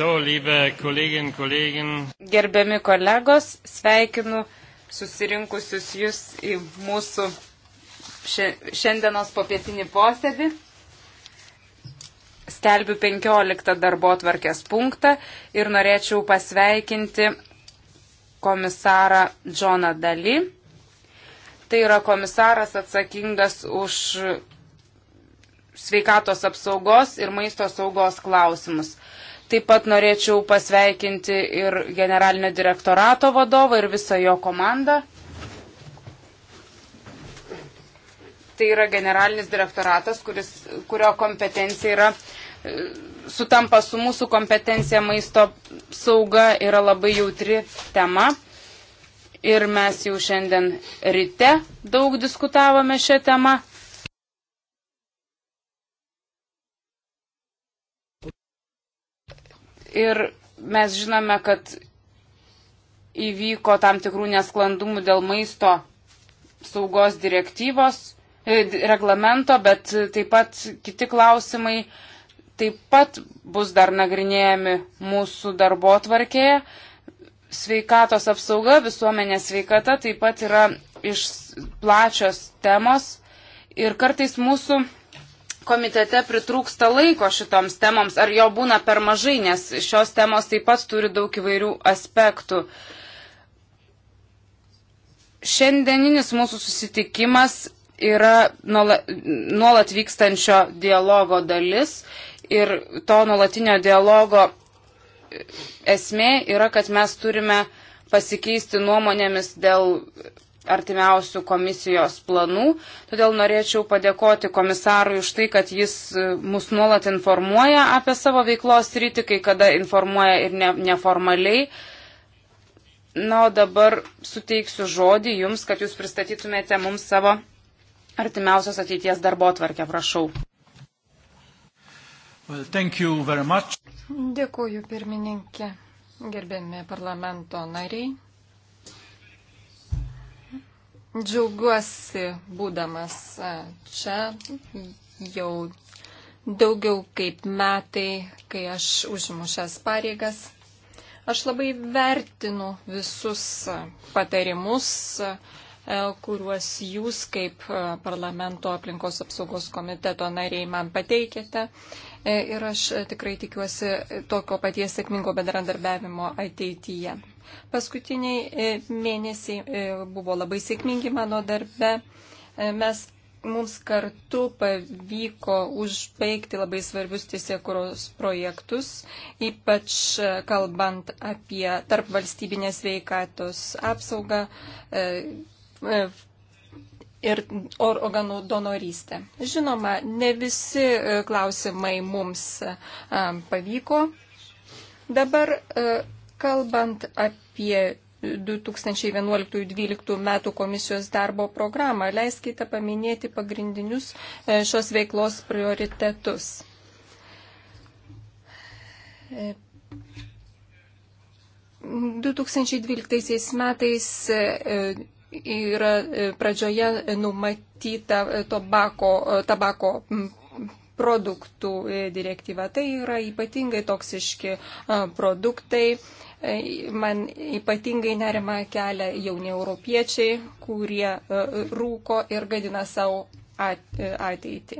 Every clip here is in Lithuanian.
So, liebe Kolleginnen, Kollegen. Gerbiami kolegos, sveikinu susirinkusius jūs į mūsų šiandienos popietinį posėdį. Stelbiu 15 darbo tvarkės punktą ir norėčiau pasveikinti komisarą Džoną Dali. Tai yra komisaras atsakingas už sveikatos apsaugos ir maisto saugos klausimus. Taip pat norėčiau pasveikinti ir generalinio direktorato vadovą ir visą jo komandą. Tai yra generalinis direktoratas, kuris, kurio kompetencija yra e, sutampa su mūsų kompetencija maisto sauga yra labai jautri tema. Ir mes jau šiandien ryte daug diskutavome šią temą. Ir mes žinome, kad įvyko tam tikrų nesklandumų dėl maisto saugos direktyvos, e, reglamento, bet taip pat kiti klausimai taip pat bus dar nagrinėjami mūsų darbo tvarkėje. Sveikatos apsauga, visuomenės sveikata taip pat yra iš plačios temos ir kartais mūsų komitete pritrūksta laiko šitoms temoms, ar jo būna per mažai, nes šios temos taip pat turi daug įvairių aspektų. Šiandieninis mūsų susitikimas yra nuolat vykstančio dialogo dalis ir to nuolatinio dialogo esmė yra, kad mes turime pasikeisti nuomonėmis dėl artimiausių komisijos planų. Todėl norėčiau padėkoti komisarui už tai, kad jis e, mus nuolat informuoja apie savo veiklos rytį, kai kada informuoja ir ne, neformaliai. Na, o dabar suteiksiu žodį jums, kad jūs pristatytumėte mums savo artimiausios ateities darbo atvarkę, prašau. Well, Dėkuoju, pirmininkė, gerbėmi parlamento nariai. Džiaugiuosi būdamas e, čia jau daugiau kaip metai, kai aš užimu šias pareigas. Aš labai vertinu visus e, patarimus, e, kuriuos jūs kaip parlamento aplinkos apsaugos komiteto nariai man pateikėte. Ir aš tikrai tikiuosi tokio paties sėkmingo bendradarbiavimo ateityje. Paskutiniai e, mėnesiai e, buvo labai sėkmingi mano darbe. E, mes mums kartu pavyko užbaigti labai svarbius tiesiekuros projektus, ypač kalbant apie tarp valstybinės veikatos apsaugą ir organų donorystę. Žinoma, ne visi klausimai mums pavyko. Dabar Kalbant apie 2011-2012 metų komisijos darbo programą, leiskite paminėti pagrindinius e, šios veiklos prioritetus. E, 2012 metais e, e, yra pradžioje numatyta tobako, tabako produktų direktyva. Tai yra ypatingai toksiški produktai Man ypatingai nerima kelia jauni europiečiai, kurie e, rūko ir gadina savo e, ateitį.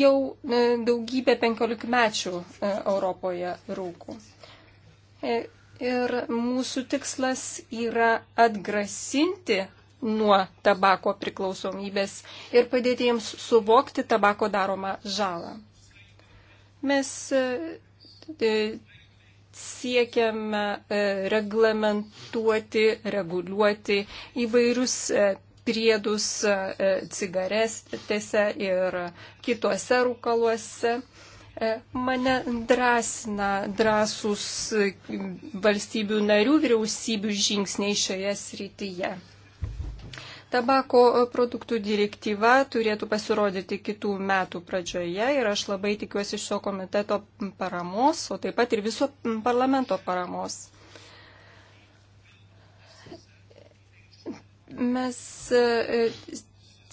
Jau e, daugybė penkiolikmečių Europoje rūkų. Ir mūsų tikslas yra atgrasinti nuo tabako priklausomybės ir padėti jiems suvokti tabako daromą žalą. Mes siekiame e, reglamentuoti, reguliuoti įvairius e, priedus e, cigaretėse ir kituose rūkaluose. Mane drąsina drąsus valstybių narių vyriausybių žingsniai šioje srityje. Tabako produktų direktyva turėtų pasirodyti kitų metų pradžioje ir aš labai tikiuosi šio komiteto paramos, o taip pat ir viso parlamento paramos. Mes e,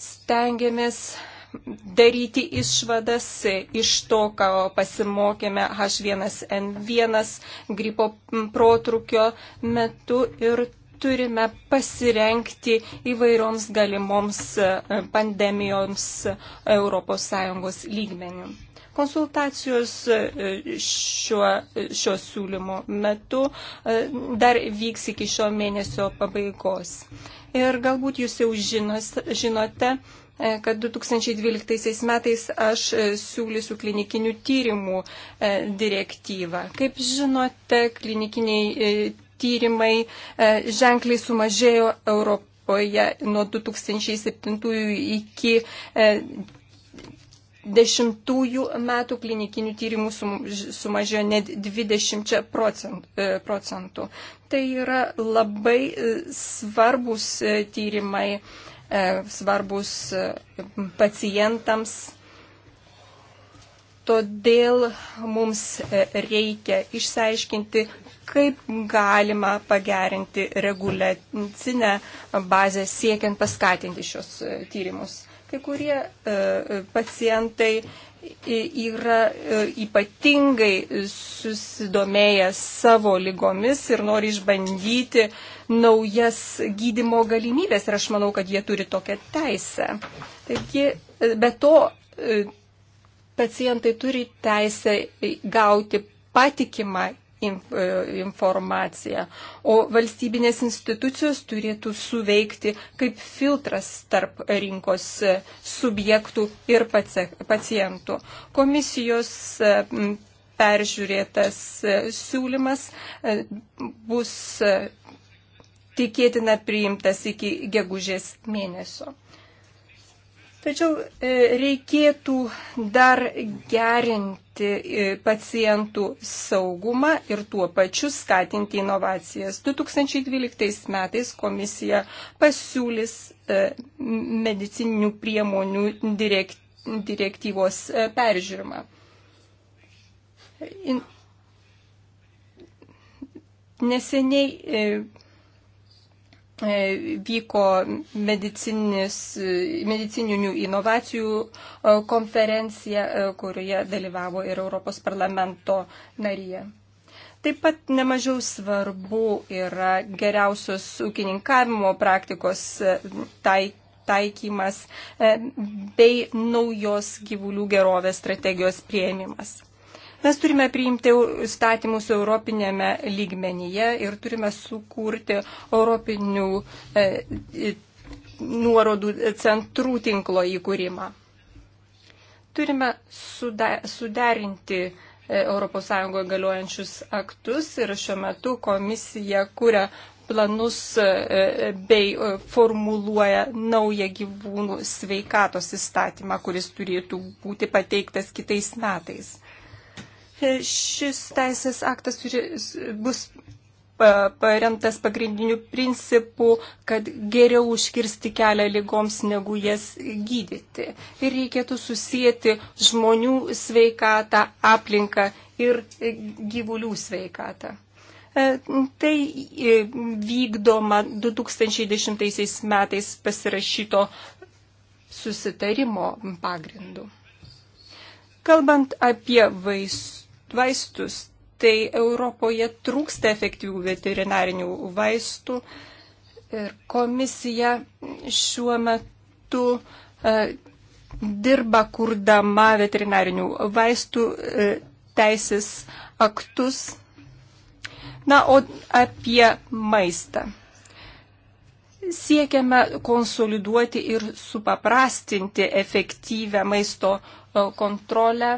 stengiamės daryti išvadas iš to, ką pasimokėme H1N1 gripo protrukio metu ir turime pasirenkti įvairioms galimoms e, pandemijoms ES lygmenių. Konsultacijos e, šiuo, e, šio siūlymo metu dar vyks iki šio mėnesio pabaigos. Ir galbūt jūs jau žinos, žinote, kad 2012 metais aš siūlysiu klinikinių tyrimų direktyvą. Kaip žinote, klinikiniai tyrimai e, ženkliai sumažėjo Europoje nuo 2007 iki 2010 e, metų klinikinių tyrimų sumažėjo net 20 e, procentų. Tai yra labai svarbus tyrimai, svarbus pacientams Todėl mums e, reikia išsiaiškinti, kaip galima pagerinti reguliacinę bazę siekiant paskatinti šios e, tyrimus. Kai kurie e, pacientai yra ypatingai susidomėję savo lygomis ir nori išbandyti naujas gydimo galimybės ir aš manau, kad jie turi tokią teisę. Taigi, be to pacientai turi teisę gauti patikimą e, informaciją, o valstybinės institucijos turėtų suveikti kaip filtras tarp rinkos e, subjektų ir pacientų. Komisijos e, peržiūrėtas siūlymas bus tikėtina priimtas iki gegužės mėnesio. Tačiau e, reikėtų dar gerinti e, pacientų saugumą ir tuo pačiu skatinti inovacijas. 2012 metais komisija pasiūlys e, medicininių priemonių direktyvos peržiūrimą. Neseniai E, vyko e, medicininių inovacijų e, konferencija, kurioje dalyvavo ir Europos parlamento narė. Taip pat nemažiau svarbu yra geriausios ūkininkavimo praktikos taik, taikymas bei naujos gyvulių gerovės strategijos prieimimas. Mes turime priimti statymus europinėme lygmenyje ir turime sukurti europinių e, nuorodų centrų tinklo įkūrimą. Turime suderinti ES galiojančius aktus ir šiuo metu komisija kuria planus e, e, bei e, formuluoja naują gyvūnų sveikatos įstatymą, kuris turėtų būti pateiktas kitais metais. Šis teisės aktas bus paremtas pagrindiniu principu, kad geriau užkirsti kelią lygoms, negu jas gydyti. Ir reikėtų susijęti žmonių sveikatą, aplinką ir e, gyvulių sveikatą. E, tai e, vykdoma 2010 metais pasirašyto susitarimo pagrindu. Kalbant apie vaistų vaistus. Tai Europoje trūksta efektyvių veterinarinių vaistų ir komisija šiuo metu e, dirba kurdama veterinarinių vaistų e, teisės aktus. Na, o apie maistą siekiame konsoliduoti ir supaprastinti efektyvę maisto e, kontrolę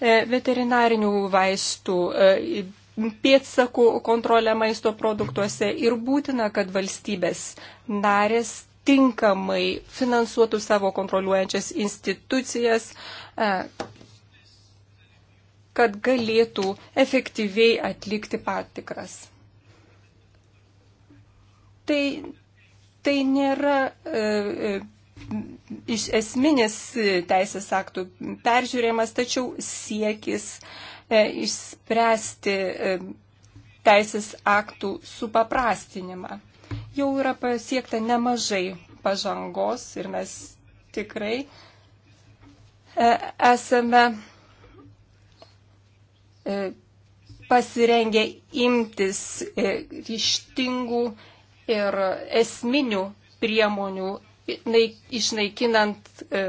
E, veterinarinių vaistų e, pėdsakų kontrolę maisto produktuose ir būtina, kad valstybės narės tinkamai finansuotų savo kontroliuojančias institucijas, e, kad galėtų efektyviai atlikti patikras. Tai, tai nėra e, iš esminis teisės aktų peržiūrėjimas, tačiau siekis e, išspręsti e, teisės aktų supaprastinimą. Jau yra pasiekta nemažai pažangos ir mes tikrai e, esame pasirengę imtis ryštingų ir esminių priemonių išnaikinant e,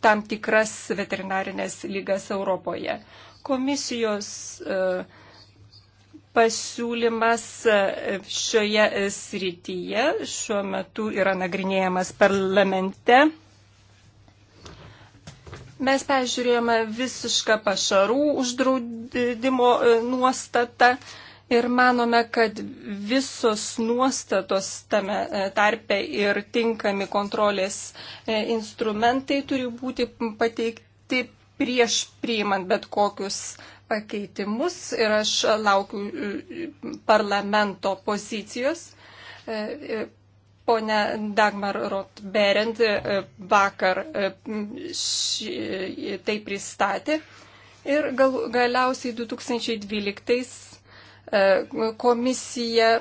tam tikras veterinarinės lygas Europoje. Komisijos e, pasiūlymas e, šioje srityje šiuo metu yra nagrinėjamas parlamente. Mes peržiūrėjome visišką pašarų uždraudimo nuostatą. E, ir manome, kad visos nuostatos tame e, tarpe ir tinkami kontrolės e, instrumentai turi būti pateikti prieš priimant bet kokius pakeitimus ir aš laukiu e, parlamento pozicijos. Pone Dagmar Rotberend vakar tai pristatė ir gal, galiausiai 2012 E, komisija e,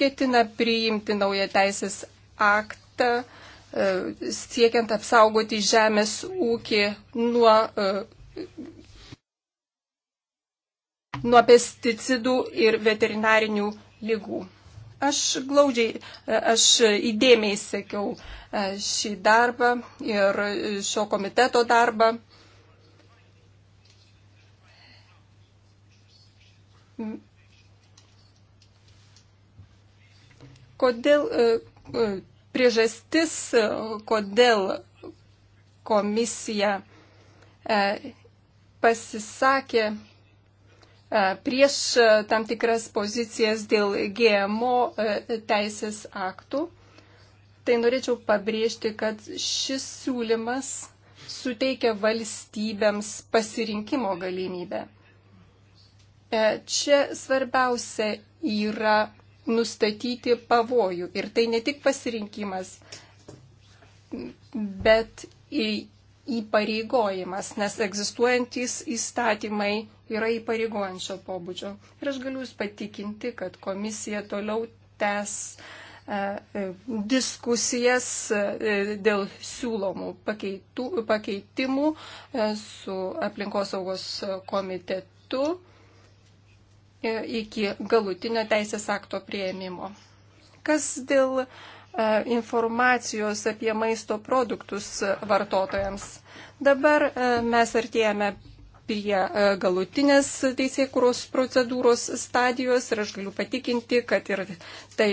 ketina priimti naują teisės aktą, e, siekiant apsaugoti žemės ūkį nuo, nuo pesticidų ir veterinarinių lygų. Aš glaudžiai, aš įdėmiai sekiau šį darbą ir šio komiteto darbą. Kodėl e, e, priežastis, e, kodėl komisija pasisakė prieš tam tikras pozicijas dėl GMO teisės aktų. Tai norėčiau pabrėžti, kad šis siūlymas suteikia valstybėms pasirinkimo galimybę. E, čia svarbiausia yra nustatyti pavojų. Ir tai ne tik pasirinkimas, bet įpareigojimas, nes egzistuojantis įstatymai yra įpareigojančio pobūdžio. Ir aš galiu Jūs patikinti, kad komisija toliau tęs e, e, diskusijas dėl siūlomų pakeitų, pakeitimų su aplinkosaugos komitetu E, iki galutinio teisės akto prieimimo. Kas dėl e, informacijos apie maisto produktus vartotojams. Dabar e, mes artėjame prie galutinės teisėkūros procedūros stadijos ir aš galiu patikinti, kad ir, tai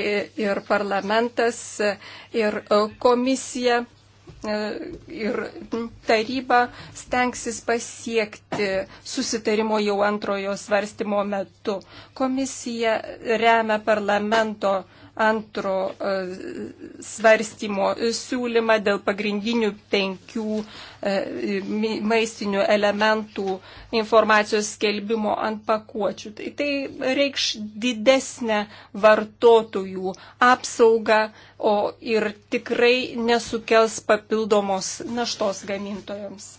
ir parlamentas, ir komisija E, ir taryba stengsis pasiekti susitarimo jau antrojo svarstymo metu. Komisija remia parlamento antro e, svarstymo siūlymą dėl pagrindinių penkių e, maistinių elementų informacijos skelbimo ant pakuočių. Tai, tai reikš didesnę vartotojų apsaugą, o ir tikrai nesukels papildomos naštos gamintojams.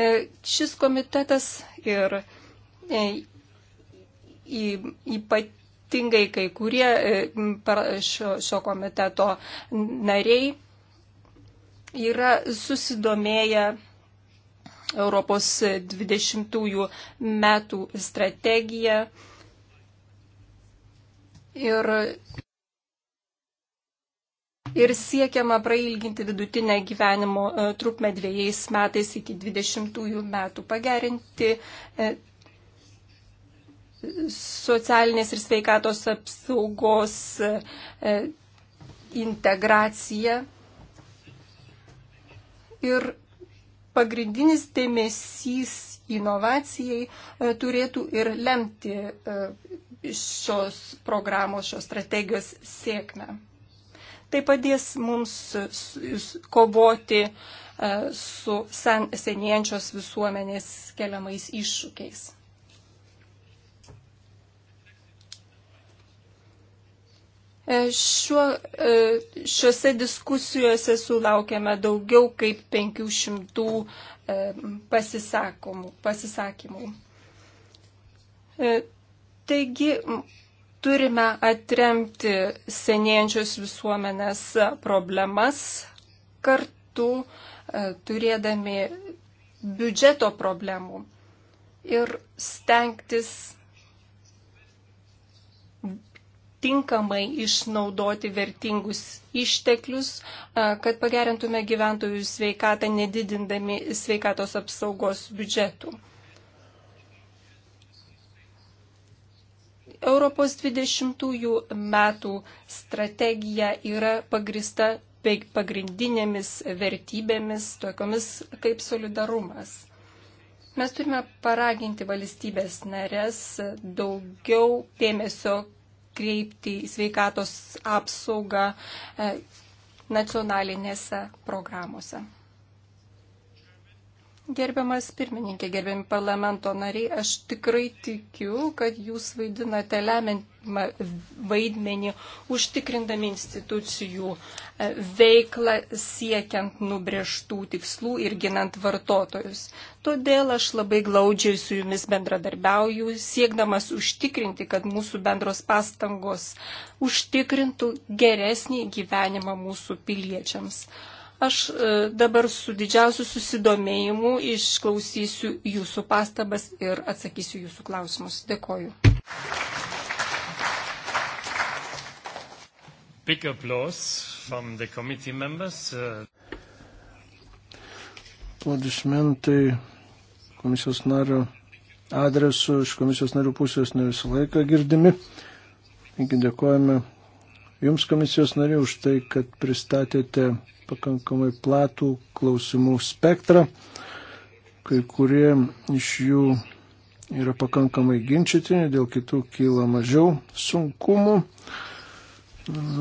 E, šis komitetas ir ypatingai kai kurie e, šio, šio komiteto nariai yra susidomėję Europos 20 metų strategiją. Ir ir siekiama prailginti vidutinę gyvenimo e, trukmę dviejais metais iki 20 metų, pagerinti e, socialinės ir sveikatos apsaugos e, integracija. Ir pagrindinis dėmesys inovacijai e, turėtų ir lemti e, šios programos, šios strategijos sėkmę. Tai padės mums kovoti su sen, senėjančios visuomenės keliamais iššūkiais. E, šiuo, e, šiuose diskusijose sulaukėme daugiau kaip 500 e, pasisakymų. Taigi turime atremti senėjančios visuomenės problemas kartu turėdami biudžeto problemų ir stengtis tinkamai išnaudoti vertingus išteklius, kad pagerintume gyventojų sveikatą, nedidindami sveikatos apsaugos biudžetų. Europos 20 metų strategija yra pagrista pagrindinėmis vertybėmis, tokiomis kaip solidarumas. Mes turime paraginti valstybės narės daugiau dėmesio kreipti į sveikatos apsaugą e, nacionalinėse programuose. Gerbiamas pirmininkė, gerbiami parlamento nariai, aš tikrai tikiu, kad jūs vaidinate lemiamą vaidmenį užtikrindami institucijų e, veiklą siekiant nubrieštų tikslų ir ginant vartotojus. Todėl aš labai glaudžiai su jumis bendradarbiauju, siekdamas užtikrinti, kad mūsų bendros pastangos užtikrintų geresnį gyvenimą mūsų piliečiams. Aš e, dabar su didžiausiu susidomėjimu išklausysiu jūsų pastabas ir atsakysiu jūsų klausimus. Dėkoju. Big applause from the committee members. Uh, Aplodismentai komisijos nario adresu iš komisijos narių pusės ne visą laiką girdimi. Taigi dėkojame Jums komisijos nariai už tai, kad pristatėte pakankamai platų klausimų spektrą. Kai kurie iš jų yra pakankamai ginčytini, dėl kitų kyla mažiau sunkumų.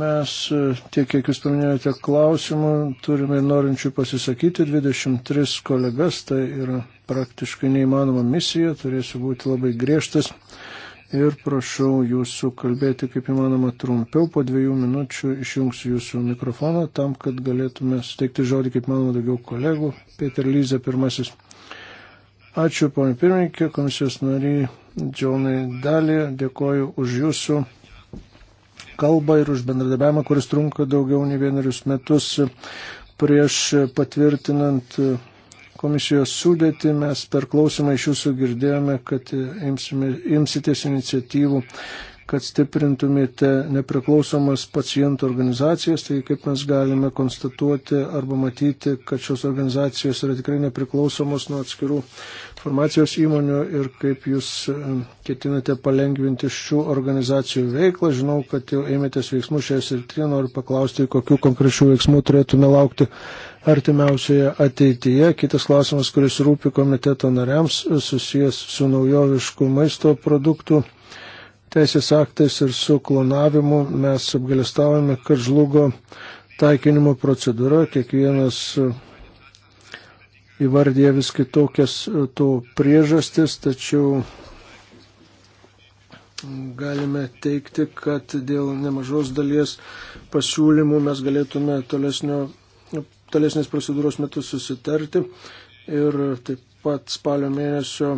Mes e, tiek, kiek jūs paminėjote klausimų, turime norinčių pasisakyti 23 kolegas, tai yra praktiškai neįmanoma misija, turėsiu būti labai griežtas ir prašau jūsų kalbėti kaip įmanoma trumpiau. Po dviejų minučių išjungsiu jūsų mikrofoną tam, kad galėtume suteikti žodį kaip manoma daugiau kolegų. Peter Lyze pirmasis. Ačiū, ponė pirmininkė, komisijos nariai Džonai Dalį. Dėkoju už jūsų kalbą ir už bendradarbiavimą, kuris trunka daugiau nei vienerius metus prieš patvirtinant komisijos sudėti, mes per klausimą iš jūsų girdėjome, kad imsime, imsitės iniciatyvų, kad stiprintumėte nepriklausomas pacientų organizacijas, tai kaip mes galime konstatuoti arba matyti, kad šios organizacijos yra tikrai nepriklausomos nuo atskirų farmacijos įmonių ir kaip jūs e, ketinate palengvinti šių organizacijų veiklą. Žinau, kad jau ėmėtės veiksmų šioje srityje, noriu paklausti, kokiu konkrečiu veiksmu turėtume laukti artimiausioje ateityje. Kitas klausimas, kuris rūpi komiteto nariams, susijęs su naujoviškų maisto produktų teisės aktais ir su klonavimu. Mes apgalestavome, kad žlugo taikinimo procedūra. Kiekvienas įvardyja vis kitokias e, to priežastis, tačiau galime teikti, kad dėl nemažos dalies pasiūlymų mes galėtume tolesnio, tolesnės procedūros metu susitarti. Ir taip pat spalio mėnesio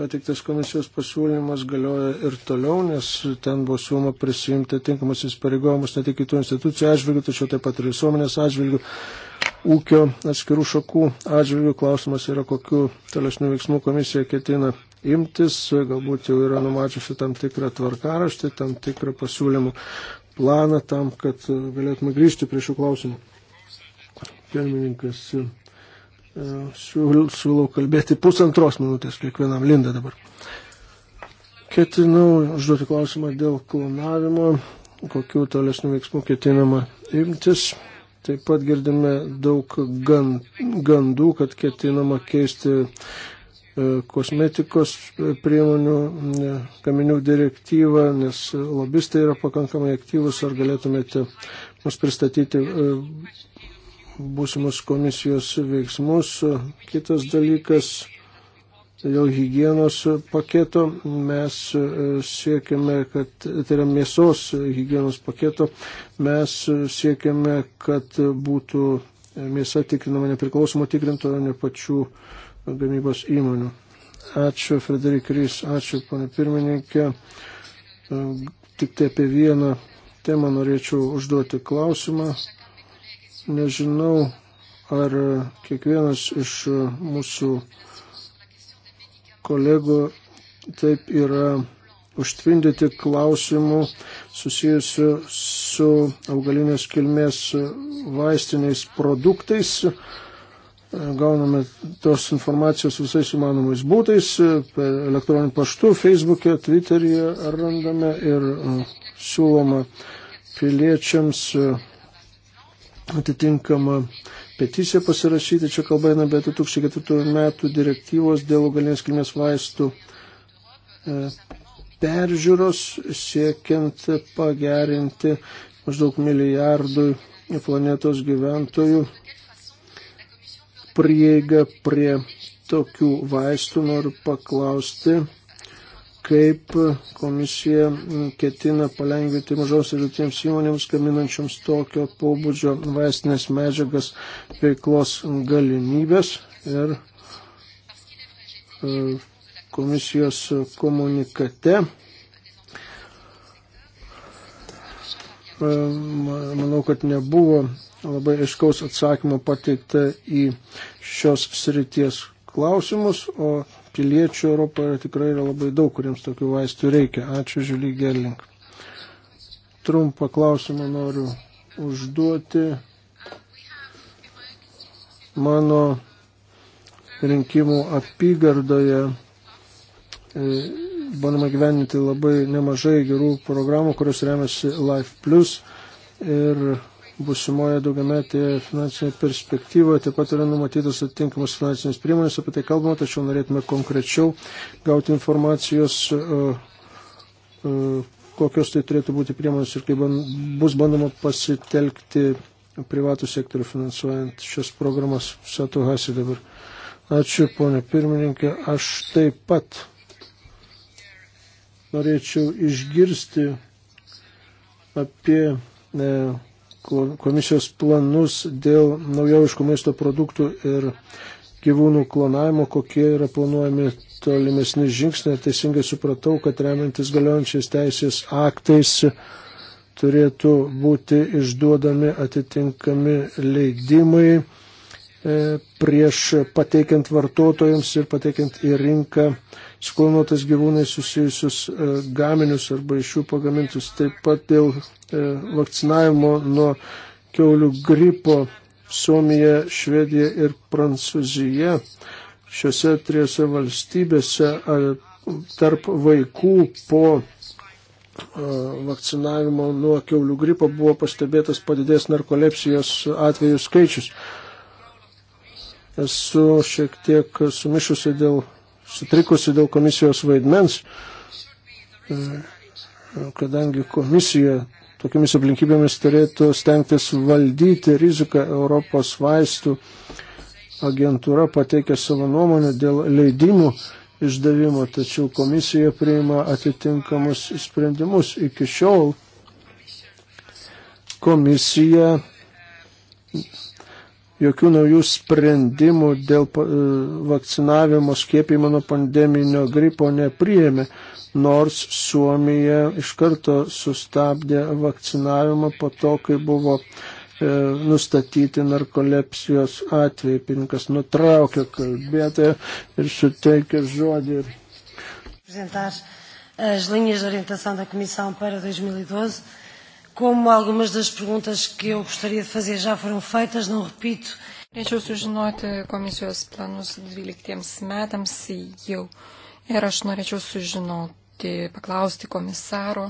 pateiktas komisijos pasiūlymas galioja ir toliau, nes ten buvo siūloma prisimti tinkamus įsipareigojimus ne tik kitų institucijų atžvilgių, tačiau taip pat ir visuomenės atžvilgių ūkio atskirų šakų atžvilgių. Klausimas yra, kokiu tolesnių veiksmų komisija ketina imtis, galbūt jau yra numačiusi tam tikrą tvarkaraštį, tam tikrą pasiūlymų planą tam, kad galėtume grįžti prie šių klausimų. Pirmininkas e, siūlau kalbėti pusantros minutės kiekvienam lindą dabar. Ketinau užduoti klausimą dėl klonavimo, kokiu tolesnių veiksmų ketinama imtis. Taip pat girdime daug gandų, kad ketinama keisti e, kosmetikos priemonių e, gaminių direktyvą, nes lobistai yra pakankamai aktyvus. Ar galėtumėte mus pristatyti e, būsimus komisijos veiksmus? Kitas dalykas dėl hygienos paketo mes e, siekiame, kad, tai yra mėsos hygienos paketo, mes e, siekiame, kad būtų mėsa tikrinama nepriklausomo tikrintojo, ne pačių gamybos įmonių. Ačiū, Frederik Rys, ačiū, ponė pirmininkė. E, tik tai apie vieną temą norėčiau užduoti klausimą. Nežinau, ar kiekvienas iš mūsų uh, kolegų taip yra užtvindyti klausimų susijusių su augalinės kilmės vaistiniais produktais. Gauname tos informacijos visais įmanomais būtais, elektroniniu paštu, Facebook'e, Twitter'e randame ir e, siūloma piliečiams e, atitinkama peticiją pasirašyti. Čia kalba eina apie 2004 metų direktyvos dėl galinės kilmės vaistų e, peržiūros siekiant pagerinti maždaug milijardui planetos gyventojų prieigą prie tokių vaistų. Noriu paklausti, kaip komisija ketina palengvinti mažos ir rytiems įmonėms gaminančioms tokio pobūdžio vaistinės medžiagas veiklos galimybės ir e, komisijos komunikate. E, manau, kad nebuvo labai aiškaus atsakymo pateikta į šios srities klausimus, o piliečių Europoje tikrai yra labai daug, kuriems tokių vaistų reikia. Ačiū Žiulį Gerling. Trumpą klausimą noriu užduoti. Mano rinkimų apygardoje e, bandoma gyveninti labai nemažai gerų programų, kurios remiasi Life Plus ir busimoje daugiametėje finansinėje perspektyvoje. Taip pat yra numatytos atitinkamos finansinės priemonės, apie tai kalbama, tačiau norėtume konkrečiau gauti informacijos, e, e, kokios tai turėtų būti priemonės ir kaip bus bandoma pasitelkti privatų sektorių finansuojant šias programas. Satu Hasi dabar. Ačiū, ponė pirmininkė. Aš taip pat norėčiau išgirsti apie ne, komisijos planus dėl naujoviškų maisto produktų ir gyvūnų klonavimo, kokie yra planuojami tolimesni žingsniai. Teisingai supratau, kad remiantis galiojančiais teisės aktais turėtų būti išduodami atitinkami leidimai e, prieš pateikiant vartotojams ir pateikiant į rinką sklonotas gyvūnai susijusius e, gaminius arba iš jų pagamintus. Taip pat dėl E, vakcinavimo nuo keulių gripo Suomija, Švedija ir Prancūzija. Šiuose trijose valstybėse tarp vaikų po vakcinavimo nuo keulių gripo buvo pastebėtas padidės narkolepsijos atvejų skaičius. Esu šiek tiek sumišusi dėl, sutrikusi dėl komisijos vaidmens, e, kadangi komisija tokiamis aplinkybėmis turėtų stengtis valdyti riziką Europos vaistų. Agentūra pateikė savo nuomonę dėl leidimų išdavimo, tačiau komisija priima atitinkamus sprendimus. Iki šiol komisija jokių naujų sprendimų dėl e, vakcinavimo skiepimo nuo pandeminio gripo nepriėmė nors Suomija iš karto sustabdė vakcinavimą po to, kai buvo e, nustatyti narkolepsijos atvejai. Pinkas nutraukė kalbėtoją ir suteikė žodį. Presentar as linhas de orientação da Comissão para 2012. E como algumas das perguntas que eu gostaria de fazer já foram feitas, não repito. Norėčiau sužinoti komisijos planus 12 metams jau. Ir aš norėčiau sužinoti, norėti paklausti komisaro.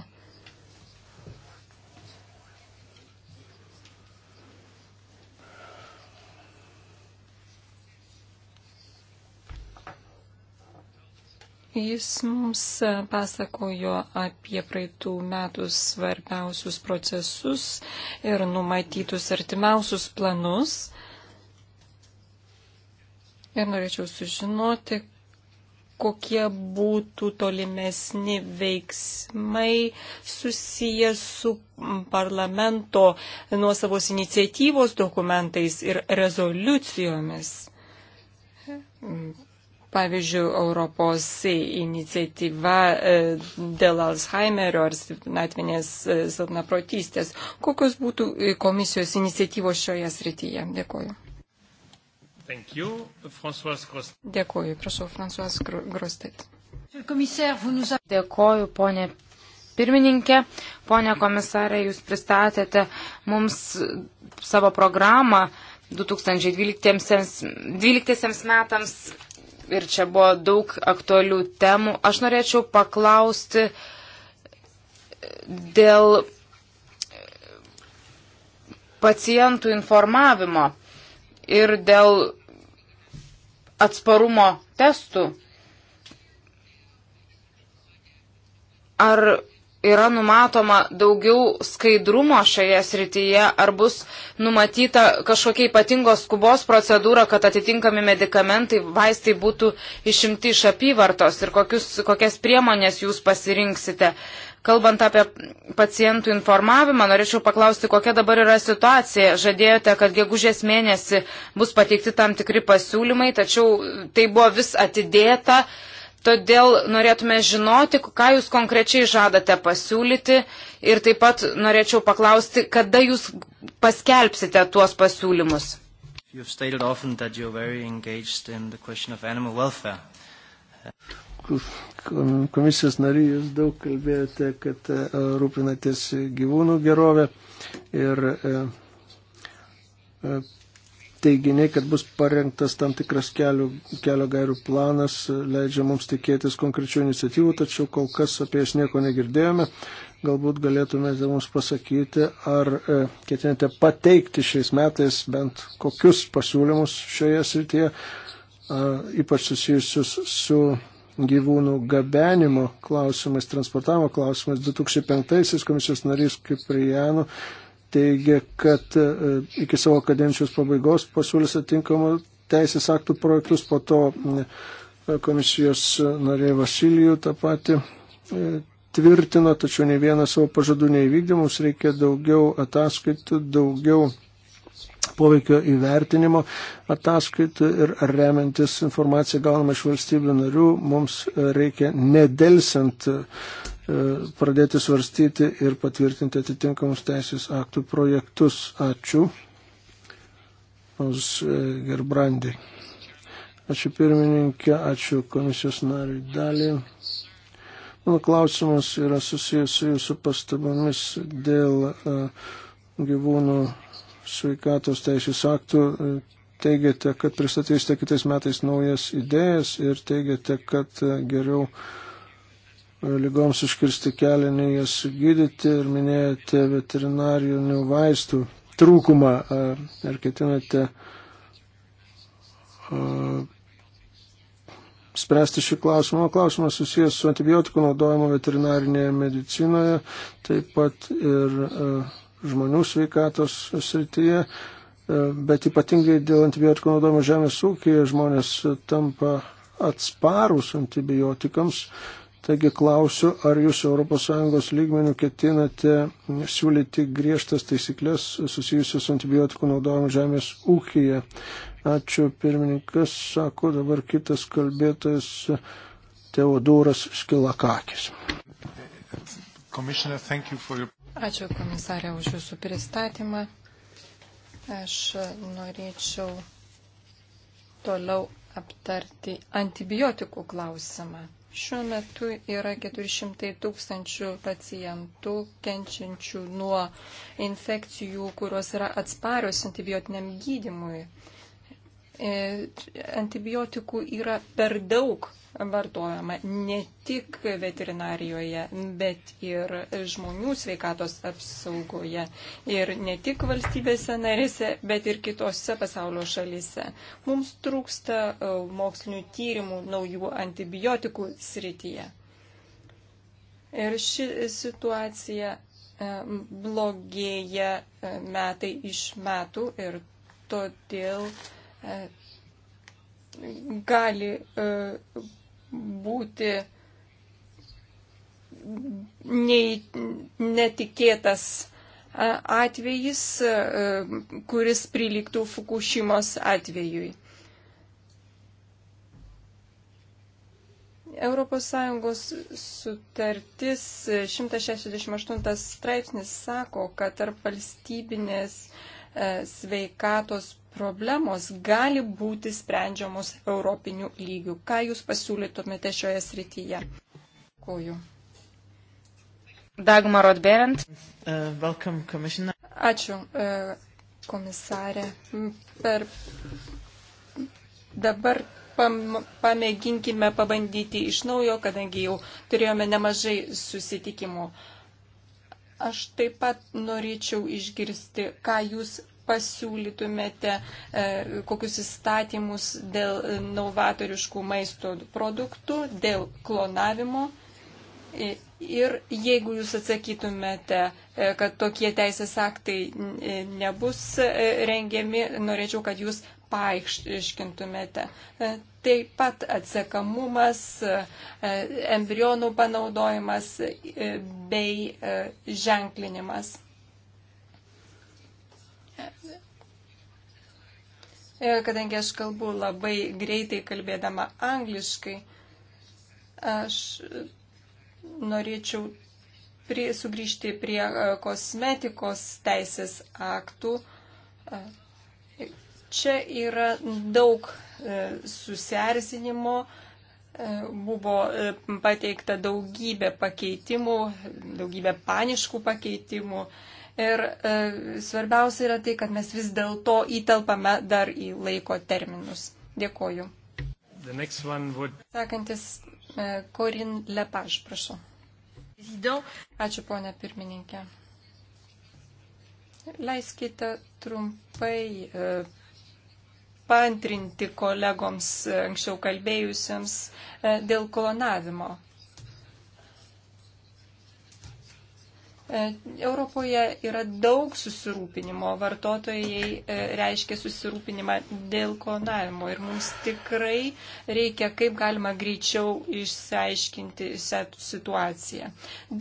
Jis mums pasakojo apie praeitų metų svarbiausius procesus ir numatytus artimiausius planus. Ir norėčiau sužinoti, kokie būtų tolimesni veiksmai susijęs su parlamento nuosavos iniciatyvos dokumentais ir rezoliucijomis. Pavyzdžiui, Europos iniciatyva e, dėl Alzheimerio ar atvinės e, silpnaprotystės. Kokios būtų e, komisijos iniciatyvos šioje srityje? Dėkuoju. Dėkuoju, prašau, Fransuas Grostet. Dėkuoju, ponė pirmininkė. Pone komisarė, jūs pristatėte mums savo programą 2012 metams ir čia buvo daug aktualių temų. Aš norėčiau paklausti dėl pacientų informavimo ir dėl atsparumo testų. Ar yra numatoma daugiau skaidrumo šioje srityje, ar bus numatyta kažkokia ypatingos skubos procedūra, kad atitinkami medikamentai, vaistai būtų išimti iš apyvartos ir kokius, kokias priemonės jūs pasirinksite. Uh, Kalbant apie pacientų informavimą, norėčiau paklausti, kokia dabar yra situacija. Žadėjote, kad gegužės mėnesį bus pateikti tam tikri pasiūlymai, tačiau tai buvo vis atidėta. Todėl norėtume žinoti, ką jūs konkrečiai žadate pasiūlyti ir taip pat norėčiau paklausti, kada jūs paskelbsite tuos pasiūlymus. You've stated often that you're very engaged in the question of animal welfare komisijos nariai, jūs daug kalbėjote, kad e, rūpinatės gyvūnų gerovę ir e, e, teiginiai, kad bus parengtas tam tikras kelio, kelio gairių planas, leidžia mums tikėtis konkrečių iniciatyvų, tačiau kol kas apie jas nieko negirdėjome. Galbūt galėtumėte mums pasakyti, ar e, ketinate pateikti šiais metais bent kokius pasiūlymus šioje srityje, e, ypač susijusius su gyvūnų gabenimo klausimas, transportavimo klausimas. 2005-aisiais komisijos narys Kiprijanų teigia, kad e, iki savo kadencijos pabaigos pasiūlys atinkamų teisės aktų projektus, po to e, komisijos narė Vasilijų tą patį e, tvirtino, tačiau ne vieną savo pažadų neįvykdė, mums reikia daugiau ataskaitų, daugiau poveikio įvertinimo ataskaitų ir remiantis informaciją gaunamą iš valstybių narių, mums reikia nedelsiant e, pradėti svarstyti ir patvirtinti atitinkamus teisės aktų projektus. Ačiū. Paus e, Gerbrandi. Ačiū pirmininkė, ačiū komisijos nariai dalį. Mano klausimas yra susijęs su jūsų pastabomis dėl e, gyvūnų sveikatos teisės aktų teigiate, kad pristatysite kitais metais naujas idėjas ir teigiate, kad geriau lygoms užkirsti kelią, nei jas gydyti ir minėjote veterinarinių vaistų trūkumą. Ar ketinate spręsti šį klausimą. O klausimas susijęs su antibiotikų naudojimu veterinarinėje medicinoje, taip pat ir uh, žmonių sveikatos srityje, e, bet ypatingai dėl antibiotikų naudojimo žemės ūkėje žmonės tampa atsparus antibiotikams. Taigi klausiu, ar jūs ES lygmenių ketinate siūlyti griežtas taisyklės susijusios su antibiotikų naudojimu žemės ūkėje. Ačiū pirmininkas, sako dabar kitas kalbėtojas Teodoras Skilakakis. Your... Ačiū komisarė už Jūsų pristatymą. Aš norėčiau toliau aptarti antibiotikų klausimą. Šiuo metu yra 400 tūkstančių pacientų kenčiančių nuo infekcijų, kurios yra atsparios antibiotiniam gydimui. E, antibiotikų yra per daug vartojama ne tik veterinarijoje, bet ir žmonių sveikatos apsaugoje. Ir ne tik valstybėse narėse, bet ir kitose pasaulio šalise. Mums trūksta e, mokslinių tyrimų naujų antibiotikų srityje. Ir ši situacija e, blogėja e, metai iš metų ir todėl gali būti nei, netikėtas atvejis, kuris priliktų Fukushimos atvejui. ES sutartis 168 straipsnis sako, kad tarp valstybinės e, sveikatos problemos gali būti sprendžiamos europinių lygių. Ką Jūs pasiūlytumėte šioje srityje? Koju. Dagmar Rodberent. Uh, Ačiū, uh, komisarė. Mm, per dabar pam, pamėginkime pabandyti iš naujo, kadangi jau turėjome nemažai susitikimų. Aš taip pat norėčiau išgirsti, ką jūs pasiūlytumėte, e, kokius įstatymus dėl e, novatoriškų maisto produktų, dėl klonavimo. E, ir jeigu jūs atsakytumėte, kad tokie teisės aktai nebus rengiami, norėčiau, kad jūs paaiškintumėte. Taip pat atsekamumas, embrionų panaudojimas bei ženklinimas. E, kadangi aš kalbu labai greitai kalbėdama angliškai, aš norėčiau prie, sugrįžti prie e, kosmetikos teisės aktų. E, čia yra daug susierzinimo, buvo pateikta daugybė pakeitimų, daugybė paniškų pakeitimų. Ir e, svarbiausia yra tai, kad mes vis dėlto įtelpame dar į laiko terminus. Dėkoju. Would... Sekantis e, Korin Lepaž, prašau. Ačiū, ponė pirmininkė. Leiskite trumpai e, pantrinti kolegoms e, anksčiau kalbėjusiems e, dėl klonavimo. E, Europoje yra daug susirūpinimo, vartotojai e, reiškia susirūpinimą dėl klonavimo ir mums tikrai reikia kaip galima greičiau išsiaiškinti situaciją.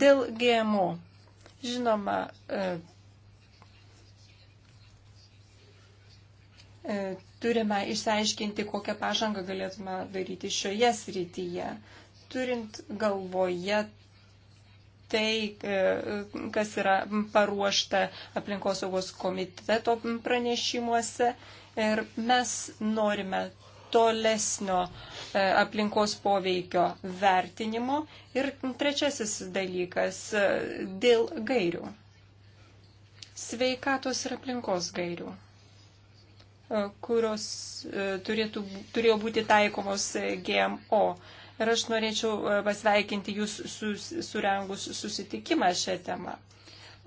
Dėl GMO. Žinoma, e, turime išsiaiškinti, kokią pažangą galėtume daryti šioje srityje, turint galvoje tai, e, kas yra paruošta aplinkosaugos komiteto pranešimuose. Ir mes norime tolesnio e, aplinkos poveikio vertinimo. Ir trečiasis dalykas e, - dėl gairių. Sveikatos ir aplinkos gairių kurios turėtų, turėjo būti taikomos GMO ir aš norėčiau e, pasveikinti jūs sus, surengus susitikimą šią temą.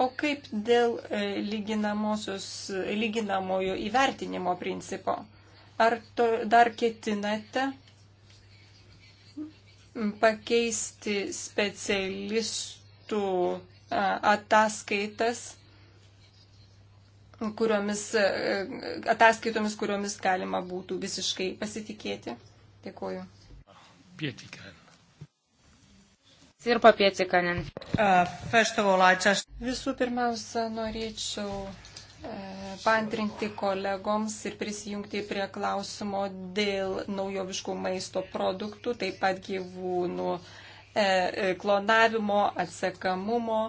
O kaip dėl e, lyginamojo įvertinimo principo? Ar to dar ketinate pakeisti specialistų e, ataskaitas, kuriomis, ataskaitomis, kuriomis galima būtų visiškai pasitikėti? Dėkuoju. Pietikäinen. Sirpa Pietikanen. Äh, Visų pirmiausia, norėčiau e, pantrinti kolegoms ir prisijungti prie klausimo dėl naujoviškų maisto produktų, taip pat gyvūnų e, e, klonavimo, atsekamumo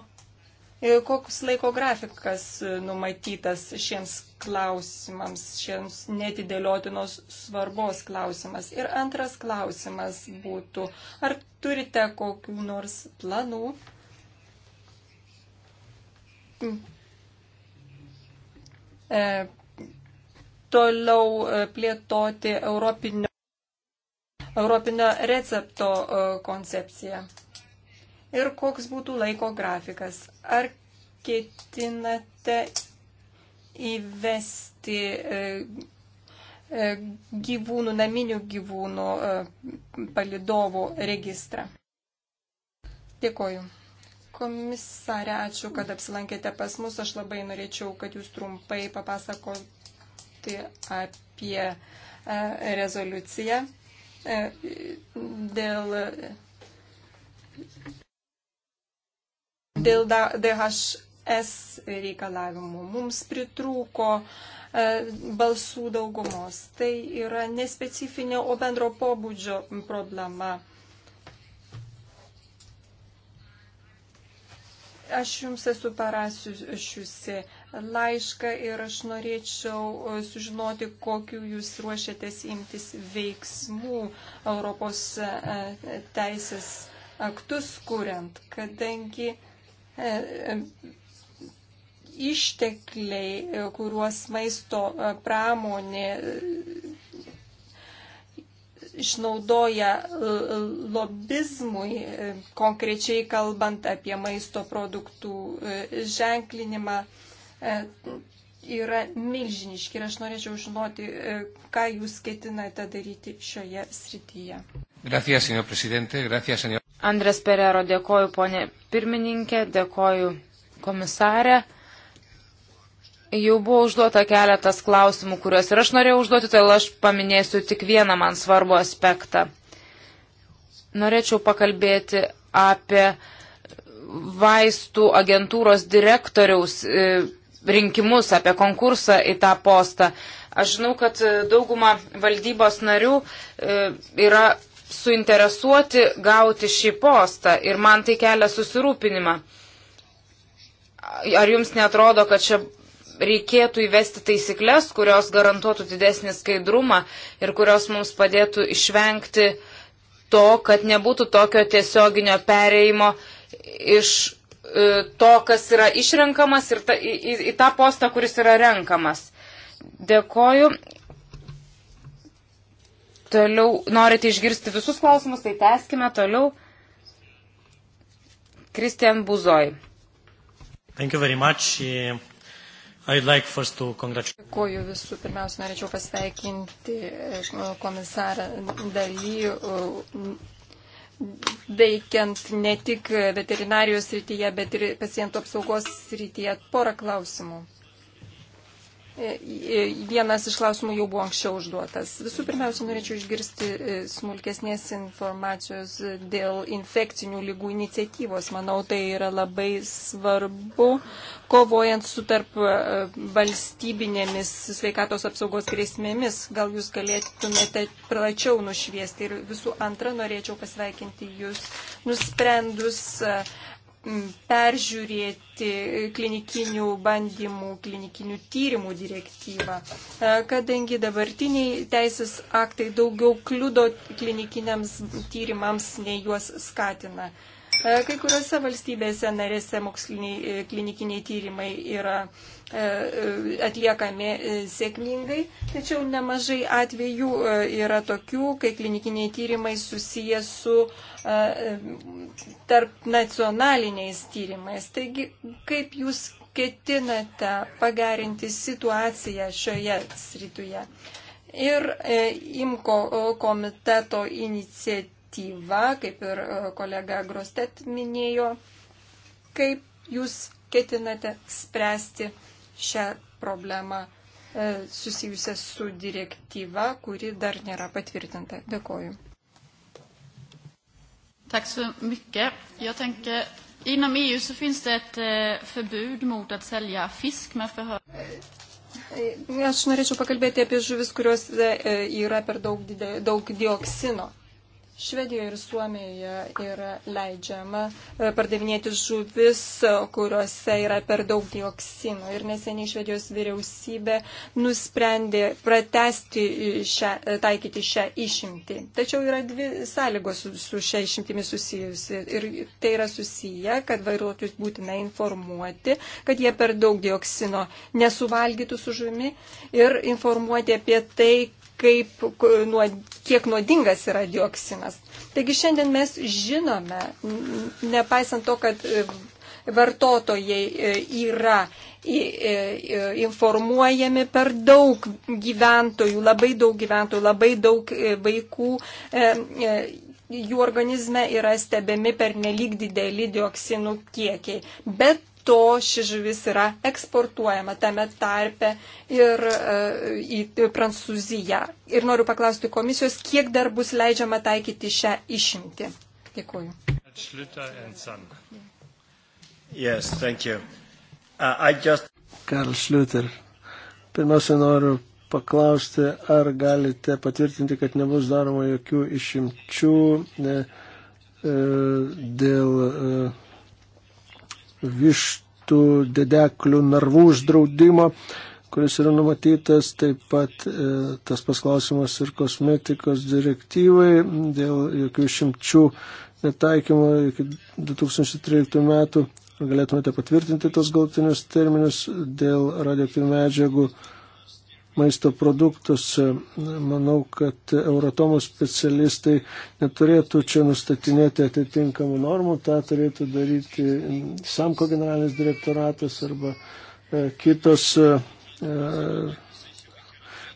E, koks laiko grafikas numatytas šiems klausimams, šiems netidėliotinos svarbos klausimas. Ir antras klausimas būtų, ar turite kokių nors planų e, toliau e, plėtoti europinio, europinio recepto e, koncepciją ir koks būtų laiko grafikas. Ar ketinate įvesti e, e, gyvūnų, naminių gyvūnų e, palidovų registrą? Dėkoju. Komisarė, ačiū, kad apsilankėte pas mus. Aš labai norėčiau, kad jūs trumpai papasakoti apie rezoliuciją dėl dėl DHS reikalavimų. Mums pritrūko e, balsų daugumos. Tai yra nespecifinė, o bendro pobūdžio problema. Aš jums esu parašiusi laišką ir aš norėčiau e, sužinoti, kokiu jūs ruošiatės imtis veiksmų Europos e, teisės aktus kuriant, kadangi E, e, ištekliai, kuriuos maisto e, pramonė išnaudoja lobizmui, konkrečiai kalbant apie maisto produktų ženklinimą, yra milžiniški ir aš norėčiau žinoti, ką jūs ketinate daryti šioje srityje. Gracias, señor presidente. Gracias, señor. Andres Perero, dėkoju ponė pirmininkė, dėkoju komisarė. Jau buvo užduota keletas klausimų, kuriuos ir aš norėjau užduoti, tai aš paminėsiu tik vieną man svarbų aspektą. Norėčiau pakalbėti apie vaistų agentūros direktoriaus e, rinkimus, apie konkursą į tą postą. Aš žinau, kad dauguma valdybos narių e, yra suinteresuoti gauti šį postą ir man tai kelia susirūpinimą. Ar jums netrodo, kad čia reikėtų įvesti taisyklės, kurios garantuotų didesnį skaidrumą ir kurios mums padėtų išvengti to, kad nebūtų tokio tiesioginio pereimo iš e, to, kas yra išrenkamas ir ta, į, į, į tą postą, kuris yra renkamas. Dėkoju. Toliau norite išgirsti visus klausimus, tai teskime toliau. Kristian Buzoj. Eh, like Dėkuoju visų. Pirmiausia, norėčiau pasveikinti eh, komisarą daly eh, veikiant ne tik veterinarijos srityje, bet ir pacientų apsaugos srityje. Porą klausimų. E, e, vienas iš klausimų jau buvo anksčiau užduotas. Visų pirmiausia, norėčiau išgirsti e, smulkesnės informacijos dėl infekcinių lygų iniciatyvos. Manau, tai yra labai svarbu, kovojant su tarp valstybinėmis sveikatos apsaugos grėsmėmis. Gal jūs galėtumėte plačiau nušviesti. Ir visų antra, norėčiau pasveikinti jūs nusprendus. Uh, peržiūrėti klinikinių bandymų, klinikinių tyrimų direktyvą, e, kadangi dabartiniai teisės aktai daugiau kliudo klinikiniams tyrimams, nei juos skatina. E, kai kuriuose valstybėse narėse moksliniai e, klinikiniai tyrimai yra e, atliekami sėkmingai, tačiau nemažai atvejų yra tokių, kai klinikiniai tyrimai susiję su tarp nacionaliniais tyrimais. Taigi, kaip jūs ketinate pagerinti situaciją šioje srityje? Ir IMKO komiteto iniciatyva iniciatyva, kaip ir e, kolega Grostet minėjo, kaip jūs ketinate spręsti šią problemą e, susijusią su direktyva, kuri dar nėra patvirtinta. Dėkoju. Tack så mycket. Jag tänker, inom EU så finns det ett eh, förbud mot att sälja fisk med förhör. Aš norėčiau pakalbėti apie žuvis, kurios e, yra per daug, daug dioksino. Švedijoje ir Suomijoje yra leidžiama e, pardavinėti žuvis, kuriuose yra per daug dioksinų. Ir neseniai Švedijos vyriausybė nusprendė pratesti šią, e, taikyti šią išimtį. Tačiau yra dvi sąlygos su, su šia išimtimi susijusi. Ir tai yra susiję, kad vairuotojus būtina informuoti, kad jie per daug dioksino nesuvalgytų su žuvimi ir informuoti apie tai, kaip, nuo, kiek nuodingas yra dioksinas. Taigi šiandien mes žinome, nepaisant to, kad e, vartotojai e, yra e, informuojami per daug gyventojų, labai daug gyventojų, labai daug vaikų, jų organizme yra stebimi per nelik dideli dioksinų kiekiai. Bet to ši žuvis yra eksportuojama tame tarpe ir e, į Prancūziją. Ir noriu paklausti komisijos, kiek dar bus leidžiama taikyti šią išimtį. Dėkuoju. Yes, uh, just... Karl Šliuter, pirmiausia noriu paklausti, ar galite patvirtinti, kad nebus daroma jokių išimčių ne, e, dėl e, vištų dedeklių narvų uždraudimo, kuris yra numatytas, taip pat e, tas pasklausimas ir kosmetikos direktyvai dėl jokių šimčių netaikymo iki 2013 metų. Galėtumėte patvirtinti tos galtinius terminus dėl radioaktyvių medžiagų maisto produktus. Manau, kad Euratomo specialistai neturėtų čia nustatinėti atitinkamų normų, tą turėtų daryti Samko generalinis direktoratas arba e, kitos e,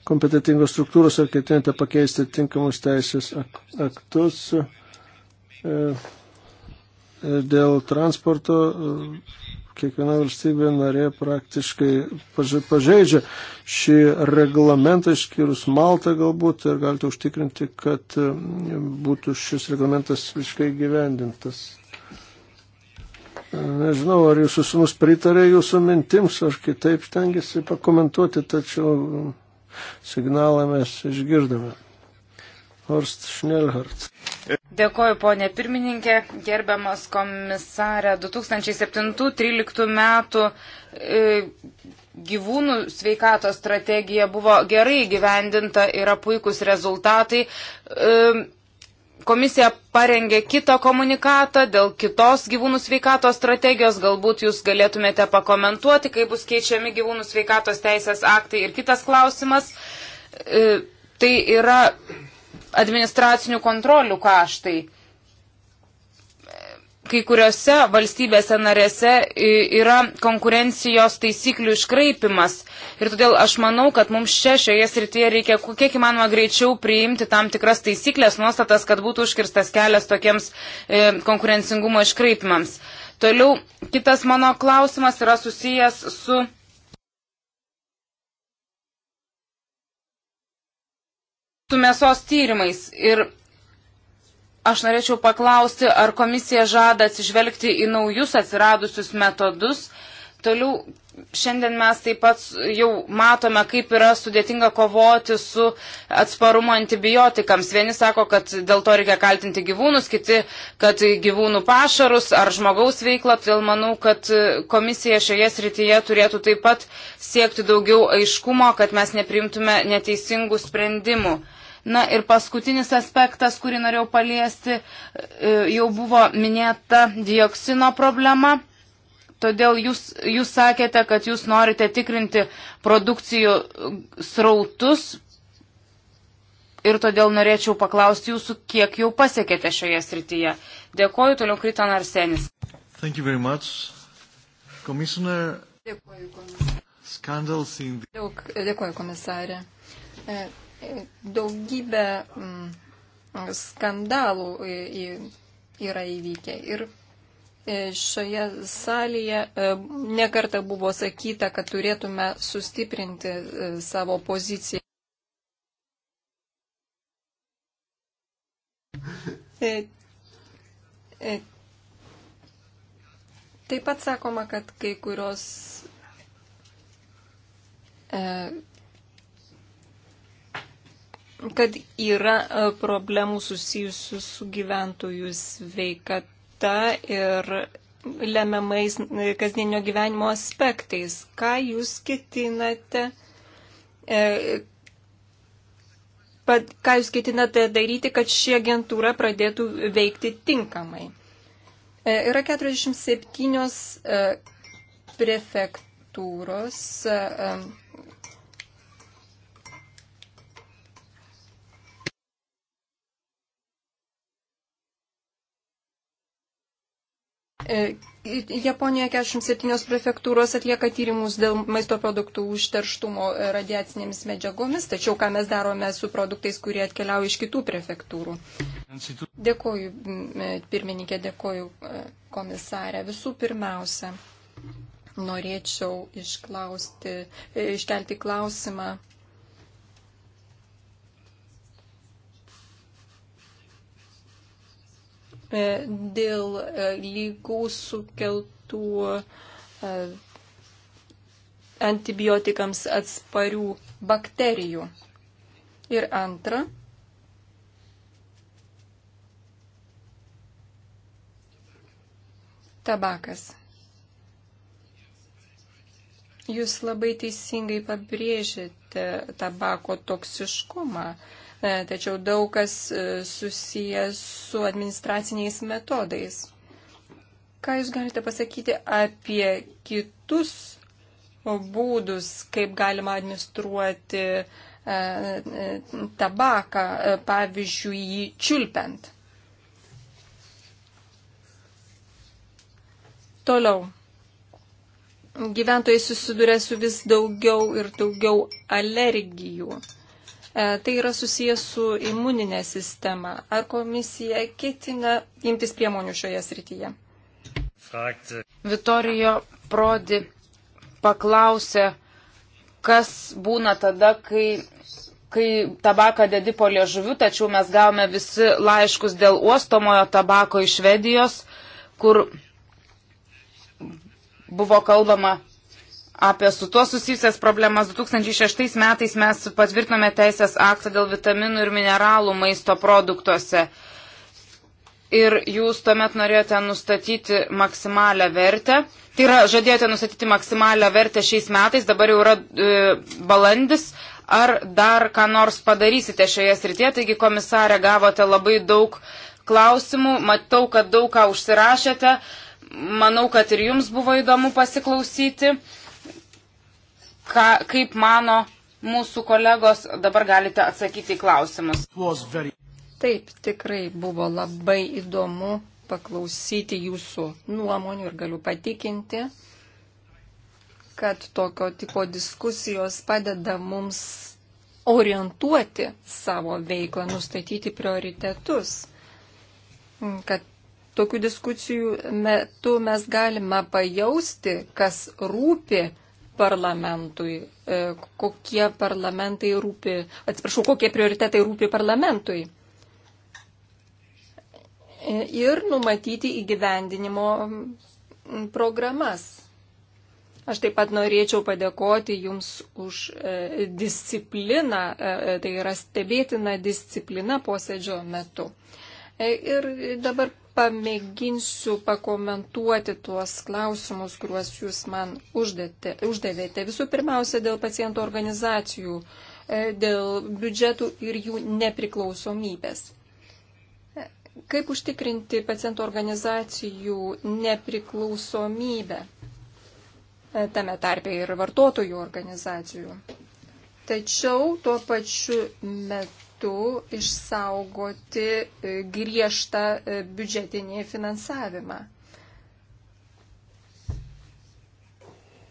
kompetitingos struktūros, ar ketinate pakeisti tinkamus teisės aktus e, dėl transporto kiekviena valstybė narė praktiškai pažeidžia šį reglamentą, išskyrus Maltą galbūt, ir galite užtikrinti, kad e, būtų šis reglamentas visiškai gyvendintas. Nežinau, ar jūsų sunus pritarė jūsų mintims, ar kitaip stengiasi pakomentuoti, tačiau signalą mes išgirdome. Horst Schnellhardt. Dėkoju, ponė pirmininkė, gerbiamas komisarė. 2007-2013 metų e, gyvūnų sveikatos strategija buvo gerai gyvendinta, yra puikus rezultatai. E, komisija parengė kitą komunikatą dėl kitos gyvūnų sveikatos strategijos. Galbūt jūs galėtumėte pakomentuoti, kaip bus keičiami gyvūnų sveikatos teisės aktai ir kitas klausimas. E, tai yra administracinių kontrolių kaštai. Kai kuriuose valstybėse narėse yra konkurencijos taisyklių iškraipimas. Ir todėl aš manau, kad mums čia šioje srityje reikia kiek įmanoma greičiau priimti tam tikras taisyklės, nuostatas, kad būtų užkirstas kelias tokiems e, konkurencingumo iškraipimams. Toliau kitas mano klausimas yra susijęs su su mėsos tyrimais. Ir aš norėčiau paklausti, ar komisija žada atsižvelgti į naujus atsiradusius metodus. Toliau šiandien mes taip pat jau matome, kaip yra sudėtinga kovoti su atsparumo antibiotikams. Vieni sako, kad dėl to reikia kaltinti gyvūnus, kiti, kad gyvūnų pašarus ar žmogaus veiklą. Todėl manau, kad komisija šioje srityje turėtų taip pat siekti daugiau aiškumo, kad mes neprimtume neteisingų sprendimų. Na ir paskutinis aspektas, kurį norėjau paliesti, e, jau buvo minėta dioksino problema. Todėl jūs, jūs sakėte, kad jūs norite tikrinti produkcijų srautus ir todėl norėčiau paklausti jūsų, kiek jau pasiekėte šioje srityje. Dėkoju, toliau Kriton Arsenis. Dėkoju, komisarė. Daug, dėkoju, komisarė. E, daugybė mm, skandalų yra įvykę. Ir e, šioje salėje e, nekarta buvo sakyta, kad turėtume sustiprinti e, savo poziciją. Taip pat sakoma, kad kai kurios kad yra e, problemų susijusių su gyventojų sveikata ir lemiamais e, kasdienio gyvenimo aspektais. Ką jūs ketinate, e, pad, ką jūs ketinate daryti, kad ši agentūra pradėtų veikti tinkamai? Yra 47 prefektūros E, Japonijoje 47 prefektūros atlieka tyrimus dėl maisto produktų užterštumo radiacinėmis medžiagomis, tačiau ką mes darome su produktais, kurie atkeliauja iš kitų prefektūrų. Dėkoju, e, pirmininkė, dėkoju e, komisarė. Visų pirmiausia, norėčiau išklausti, iškelti klausimą E, dėl e, lygų sukeltų e, antibiotikams atsparių bakterijų. Ir antra, tabakas. Jūs labai teisingai pabrėžėte tabako toksiškumą. E, tačiau daug kas e, susijęs su administraciniais metodais. Ką Jūs galite pasakyti apie kitus būdus, kaip galima administruoti e, tabaką, pavyzdžiui, jį čiulpiant? Toliau. Gyventojai susiduria su vis daugiau ir daugiau alergijų. E, tai yra susijęs su imuninė sistema. Ar komisija ketina imtis priemonių šioje srityje? Fakti. Vitorijo Prodi paklausė, kas būna tada, kai, kai tabaką dedi po liežuviu, tačiau mes gavome visi laiškus dėl uostomojo tabako iš Švedijos, kur buvo kalbama apie su tuo susijusias problemas. 2006 metais mes patvirtinome teisės aktą dėl vitaminų ir mineralų maisto produktuose. Ir jūs tuomet norėjote nustatyti maksimalę vertę. Tai yra, žadėjote nustatyti maksimalę vertę šiais metais, dabar jau yra e, balandis. Ar dar ką nors padarysite šioje srityje? Taigi, komisarė, gavote labai daug klausimų. Matau, kad daug ką užsirašėte. Manau, kad ir jums buvo įdomu pasiklausyti ką, kaip mano mūsų kolegos, dabar galite atsakyti į klausimus. Taip, tikrai buvo labai įdomu paklausyti jūsų nuomonių ir galiu patikinti, kad tokio tipo diskusijos padeda mums orientuoti savo veiklą, nustatyti prioritetus, kad tokių diskusijų metu mes galime pajausti, kas rūpi parlamentui, e, kokie parlamentai rūpi, atsiprašau, kokie prioritetai rūpi parlamentui. E, ir numatyti įgyvendinimo programas. Aš taip pat norėčiau padėkoti Jums už e, discipliną, tai yra stebėtina disciplina posėdžio metu. Ir dabar pamėginsiu pakomentuoti tuos klausimus, kuriuos jūs man uždėte, uždavėte. Visų pirmiausia, dėl paciento organizacijų, e, dėl biudžetų ir jų nepriklausomybės. E, kaip užtikrinti paciento organizacijų nepriklausomybę, e, tame tarpe ir vartotojų organizacijų. Tačiau tuo pačiu metu kartu išsaugoti e, griežtą e, biudžetinį finansavimą.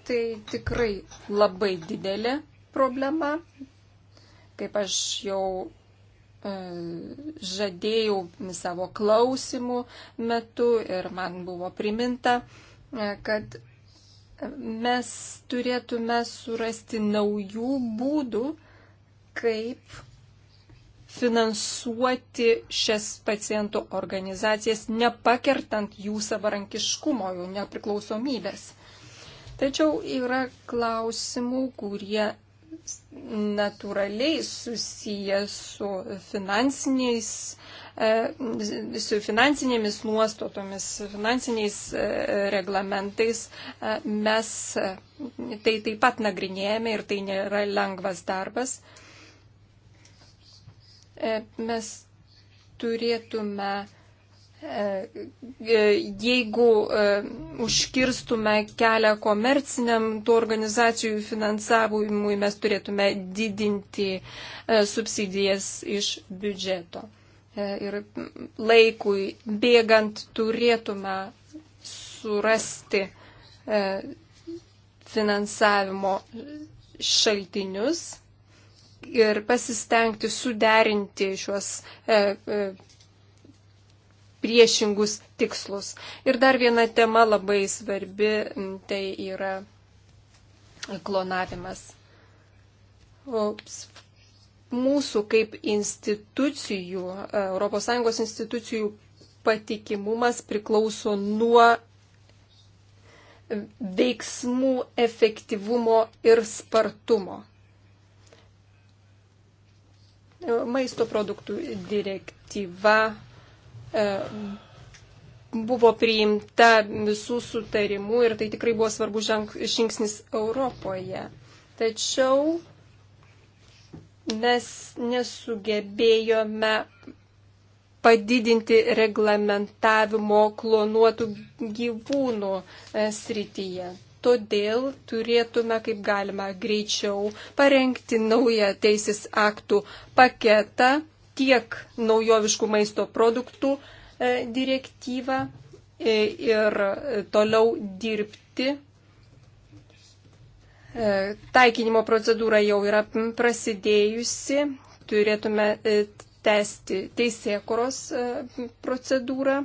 Tai tikrai labai didelė problema. Kaip aš jau e, žadėjau savo klausimų metu ir man buvo priminta, kad mes turėtume surasti naujų būdų, kaip finansuoti šias pacientų organizacijas, nepakertant jų savarankiškumo, jų nepriklausomybės. Tačiau yra klausimų, kurie natūraliai susiję su, e, su finansinėmis nuostatomis, finansiniais e, reglamentais. E, mes tai taip pat nagrinėjame ir tai nėra lengvas darbas. E, mes turėtume, e, e, jeigu užkirstume kelią komerciniam tų organizacijų finansavimui, mes turėtume didinti subsidijas iš biudžeto. Ir laikui bėgant turėtume surasti finansavimo šaltinius ir pasistengti suderinti šiuos e, e, priešingus tikslus. Ir dar viena tema labai svarbi, tai yra klonavimas. Ops. Mūsų kaip institucijų, ES institucijų patikimumas priklauso nuo veiksmų efektyvumo ir spartumo maisto produktų direktyva e, buvo priimta visų sutarimų ir tai tikrai buvo svarbu ženk, žingsnis Europoje. Tačiau mes nesugebėjome padidinti reglamentavimo klonuotų gyvūnų e, srityje todėl turėtume kaip galima greičiau parengti naują teisės aktų paketą tiek naujoviškų maisto produktų e, direktyvą e, ir toliau dirbti. E, taikinimo procedūra jau yra prasidėjusi, turėtume tęsti teisėkoros procedūrą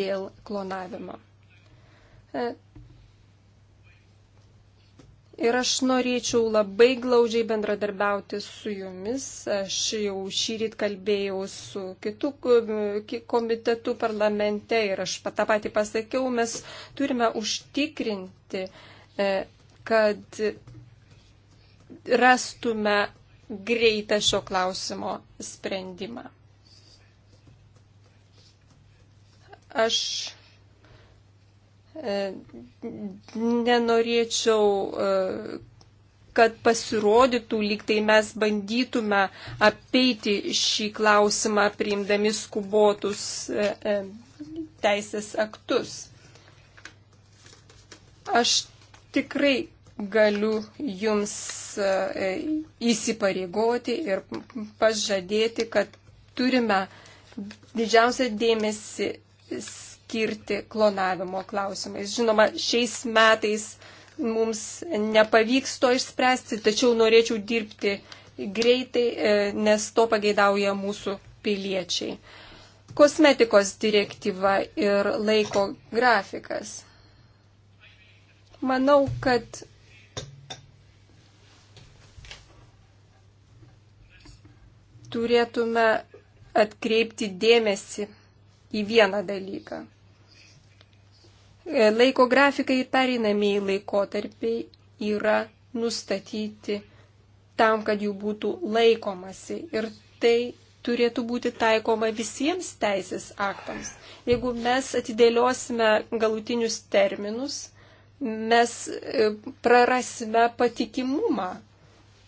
dėl klonavimo. Ir aš norėčiau labai glaudžiai bendradarbiauti su jumis. Aš jau šį rytą kalbėjau su kitų komitetų parlamente ir aš tą patį pasakiau, mes turime užtikrinti, e, kad rastume greitą šio klausimo sprendimą. Aš nenorėčiau, e, kad pasirodytų, lyg tai mes bandytume apeiti šį klausimą priimdami skubotus e, e, teisės aktus. Aš tikrai galiu jums įsipareigoti ir pažadėti, kad turime didžiausią dėmesį skirti klonavimo klausimais. Žinoma, šiais metais mums nepavyks to išspręsti, tačiau norėčiau dirbti greitai, e, nes to pageidauja mūsų piliečiai. Kosmetikos direktyva ir laiko grafikas. Manau, kad turėtume atkreipti dėmesį į vieną dalyką. E, laiko grafikai perinamiai laikotarpiai yra nustatyti tam, kad jų būtų laikomasi. Ir tai turėtų būti taikoma visiems teisės aktams. Jeigu mes atidėliosime galutinius terminus, mes e, prarasime patikimumą,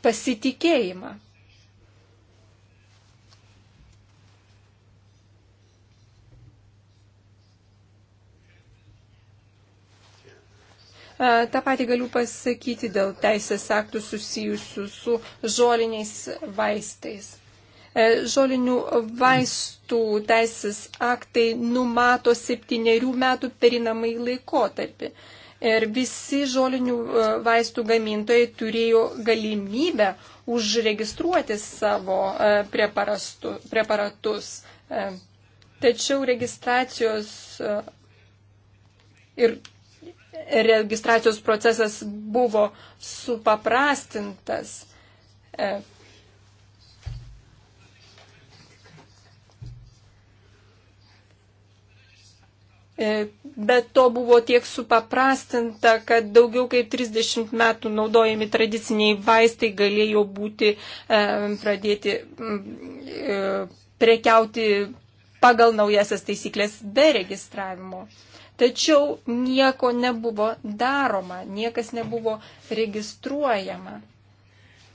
pasitikėjimą. E, Ta pati galiu pasakyti dėl teisės aktų susijusių su žoliniais vaistais. E, žolinių vaistų teisės aktai numato septyniarių metų perinamai laikotarpį. Ir visi žolinių e, vaistų gamintojai turėjo galimybę užregistruoti savo preparatus. Tačiau registracijos ir registracijos procesas buvo supaprastintas. E, e, bet to buvo tiek supaprastinta, kad daugiau kaip 30 metų naudojami tradiciniai vaistai galėjo būti e, pradėti e, prekiauti pagal naujasias taisyklės be registravimo. E, tačiau nieko nebuvo daroma, niekas nebuvo registruojama.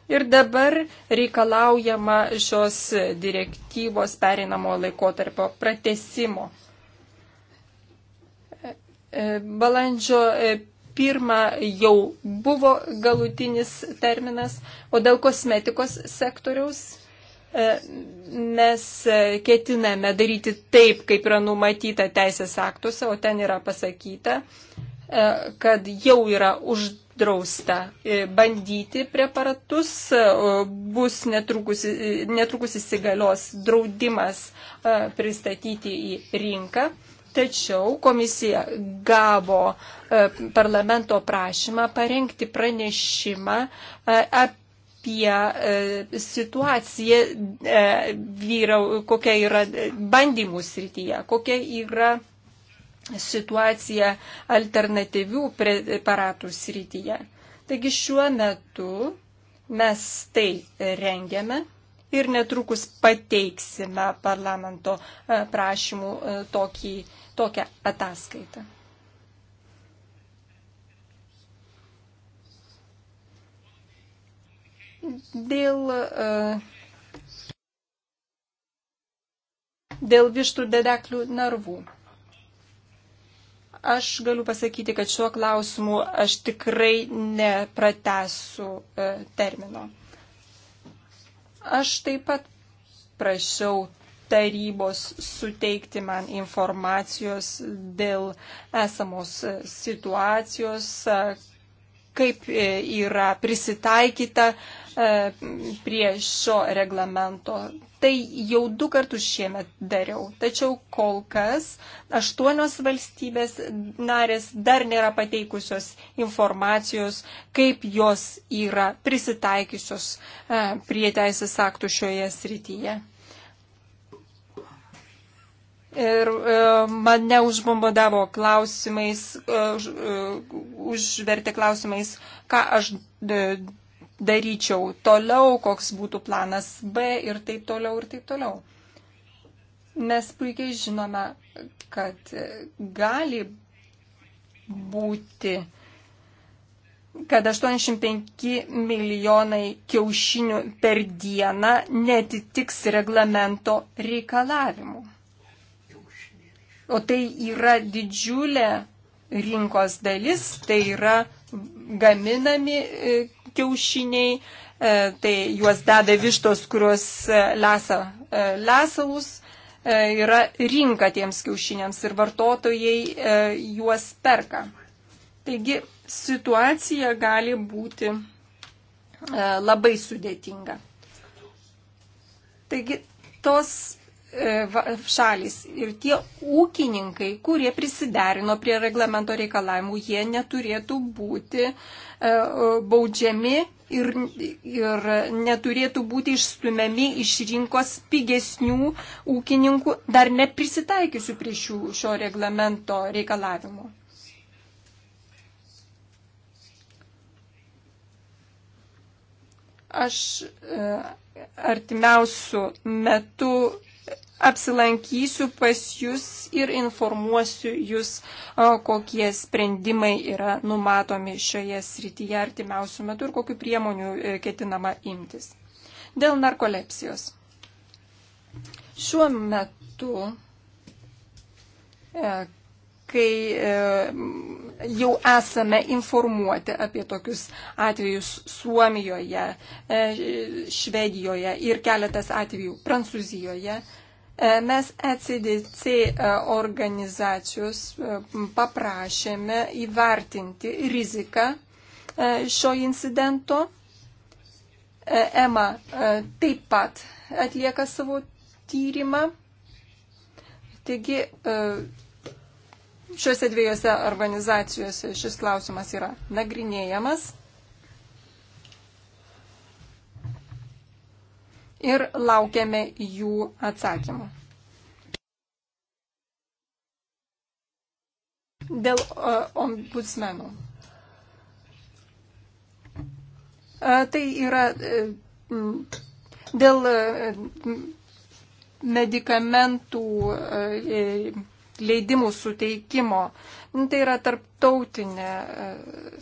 Ir dabar reikalaujama šios direktyvos pereinamo laikotarpio pratesimo. E, e, balandžio e, pirmą jau buvo galutinis terminas, o dėl kosmetikos sektoriaus E, mes e, ketiname daryti taip, kaip yra numatyta teisės aktuose, o ten yra pasakyta, e, kad jau yra uždrausta bandyti preparatus, bus netrukus, netrukus įsigalios draudimas pristatyti į rinką. Tačiau komisija gavo parlamento prašymą parengti pranešimą apie apie e, situaciją, e, vyrau, kokia yra bandymų srityje, kokia yra situacija alternatyvių preparatų srityje. Taigi šiuo metu mes tai rengiame ir netrukus pateiksime parlamento e, prašymų tokį, tokią ataskaitą. Dėl, e, dėl vištų dedeklių narvų. Aš galiu pasakyti, kad šiuo klausimu aš tikrai nepratesiu e, termino. Aš taip pat prašiau tarybos suteikti man informacijos dėl esamos e, situacijos, kaip yra prisitaikyta E, prie šio reglamento. Tai jau du kartus šiemet dariau. Tačiau kol kas aštuonios valstybės narės dar nėra pateikusios informacijos, kaip jos yra prisitaikiusios e, prie teisės aktų šioje srityje. Ir e, mane užbombardavo klausimais, užvertė klausimais, ką aš daryčiau toliau, koks būtų planas B ir taip toliau ir taip toliau. Mes puikiai žinome, kad gali būti, kad 85 milijonai kiaušinių per dieną netitiks reglamento reikalavimų. O tai yra didžiulė rinkos dalis, tai yra gaminami kiaušiniai, e, tai juos deda vištos, kurios e, lesa e, lesalus, yra rinka tiems kiaušiniams ir vartotojai juos perka. Taigi situacija gali būti labai sudėtinga. Taigi tos E, šalis ir tie ūkininkai, kurie prisiderino prie reglamento reikalavimų, jie neturėtų būti e, baudžiami ir, ir neturėtų būti išstumiami iš rinkos pigesnių ūkininkų, dar neprisitaikiusių prie šių, šio reglamento reikalavimų. Aš e, artimiausių metų apsilankysiu pas jūs ir informuosiu jūs, kokie sprendimai yra numatomi šioje srityje artimiausių metų ir kokiu priemonių e, ketinama imtis. Dėl narkolepsijos. Šiuo metu, e, kai e, jau esame informuoti apie tokius atvejus Suomijoje, Švedijoje ir keletas atvejų Prancūzijoje, Mes ECDC e, organizacijos e, paprašėme įvertinti riziką e, šio incidento. EMA taip pat atlieka savo tyrimą. Taigi šiuose dviejose organizacijose šis klausimas yra nagrinėjamas. ir laukiame jų atsakymų. Dėl uh, ombudsmenų. Uh, tai yra uh, dėl uh, medikamentų uh, leidimų suteikimo. Tai yra tarptautinė uh,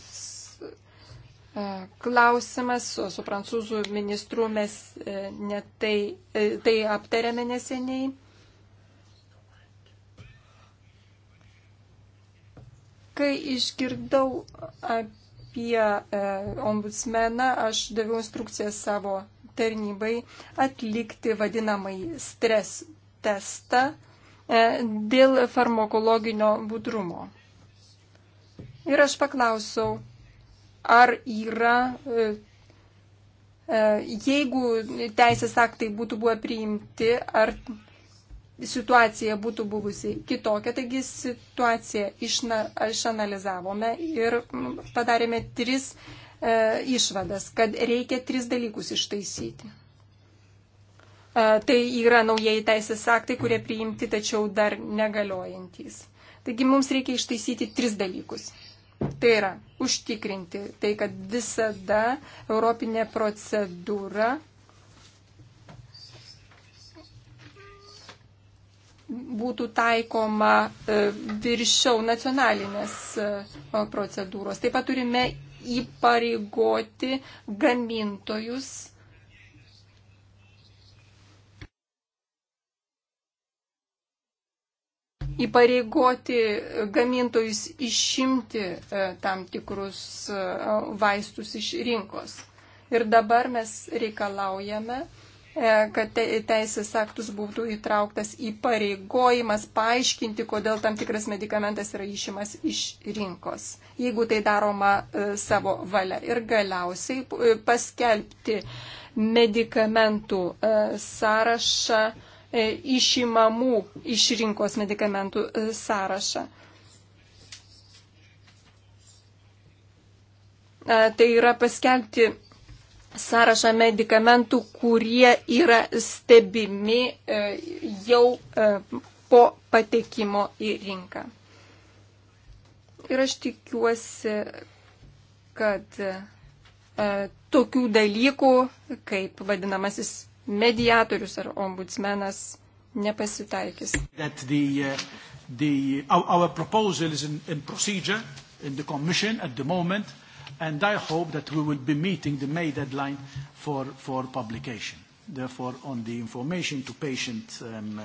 E, klausimas. Su, su prancūzų ministru mes e, netai, e, tai aptarėme neseniai. Kai išgirdau apie ombudsmeną, aš daviau instrukciją savo tarnybai atlikti vadinamąjį stres testą dėl farmakologinio budrumo. Ir aš paklausiau ar yra, e, e, jeigu teisės aktai būtų buvę priimti, ar situacija būtų buvusi kitokia. Taigi situaciją išna, išanalizavome ir padarėme tris e, išvadas, kad reikia tris dalykus ištaisyti. E, tai yra naujieji teisės aktai, kurie priimti, tačiau dar negaliojantys. Taigi mums reikia ištaisyti tris dalykus. Tai yra užtikrinti tai, kad visada europinė procedūra būtų taikoma e, viršiau nacionalinės e, procedūros. Taip pat turime įpareigoti gamintojus įpareigoti gamintojus išimti e, tam tikrus e, vaistus iš rinkos. Ir dabar mes reikalaujame, e, kad teisės aktus būtų įtrauktas įpareigojimas paaiškinti, kodėl tam tikras medikamentas yra išimas iš rinkos, jeigu tai daroma savo valia. Ir galiausiai paskelbti medikamentų sąrašą E, išimamų iš rinkos medikamentų e, sąrašą. E, tai yra paskelbti sąrašą medikamentų, kurie yra stebimi jau po patekimo į rinką. Ir aš tikiuosi, kad tokių dalykų, kaip vadinamasis mediatorius ar ombudsmenas nepasitaikys. The, uh, the, our proposal is in, in procedure in the Commission at the moment, and I hope that we will be meeting the May deadline for, for publication. Therefore, on the information to patient um, uh,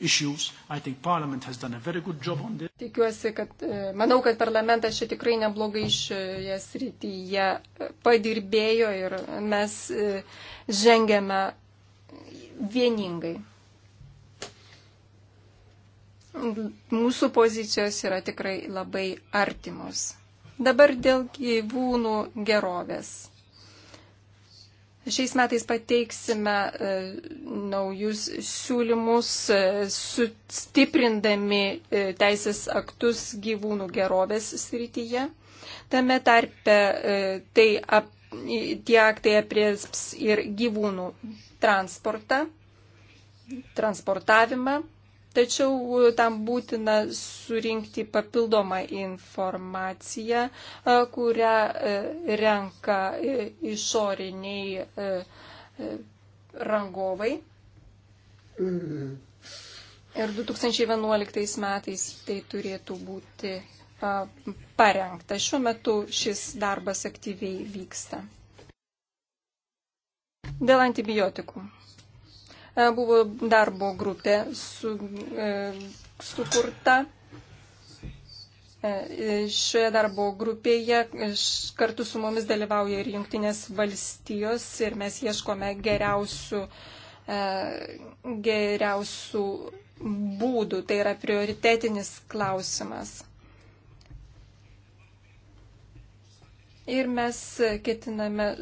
issues, I think Parliament has done a very good job on this. Tikiuosi, kad, uh, manau, kad parlamentas čia tikrai neblogai šioje srityje padirbėjo ir mes žengėme vieningai. Mūsų pozicijos yra tikrai labai artimos. Dabar dėl gyvūnų gerovės. Šiais metais pateiksime e, naujus siūlymus, e, sustiprindami e, teisės aktus gyvūnų gerovės srityje. Tame tarpe e, tai ap, tie aktai aprieps ir gyvūnų transportą, transportavimą, tačiau e, tam būtina surinkti papildomą informaciją, e, kurią e, renka išoriniai rangovai. Ir 2011 metais tai turėtų būti parengta. Šiuo metu šis darbas aktyviai vyksta. Dėl antibiotikų. E, buvo darbo grupė su, e, sukurta. E, šioje darbo grupėje kartu su mumis dalyvauja ir jungtinės valstijos ir mes ieškome geriausių, e, geriausių būdų. Tai yra prioritetinis klausimas. Ir mes ketiname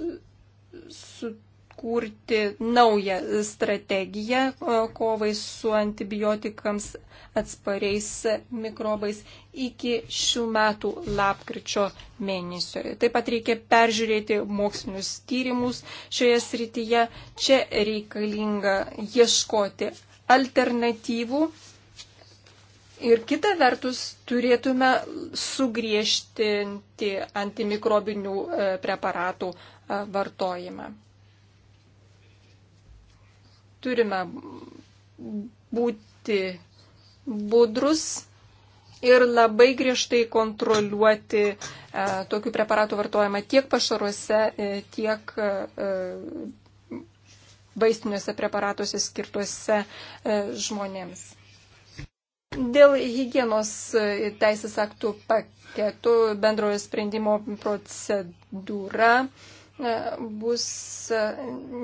su kurti naują strategiją e, kovai su antibiotikams atspariais mikrobais iki šių metų lapkričio mėnesio. Taip pat reikia peržiūrėti mokslinius tyrimus šioje srityje. Čia reikalinga ieškoti alternatyvų. Ir kita vertus turėtume sugriežtinti antimikrobinių e, preparatų e, vartojimą. Turime būti budrus ir labai griežtai kontroliuoti e, tokių preparatų vartojimą tiek pašaruose, e, tiek e, vaistiniuose preparatuose skirtuose e, žmonėms. Dėl hygienos e, teisės aktų paketų bendrojo sprendimo procedūra. E, E, bus e,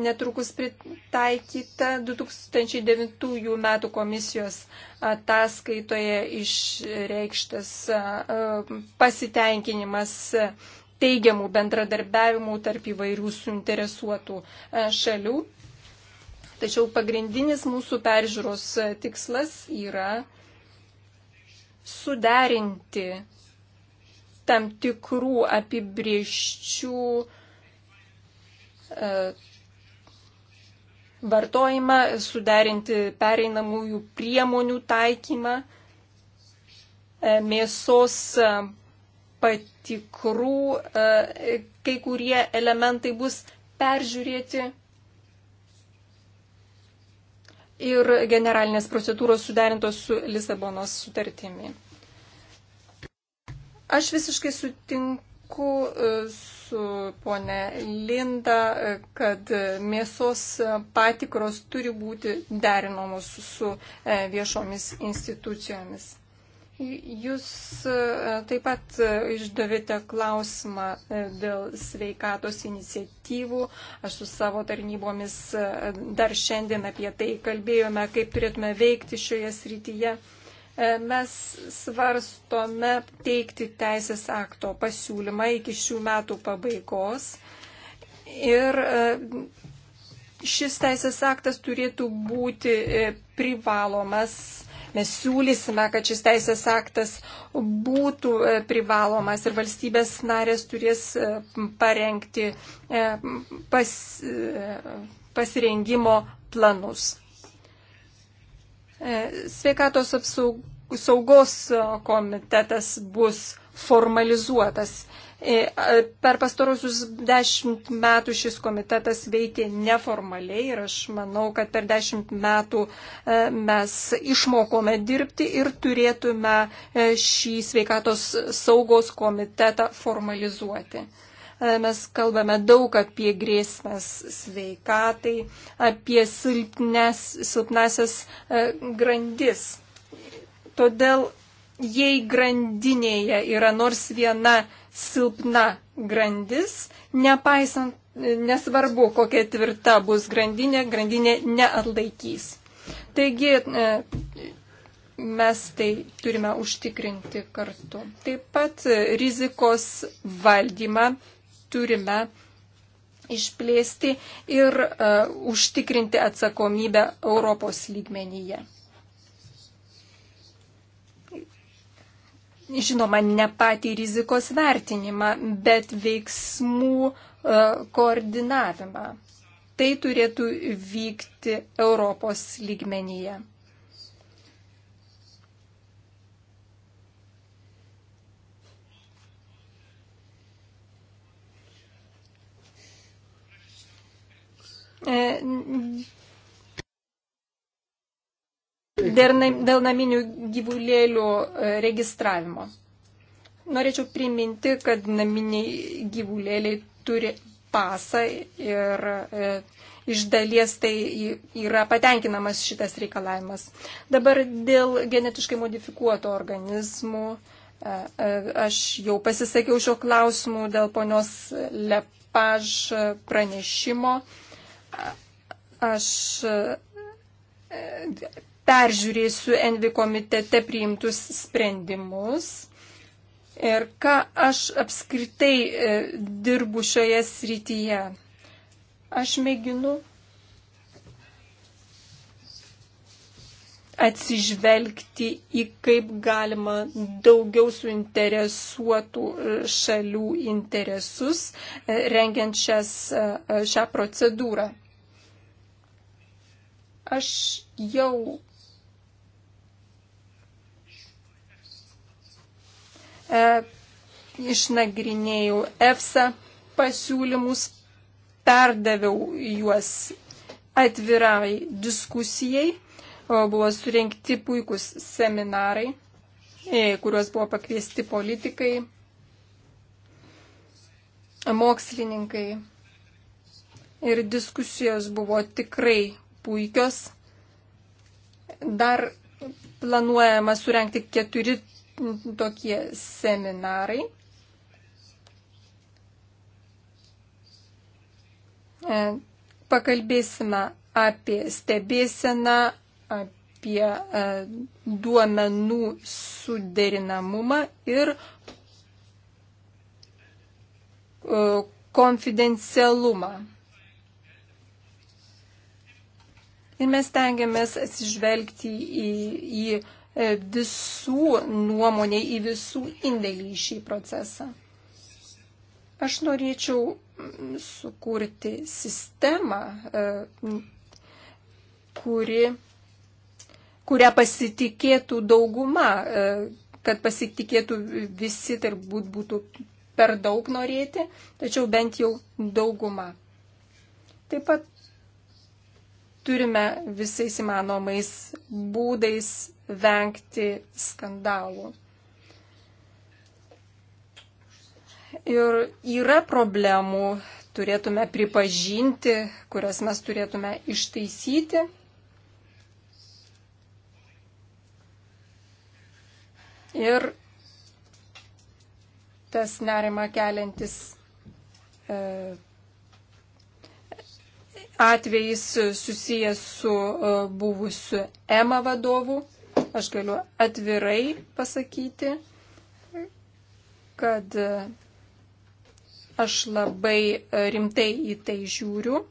netrukus pritaikyta 2009 metų komisijos ataskaitoje išreikštas e, pasitenkinimas teigiamų bendradarbiavimų tarp įvairių suinteresuotų šalių. Tačiau pagrindinis mūsų peržiūros tikslas yra suderinti tam tikrų apibrieščių E, vartojimą, suderinti pereinamųjų priemonių taikymą, e, mėsos e, patikrų, kai kurie elementai bus peržiūrėti ir generalinės procedūros suderintos su Lisabonos sutartimi. Aš visiškai sutinku su su ponė Linda, kad mėsos patikros turi būti derinamos su e, viešomis institucijomis. Jūs e, taip pat e, išdavėte klausimą dėl sveikatos iniciatyvų. Aš su savo tarnybomis dar šiandien apie tai kalbėjome, kaip turėtume veikti šioje srityje. E, mes svarstome teikti teisės akto pasiūlymą iki šių metų pabaigos. Ir e, šis teisės aktas turėtų būti e, privalomas. Mes siūlysime, kad šis teisės aktas būtų privalomas ir valstybės narės turės parengti pas, pasirengimo planus. E, sveikatos apsaugos e, komitetas bus formalizuotas. E, per pastarosius dešimt metų šis komitetas veikė neformaliai ir aš manau, kad per dešimt metų mes išmokome dirbti ir turėtume šį sveikatos saugos komitetą formalizuoti. E, mes kalbame daug apie grėsmės sveikatai, apie silpnes, silpnasias e, grandis. Todėl, jei grandinėje yra nors viena silpna grandis, nepaisant, e, nesvarbu, kokia tvirta bus grandinė, grandinė neatlaikys. Taigi mes tai turime užtikrinti kartu. Taip pat rizikos valdymą turime išplėsti ir uh, užtikrinti atsakomybę Europos lygmenyje. Žinoma, ne patį rizikos vertinimą, bet veiksmų uh, koordinavimą. Tai turėtų vykti Europos lygmenyje. E, dėl naminių gyvulėlių e, registravimo. Norėčiau priminti, kad naminiai gyvulėliai turi pasą ir e, iš dalies tai yra patenkinamas šitas reikalavimas. Dabar dėl genetiškai modifikuoto organizmų. Aš jau pasisakiau šio klausimu dėl ponios Lepaž pranešimo aš e, peržiūrėsiu Envi komitete priimtus sprendimus ir ką aš apskritai e, dirbu šioje srityje. Aš mėginu atsižvelgti į kaip galima daugiau suinteresuotų e, šalių interesus, e, rengiant šias, e, šią procedūrą. Aš jau e, išnagrinėjau EFSA pasiūlymus, perdaviau juos atvirai diskusijai Buvo surinkti puikūs seminarai, e, kuriuos buvo pakviesti politikai, mokslininkai. Ir diskusijos buvo tikrai puikios. Dar planuojama surenkti keturi tokie seminarai. E, pakalbėsime apie stebėseną, apie e, duomenų suderinamumą ir e, konfidencialumą. Ir mes tengiamės atsižvelgti į, į e, visų nuomonę, į visų indėlį į šį procesą. Aš norėčiau mm, sukurti sistemą, kuri kurią pasitikėtų dauguma, e, kad pasitikėtų visi, turbūt tai būtų per daug norėti, tačiau bent jau dauguma. Taip pat turime visais įmanomais būdais vengti skandalų. Ir yra problemų, turėtume pripažinti, kurias mes turėtume ištaisyti. Ir tas nerima keliantis e, atvejais susijęs su e, buvusiu EMA vadovu. Aš galiu atvirai pasakyti, kad e, aš labai rimtai į tai žiūriu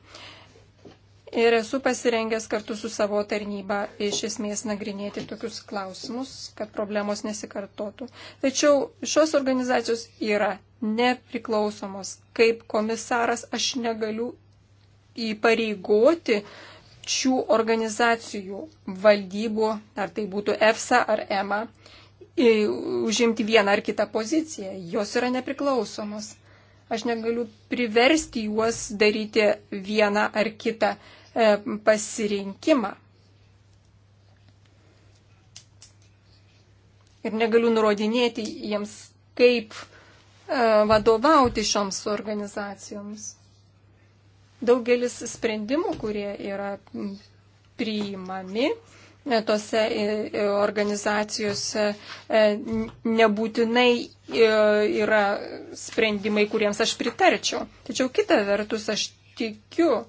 ir esu pasirengęs kartu su savo tarnyba iš esmės nagrinėti tokius klausimus, kad problemos nesikartotų. Tačiau šios organizacijos yra nepriklausomos. Kaip komisaras aš negaliu įpareigoti šių organizacijų valdybų, ar tai būtų EFSA ar EMA, užimti vieną ar kitą poziciją. Jos yra nepriklausomos. Aš negaliu priversti juos daryti vieną ar kitą E, pasirinkimą. Ir negaliu nurodinėti jiems, kaip e, vadovauti šioms organizacijoms. Daugelis sprendimų, kurie yra priimami e, tose organizacijose, nebūtinai yra sprendimai, kuriems aš pritarčiau. Tačiau kita vertus, aš tikiu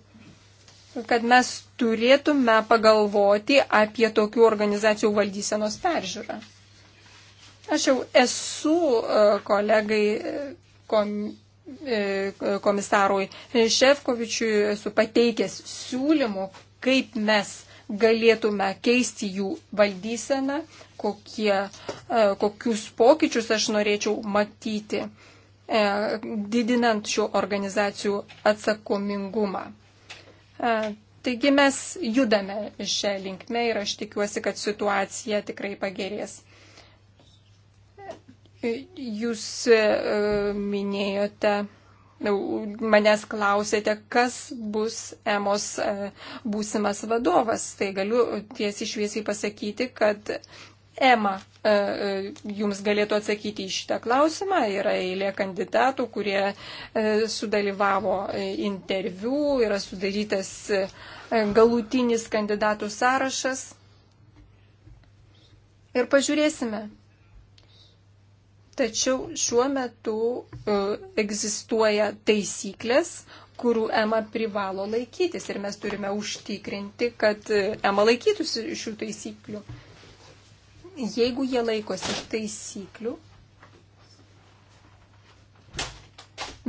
kad mes turėtume pagalvoti apie tokių organizacijų valdysenos peržiūrą. Aš jau esu e, kolegai e, kom, e, komisarui Šefkovičiui, esu pateikęs siūlymų, kaip mes galėtume keisti jų valdyseną, kokie, kokius pokyčius aš norėčiau matyti, didinant šių organizacijų atsakomingumą. Taigi mes judame šią linkmę ir aš tikiuosi, kad situacija tikrai pagerės. Jūs e, minėjote, e, manęs klausėte, kas bus EMOS e, būsimas vadovas. Tai galiu tiesiai šviesiai pasakyti, kad EMA e, e, jums galėtų atsakyti į šitą klausimą. Yra eilė kandidatų, kurie e, sudalyvavo interviu, yra sudarytas galutinis kandidatų sąrašas. Ir pažiūrėsime. Tačiau šiuo metu egzistuoja taisyklės, kurių EMA privalo laikytis ir mes turime užtikrinti, kad EMA laikytųsi šių taisyklių jeigu jie laikosi taisyklių,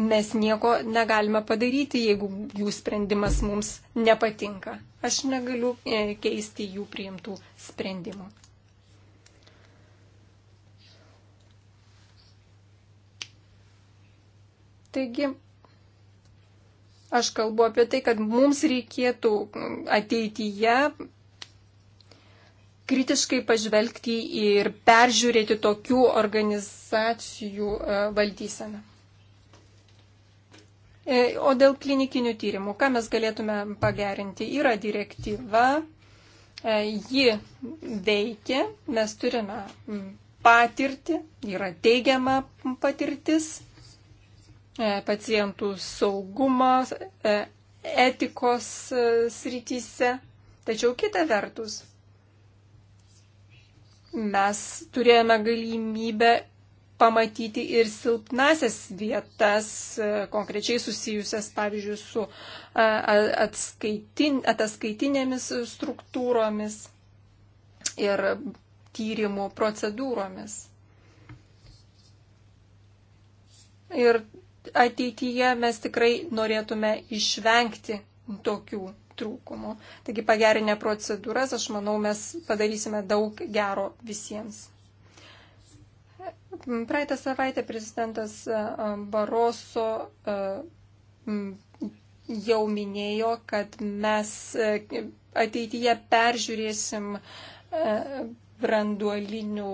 mes nieko negalime padaryti, jeigu jų sprendimas mums nepatinka. Aš negaliu e, keisti jų priimtų sprendimų. Taigi, aš kalbu apie tai, kad mums reikėtų ateityje kritiškai pažvelgti ir peržiūrėti tokių organizacijų e, valdyseną. E, o dėl klinikinių tyrimų, ką mes galėtume pagerinti, yra direktyva, e, ji veikia, mes turime patirtį, yra teigiama patirtis, pacientų saugumas, etikos srityse. Tačiau kita vertus, mes turėjome galimybę pamatyti ir silpnasias vietas, e, konkrečiai susijusias, pavyzdžiui, su e, atskaitin, ataskaitinėmis struktūromis ir tyrimų procedūromis. Ir ateityje mes tikrai norėtume išvengti tokių trūkumų. Taigi pagerinę procedūras, aš manau, mes padarysime daug gero visiems. Praeitą savaitę prezidentas e, Baroso e, jau minėjo, kad mes e, ateityje peržiūrėsim branduolinių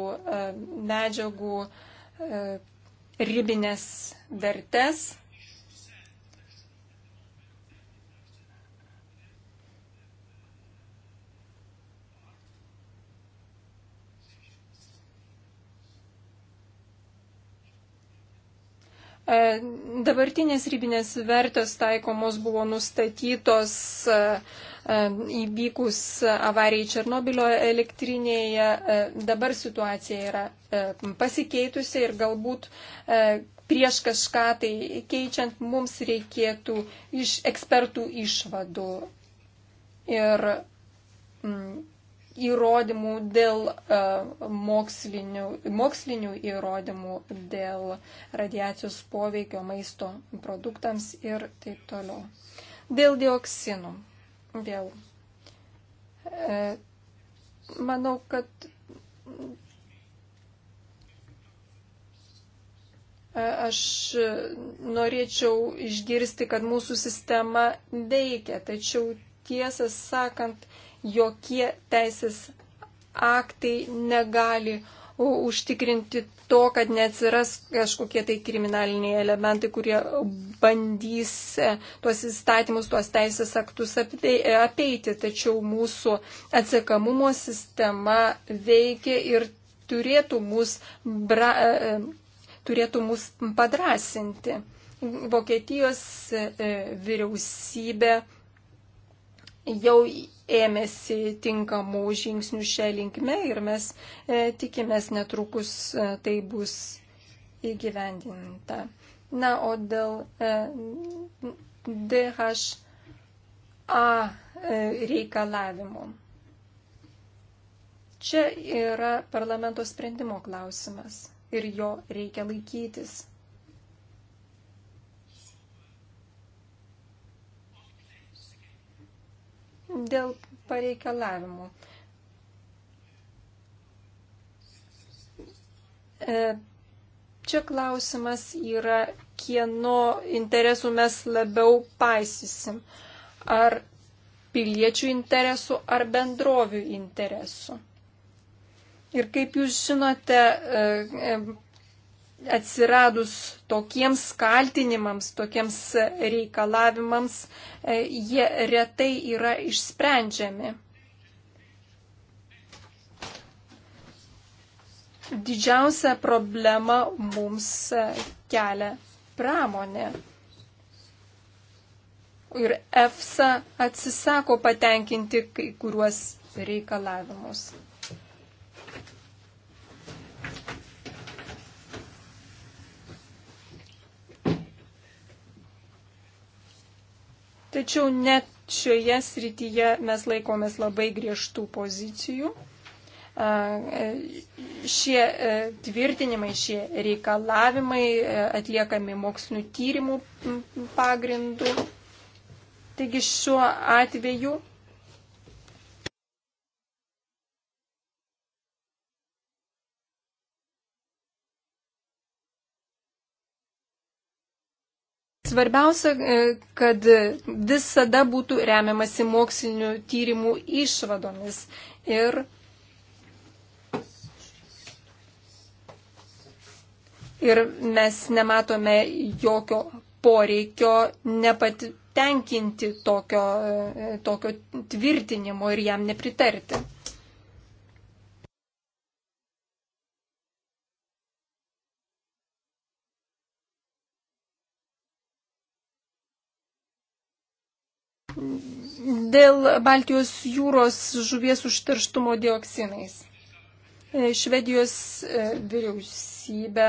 medžiagų ribinės vertes E, dabartinės rybinės vertės taikomos buvo nustatytos e, e, įvykus avarijai Černobilio elektrinėje. Dabar situacija yra pasikeitusi ir galbūt prieš kažką tai keičiant mums reikėtų iš ekspertų išvadų. Ir mm, įrodymų dėl e, mokslinių, mokslinių įrodymų dėl radiacijos poveikio maisto produktams ir taip toliau. Dėl dioksinų. Vėl. E, manau, kad e, Aš norėčiau išgirsti, kad mūsų sistema veikia, tačiau tiesą sakant, jokie teisės aktai negali užtikrinti to, kad neatsiras kažkokie tai kriminaliniai elementai, kurie bandys e, tuos įstatymus, tuos teisės aktus apeiti. Tačiau mūsų atsiekamumo sistema veikia ir turėtų mus, bra, e, e, turėtų mus padrasinti. Vokietijos vyriausybė jau ėmėsi tinkamų žingsnių šią linkmę ir mes e, tikimės netrukus e, tai bus įgyvendinta. Na, o dėl e, DHA e, reikalavimų. Čia yra parlamento sprendimo klausimas ir jo reikia laikytis. dėl pareikalavimų. E, čia klausimas yra, kieno interesų mes labiau paisysim. Ar piliečių interesų, ar bendrovių interesų. Ir kaip jūs žinote, e, e, atsiradus tokiems kaltinimams, tokiems reikalavimams, e, jie retai yra išsprendžiami. Didžiausia problema mums e, kelia pramonė. Ir EFSA atsisako patenkinti kai kuriuos reikalavimus. Tačiau net šioje srityje mes laikomės labai griežtų pozicijų. E, šie e, tvirtinimai, šie reikalavimai e, atliekami mokslinių tyrimų pagrindų. Taigi šiuo atveju Svarbiausia, e, kad visada būtų remiamasi mokslinių tyrimų išvadomis ir Ir mes nematome jokio poreikio nepatenkinti tokio, e, tokio tvirtinimo ir jam nepritarti. dėl Baltijos jūros žuvies užterštumo dioksinais. E, Švedijos e, vyriausybė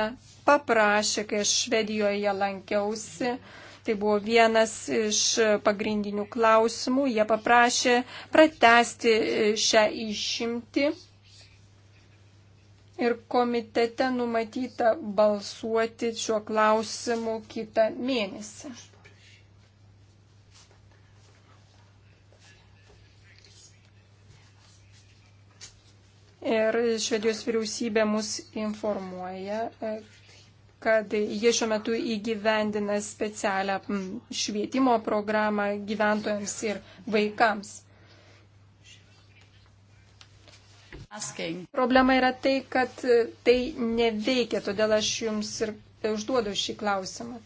paprašė, kai aš Švedijoje lankiausi, Tai buvo vienas iš pagrindinių klausimų. Jie paprašė pratesti e, šią išimtį ir komitete numatyta balsuoti šiuo klausimu kitą mėnesį. Ir Švedijos vyriausybė mus informuoja, e, kad jie šiuo metu įgyvendina specialią švietimo programą gyventojams ir vaikams. Problema yra tai, kad e, tai neveikia, todėl aš jums ir e, užduodu šį klausimą.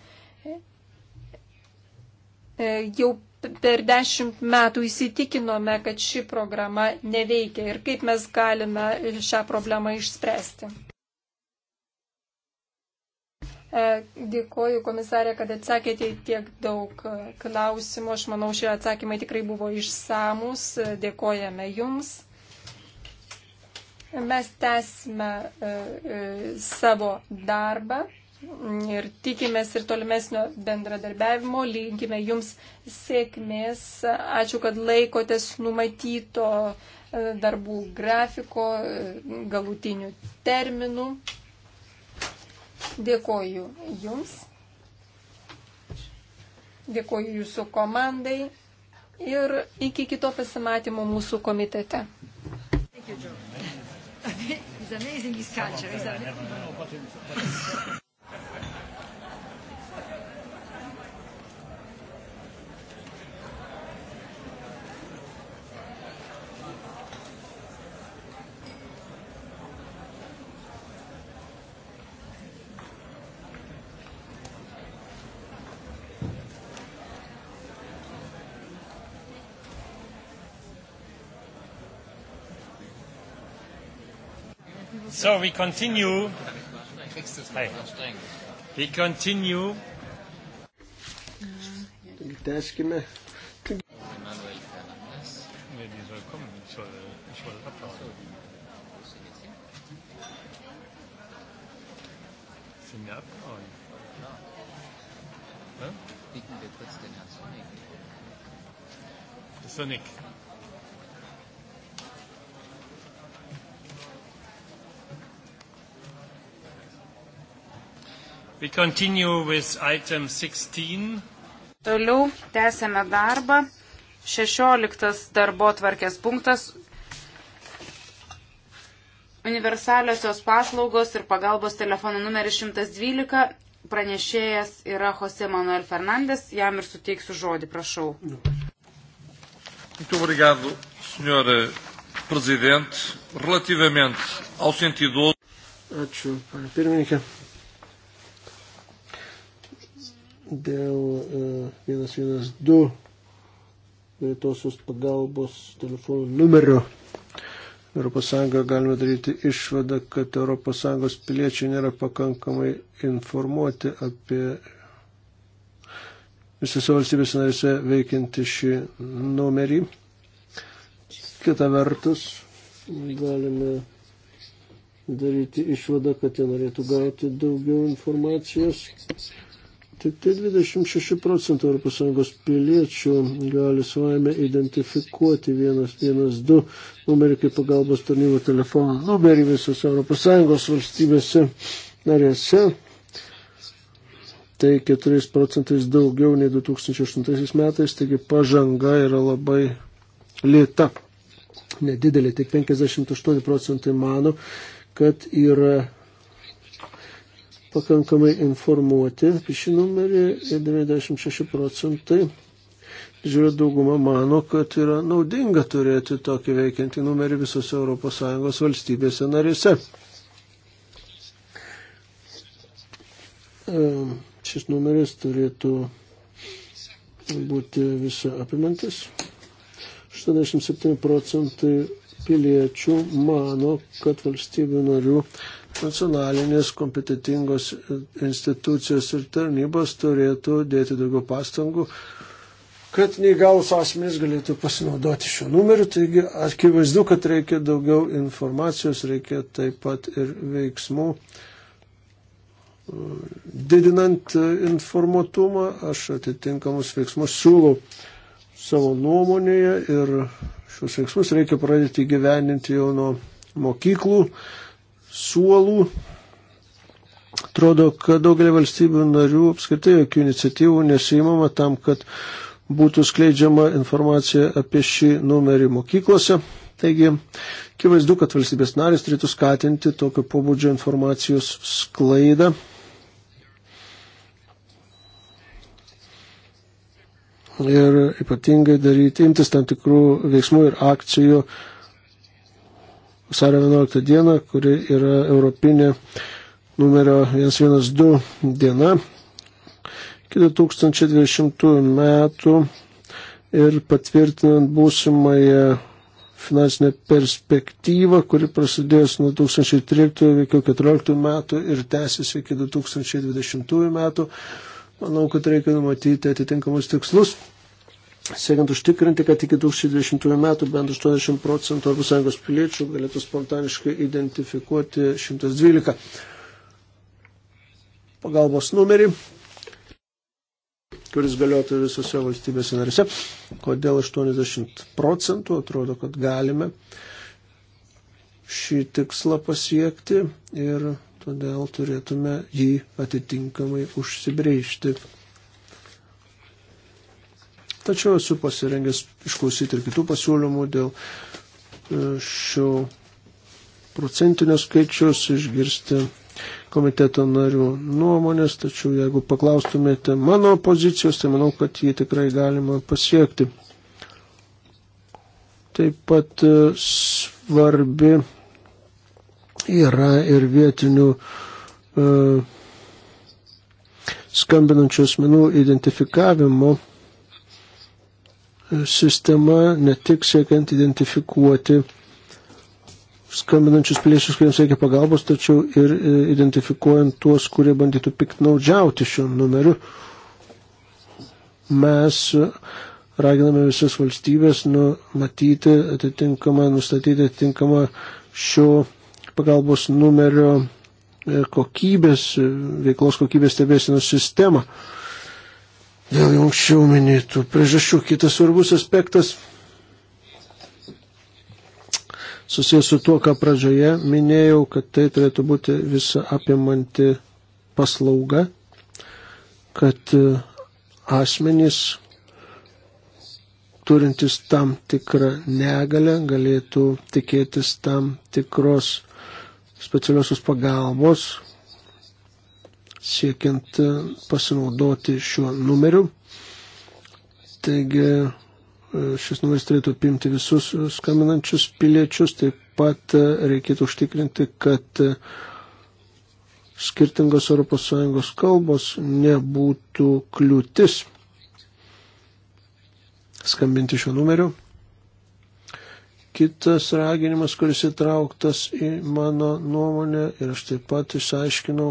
Jau per dešimt metų įsitikinome, kad ši programa neveikia ir kaip mes galime šią problemą išspręsti. E, dėkoju, komisarė, kad atsakėte tiek daug klausimų. Aš manau, šie atsakymai tikrai buvo išsamus. Dėkojame Jums. Mes tęsime e, e, savo darbą ir tikimės ir tolimesnio bendradarbiavimo. Linkime Jums sėkmės. Ačiū, kad laikotės numatyto e, darbų grafiko, e, galutinių terminų. Dėkoju Jums. Dėkoju Jūsų komandai. Ir iki kito pasimatymo mūsų komitete. Thank you, Joe. It's amazing this culture, isn't it? So we continue. Hey. We continue. Tęskime. Nee, die soll kommen. Ich soll, ich soll abwarten. Sind wir abgehauen? Ja? Bieten wir kurz den Herrn Sonik. Sonik. We continue with item 16. Toliau tęsėme darbą. 16 darbo tvarkės punktas. Universaliosios paslaugos ir pagalbos telefono numeris 112. Pranešėjas yra Jose Manuel Fernandes. Jam ir suteiksiu žodį, prašau. Muito obrigado, senhora eh, Presidente. Relativamente ao sentido. Ačiū, pirmininkė. dėl 112 e, greitosios pagalbos telefonų numerio. ES galime daryti išvadą, kad ES piliečiai nėra pakankamai informuoti apie visose valstybės narėse veikianti šį numerį. Kita vertus, galime daryti išvadą, kad jie norėtų gauti daugiau informacijos Tik tai 26 procentų ES piliečių gali savaime identifikuoti 112 numerį kaip pagalbos tarnybų telefono numerį visose ES valstybėse narėse. Tai 4 procentais daugiau nei 2008 metais, taigi pažanga yra labai lėta. Nedidelė, tik 58 procentai mano, kad yra pakankamai informuoti apie šį numerį ir 96 procentai didžiulė dauguma mano, kad yra naudinga turėti tokį veikiantį numerį visose ES valstybėse narėse. E, šis numeris turėtų būti visą apimantis. 87 procentai piliečių mano, kad valstybių narių nacionalinės kompetitingos institucijos ir tarnybos turėtų dėti daugiau pastangų, kad neįgalus asmenys galėtų pasinaudoti šiuo numeriu. Taigi akivaizdu, kad reikia daugiau informacijos, reikia taip pat ir veiksmų. Didinant informatumą, aš atitinkamus veiksmus siūlau savo nuomonėje ir šios veiksmus reikia pradėti gyveninti jau nuo mokyklų, suolų. Atrodo, kad daugelį valstybių narių apskritai jokių iniciatyvų nesimama tam, kad būtų skleidžiama informacija apie šį numerį mokyklose. Taigi, kivaizdu, kad valstybės narės turėtų skatinti tokio pobūdžio informacijos sklaidą ir ypatingai daryti, imtis tam tikrų veiksmų ir akcijų vasario 11 dieną, kuri yra Europinė numerio 112 diena. Iki 2020 metų ir patvirtinant būsimąją finansinę perspektyvą, kuri prasidės nuo 2013 iki 2014 metų ir tęsis iki 2020 metų. Manau, kad reikia numatyti atitinkamus tikslus, siekiant užtikrinti, kad iki 2020 metų bent 80 procentų ES piliečių galėtų spontaniškai identifikuoti 112 pagalbos numerį, kuris galiotų visose valstybėse narise. Kodėl 80 procentų? Atrodo, kad galime šį tikslą pasiekti ir todėl turėtume jį atitinkamai užsibrėžti. Tačiau esu pasirengęs išklausyti ir kitų pasiūlymų dėl e, šio procentinio skaičius, išgirsti komiteto narių nuomonės, tačiau jeigu paklaustumėte mano pozicijos, tai manau, kad jį tikrai galima pasiekti. Taip pat e, svarbi yra ir vietinių e, skambinančių asmenų identifikavimo e, sistema, ne tik siekiant identifikuoti skambinančius piliečius, kuriems reikia pagalbos, tačiau ir e, identifikuojant tuos, kurie bandytų piktnaudžiauti šiuo numeriu. Mes raginame visas valstybės numatyti atitinkamą, nustatyti atitinkamą šio pagalbos numerio e, kokybės, e, veiklos kokybės stebėsinos sistemą. Dėl jau anksčiau minėtų priežasčių kitas svarbus aspektas susijęs su tuo, ką pradžioje minėjau, kad tai turėtų būti visa apimanti paslauga, kad e, asmenys turintis tam tikrą negalę galėtų tikėtis tam tikros specialiosios pagalbos siekiant e, pasinaudoti šiuo numeriu. Taigi e, šis numeris turėtų apimti visus e, skambinančius piliečius, taip pat reikėtų užtikrinti, kad skirtingos ES kalbos nebūtų kliūtis skambinti šiuo numeriu. Kitas raginimas, kuris įtrauktas į mano nuomonę ir aš taip pat išaiškinau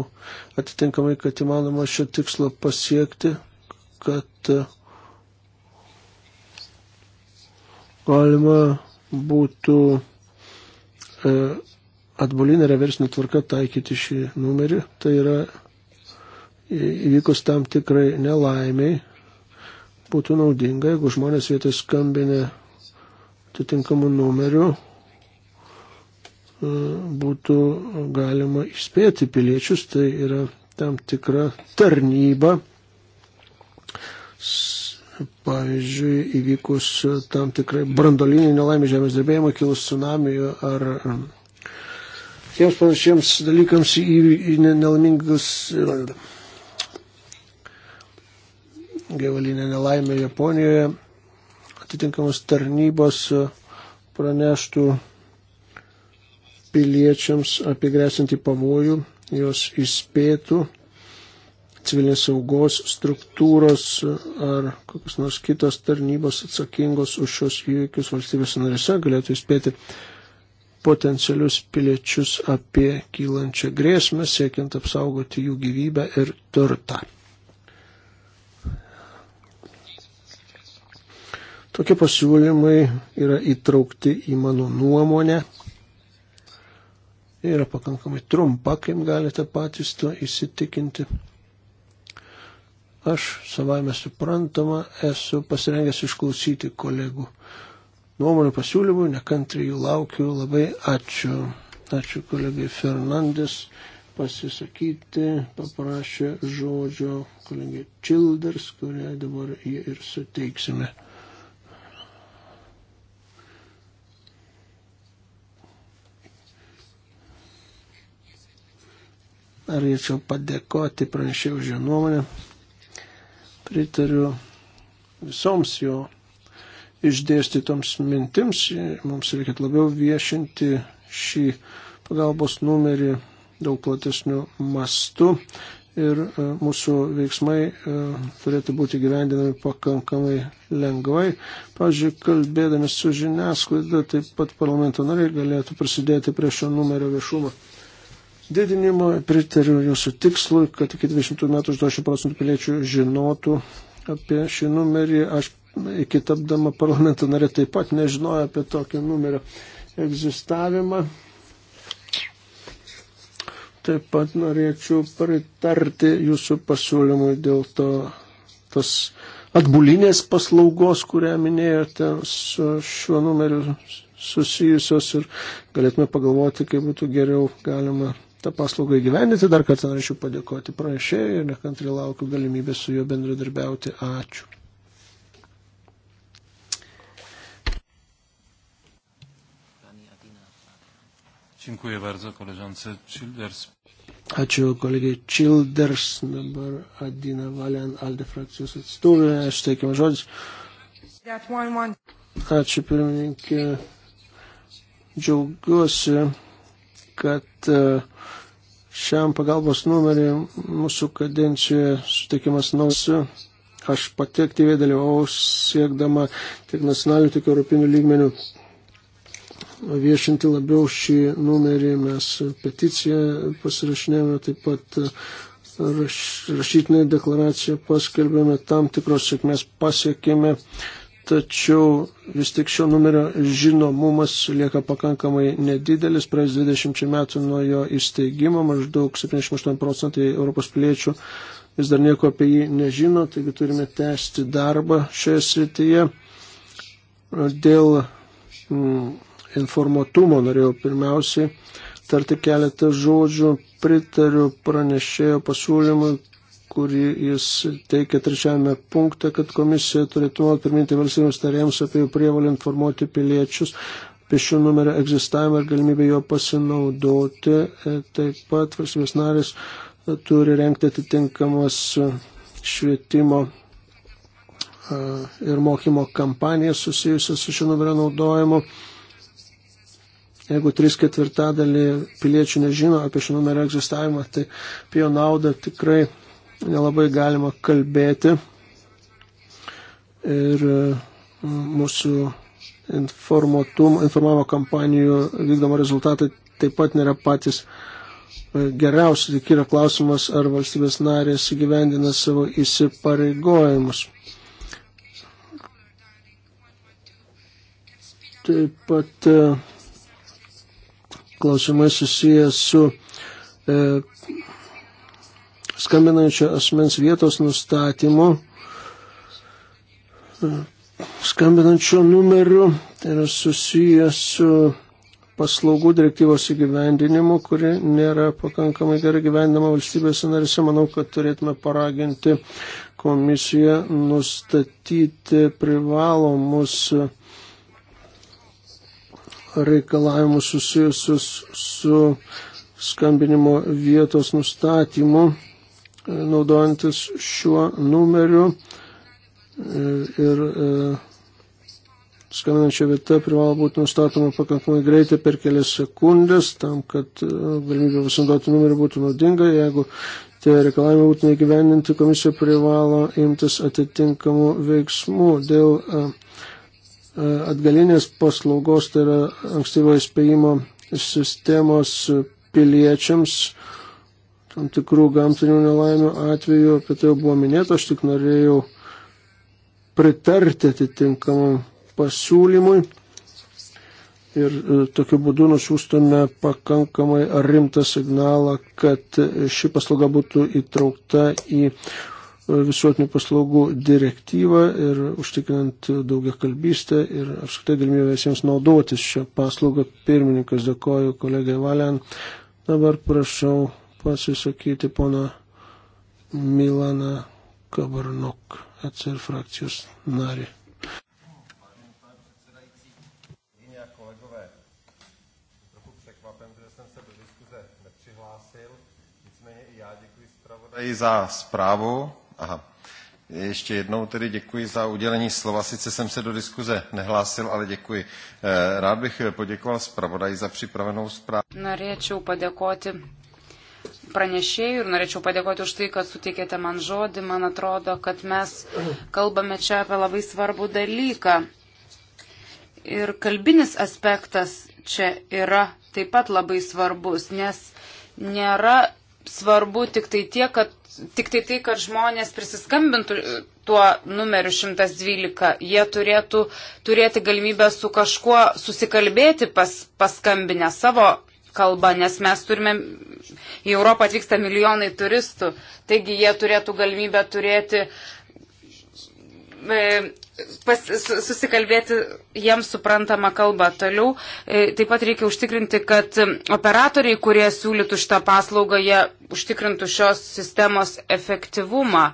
atitinkamai, kad įmanoma šio tikslo pasiekti, kad e, galima būtų e, atbulinė reversinė tvarka taikyti šį numerį. Tai yra įvykus tam tikrai nelaimiai būtų naudinga, jeigu žmonės vietoj skambinę atitinkamu numeriu e, būtų galima išspėti piliečius, tai yra tam tikra tarnyba. Pavyzdžiui, įvykus tam tikrai brandoliniai nelaimė žemės drebėjimą, kilus tsunami ar tiems panašiems dalykams į, į nelaimingus e, gaivalinę nelaimę Japonijoje atitinkamos tarnybos e, praneštų piliečiams apie grėsinti pavojų, jos įspėtų civilinės saugos struktūros e, ar kokios nors kitos tarnybos atsakingos už šios įvykius valstybės narėse galėtų įspėti potencialius piliečius apie kylančią grėsmę, siekiant apsaugoti jų gyvybę ir turtą. Tokie pasiūlymai yra įtraukti į mano nuomonę. Yra pakankamai trumpa, kaip galite patys to įsitikinti. Aš savame suprantama esu pasirengęs išklausyti kolegų nuomonių pasiūlymų, nekantriai jų laukiu. Labai ačiū. Ačiū kolegai Fernandes pasisakyti, paprašė žodžio kolegė Childers, kurią dabar jį ir suteiksime. norėčiau padėkoti pranešėjų už jo nuomonę. Pritariu visoms jo išdėstytoms mintims. Mums reikia labiau viešinti šį pagalbos numerį daug platesnių mastų ir e, mūsų veiksmai e, turėtų būti gyvendinami pakankamai lengvai. Pavyzdžiui, kalbėdami su žiniasklaida, taip pat parlamento nariai galėtų prisidėti prie šio numerio viešumo didinimo. Pritariu jūsų tikslui, kad iki 20 metų 80 procentų piliečių žinotų apie šį numerį. Aš iki tapdama parlamento narė taip pat nežinojau apie tokio numerio egzistavimą. Taip pat norėčiau pritarti jūsų pasiūlymui dėl to, tas atbulinės paslaugos, kurią minėjote su šiuo numeriu susijusios ir galėtume pagalvoti, kaip būtų geriau galima tą paslaugą įgyvendinti. Dar kartą norėčiau padėkoti pranešėjai ir nekantri laukiu galimybės su juo bendradarbiauti. Ačiū. Dziękuję bardzo koleżance Childers. Ačiū kolegai Childers, dabar Adina Valian, Alde frakcijos atstovė, aš teikiam žodis. Ačiū pirmininkė, džiaugiuosi kad e, šiam pagalbos numeriui mūsų kadencijoje sutikimas nausiu. Aš pati aktyviai dalyvau siekdama tiek nacionalinių, tiek europinių lygmenių viešinti labiau šį numerį. Mes peticiją pasirašinėjome, taip pat e, raš, rašytinę deklaraciją paskelbėme, tam tikros sėkmės pasiekėme. Uh, tačiau vis tik šio numerio žinomumas lieka pakankamai nedidelis. Praėjus 20 metų nuo jo įsteigimo maždaug 78 procentai Europos piliečių vis dar nieko apie jį nežino, taigi turime tęsti darbą šioje srityje. Dėl mm, informatumo norėjau pirmiausiai tarti keletą žodžių, pritariu pranešėjo pasiūlymui, kurį jis teikia trečiame punkte, kad komisija turėtų nuolat priminti valstybėms tarėms apie jų prievalį informuoti piliečius apie šio numerio egzistavimą ir galimybę jo pasinaudoti. E, taip pat valstybės narės e, turi renkti atitinkamas e, švietimo ir mokymo kampanijas susijusias su šio numerio naudojimu. Jeigu trys ketvirtadalį piliečių nežino apie šio numerio egzistavimą, tai apie jo naudą tikrai nelabai galima kalbėti. Ir e, mūsų informavimo kampanijų vykdomo rezultatai taip pat nėra patys e, geriausi. Tik yra klausimas, ar valstybės narės įgyvendina savo įsipareigojimus. Taip pat e, klausimai susijęs su e, skambinančio asmens vietos nustatymo, skambinančio numeriu, tai yra susijęs su paslaugų direktyvos įgyvendinimu, kuri nėra pakankamai gerai gyvendama valstybėse narise, manau, kad turėtume paraginti komisiją nustatyti privalomus reikalavimus susijusius su skambinimo vietos nustatymu E, naudojantis šiuo numeriu e, ir e, skambinančia vieta privalo būti nustatoma pakankamai greitai per kelias sekundės, tam, kad galimybė pasinaudoti numerį būtų naudinga. Jeigu tie reikalavimai būtų negyveninti, komisija privalo imtis atitinkamų veiksmų dėl atgalinės paslaugos, tai yra ankstyvo įspėjimo sistemos piliečiams tam tikrų gamtinių nelaimių atveju, apie tai jau buvo minėta, aš tik norėjau pritarti atitinkamam pasiūlymui ir e, tokiu būdu nusiųstume pakankamai rimtą signalą, kad ši paslauga būtų įtraukta į e, visuotinių paslaugų direktyvą ir užtikrinant daugia kalbystę ir apskritai galimybę visiems naudotis šią paslaugą. Pirmininkas dėkoju kolegai Valian. Dabar prašau pasisakyti pono Milaną Kabarnok, atsir frakcijos narį. zpravodaji za zprávu. Aha. Ještě jednou tedy děkuji za udělení slova. Sice jsem se do diskuze nehlásil, ale děkuji. Eh, rád bych poděkoval zpravodaji za připravenou zprávu. Norėčiau padėkoti pranešėjų ir norėčiau padėkoti už tai, kad sutikėte man žodį. Man atrodo, kad mes kalbame čia apie labai svarbų dalyką. Ir kalbinis aspektas čia yra taip pat labai svarbus, nes nėra svarbu tik tai, tie, kad, tik tai tai, kad žmonės prisiskambintų tuo numeriu 112. Jie turėtų turėti galimybę su kažkuo susikalbėti pas, paskambinę savo kalba, nes mes turime, į Europą atvyksta milijonai turistų, taigi jie turėtų galimybę turėti, e, pas, susikalbėti jiems suprantamą kalbą. Toliau e, taip pat reikia užtikrinti, kad operatoriai, kurie siūlytų šitą paslaugą, jie užtikrintų šios sistemos efektyvumą.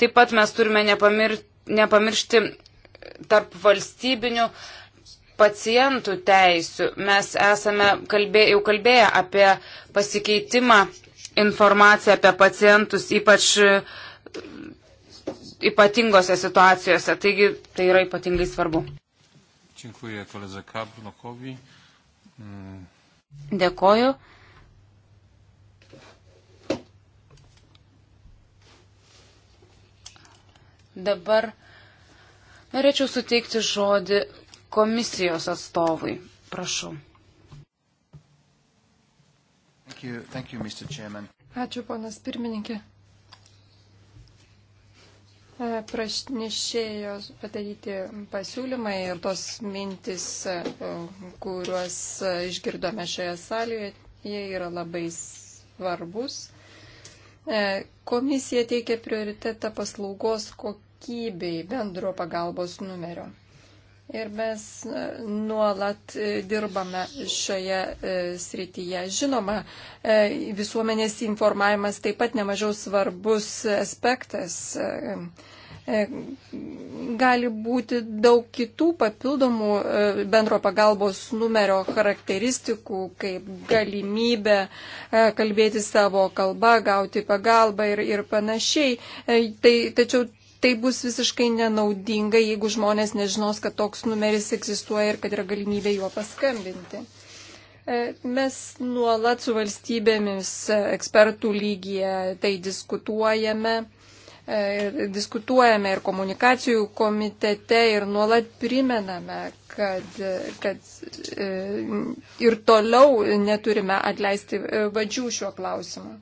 Taip pat mes turime nepamir, nepamiršti tarp valstybinių pacientų teisių. Mes esame kalbė, jau kalbėję apie pasikeitimą informaciją apie pacientus, ypač ypatingose situacijose. Taigi tai yra ypatingai svarbu. Dziękuję koledze Kablokowi. Mm. Dėkoju. Dabar norėčiau suteikti žodį komisijos atstovui. Prašau. Thank you, thank you, Ačiū, ponas pirmininkė. E, prašnešėjos padaryti pasiūlymai ir tos mintis, e, kuriuos e, išgirdome šioje salėje, jie yra labai svarbus. Komisija teikia prioritetą paslaugos kokybei bendro pagalbos numerio ir mes e, nuolat e, dirbame šioje e, srityje. Žinoma, visuomenės informavimas taip pat nemažiau svarbus aspektas. Gali būti daug kitų papildomų bendro pagalbos numerio charakteristikų, kaip galimybė kalbėti savo kalbą, gauti pagalbą ir, ir panašiai. Tai, tačiau tai bus visiškai nenaudinga, jeigu žmonės nežinos, kad toks numeris egzistuoja ir kad yra galimybė juo paskambinti. E, mes nuolat su valstybėmis ekspertų lygyje tai diskutuojame. Ir e, diskutuojame ir komunikacijų komitete ir nuolat primename, kad, kad e, ir toliau neturime atleisti vadžių šiuo klausimu.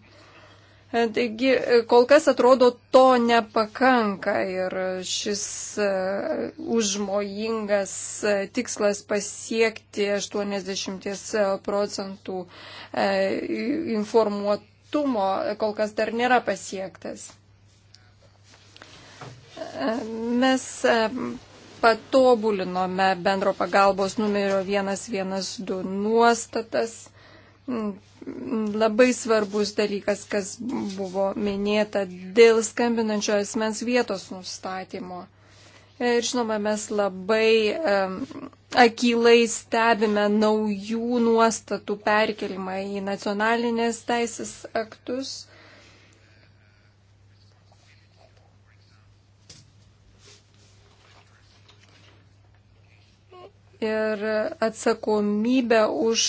Taigi, kol kas atrodo to nepakanka ir šis e, užmojingas e, tikslas pasiekti 80 e, procentų informuotumo kol kas dar nėra pasiektas. Mes patobulinome bendro pagalbos numerio 112 nuostatas labai svarbus dalykas, kas buvo minėta dėl skambinančio asmens vietos nustatymo. Ir žinoma, mes labai um, akilai stebime naujų nuostatų perkelimą į nacionalinės teisės aktus. ir atsakomybę už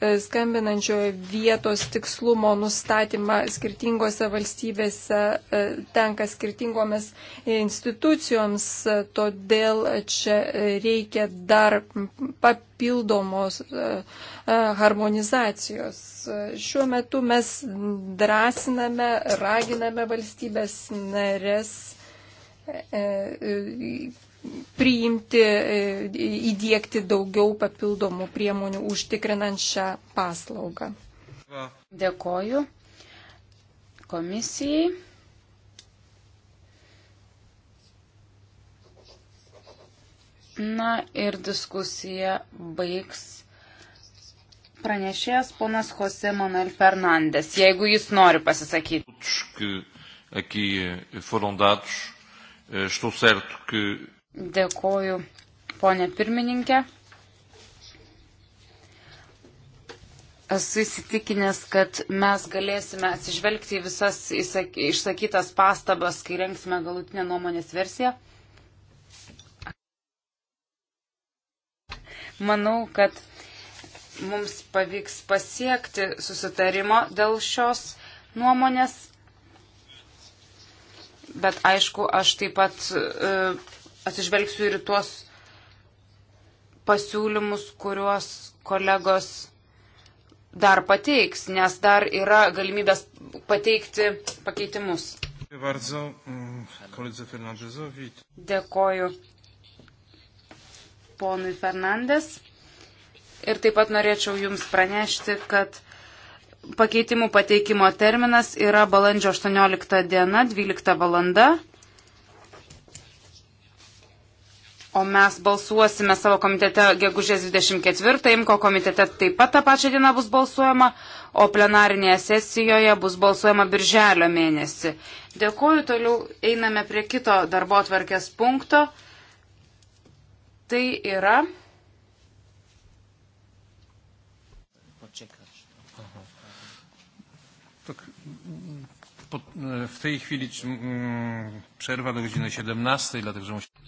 e, skambinančiojo vietos tikslumo nustatymą skirtingose valstybėse e, tenka skirtingomis institucijoms, e, todėl čia reikia dar papildomos harmonizacijos. Šiuo metu mes drąsiname, raginame valstybės narės priimti, e, įdėkti daugiau papildomų priemonių užtikrinant šią paslaugą. Dėkoju komisijai. Na ir diskusija baigs pranešėjas ponas Jose Manuel Fernandes, jeigu jis nori pasisakyti. Eh, estou certo que Dėkoju, ponė pirmininkė. Esu įsitikinęs, kad mes galėsime atsižvelgti į visas išsakytas pastabas, kai rengsime galutinę nuomonės versiją. Manau, kad mums pavyks pasiekti susitarimo dėl šios nuomonės, bet aišku, aš taip pat. E, atsižvelgsiu ir tuos pasiūlymus, kuriuos kolegos dar pateiks, nes dar yra galimybės pateikti pakeitimus. Mm, Dėkoju ponui Fernandes. Ir taip pat norėčiau Jums pranešti, kad pakeitimų pateikimo terminas yra balandžio 18 diena, 12 valanda. O mes balsuosime savo komitete gegužės 24, imko komitete taip pat tą pačią dieną bus balsuojama, o plenarinėje sesijoje bus balsuojama birželio mėnesį. Dėkuoju, toliau einame prie kito darbo atvarkės punkto. Tai yra. w tej chwili mm, przerwa do godziny 17, dlatego że musimy...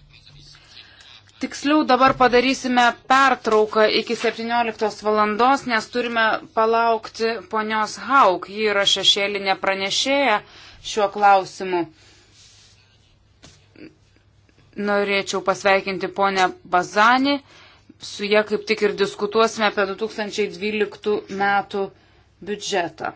Tiksliau dabar padarysime pertrauką iki 17 valandos, nes turime palaukti ponios Hauk. Ji yra šešėlinė pranešėja šiuo klausimu. Norėčiau pasveikinti ponę Bazanį. Su jie kaip tik ir diskutuosime apie 2012 metų biudžetą.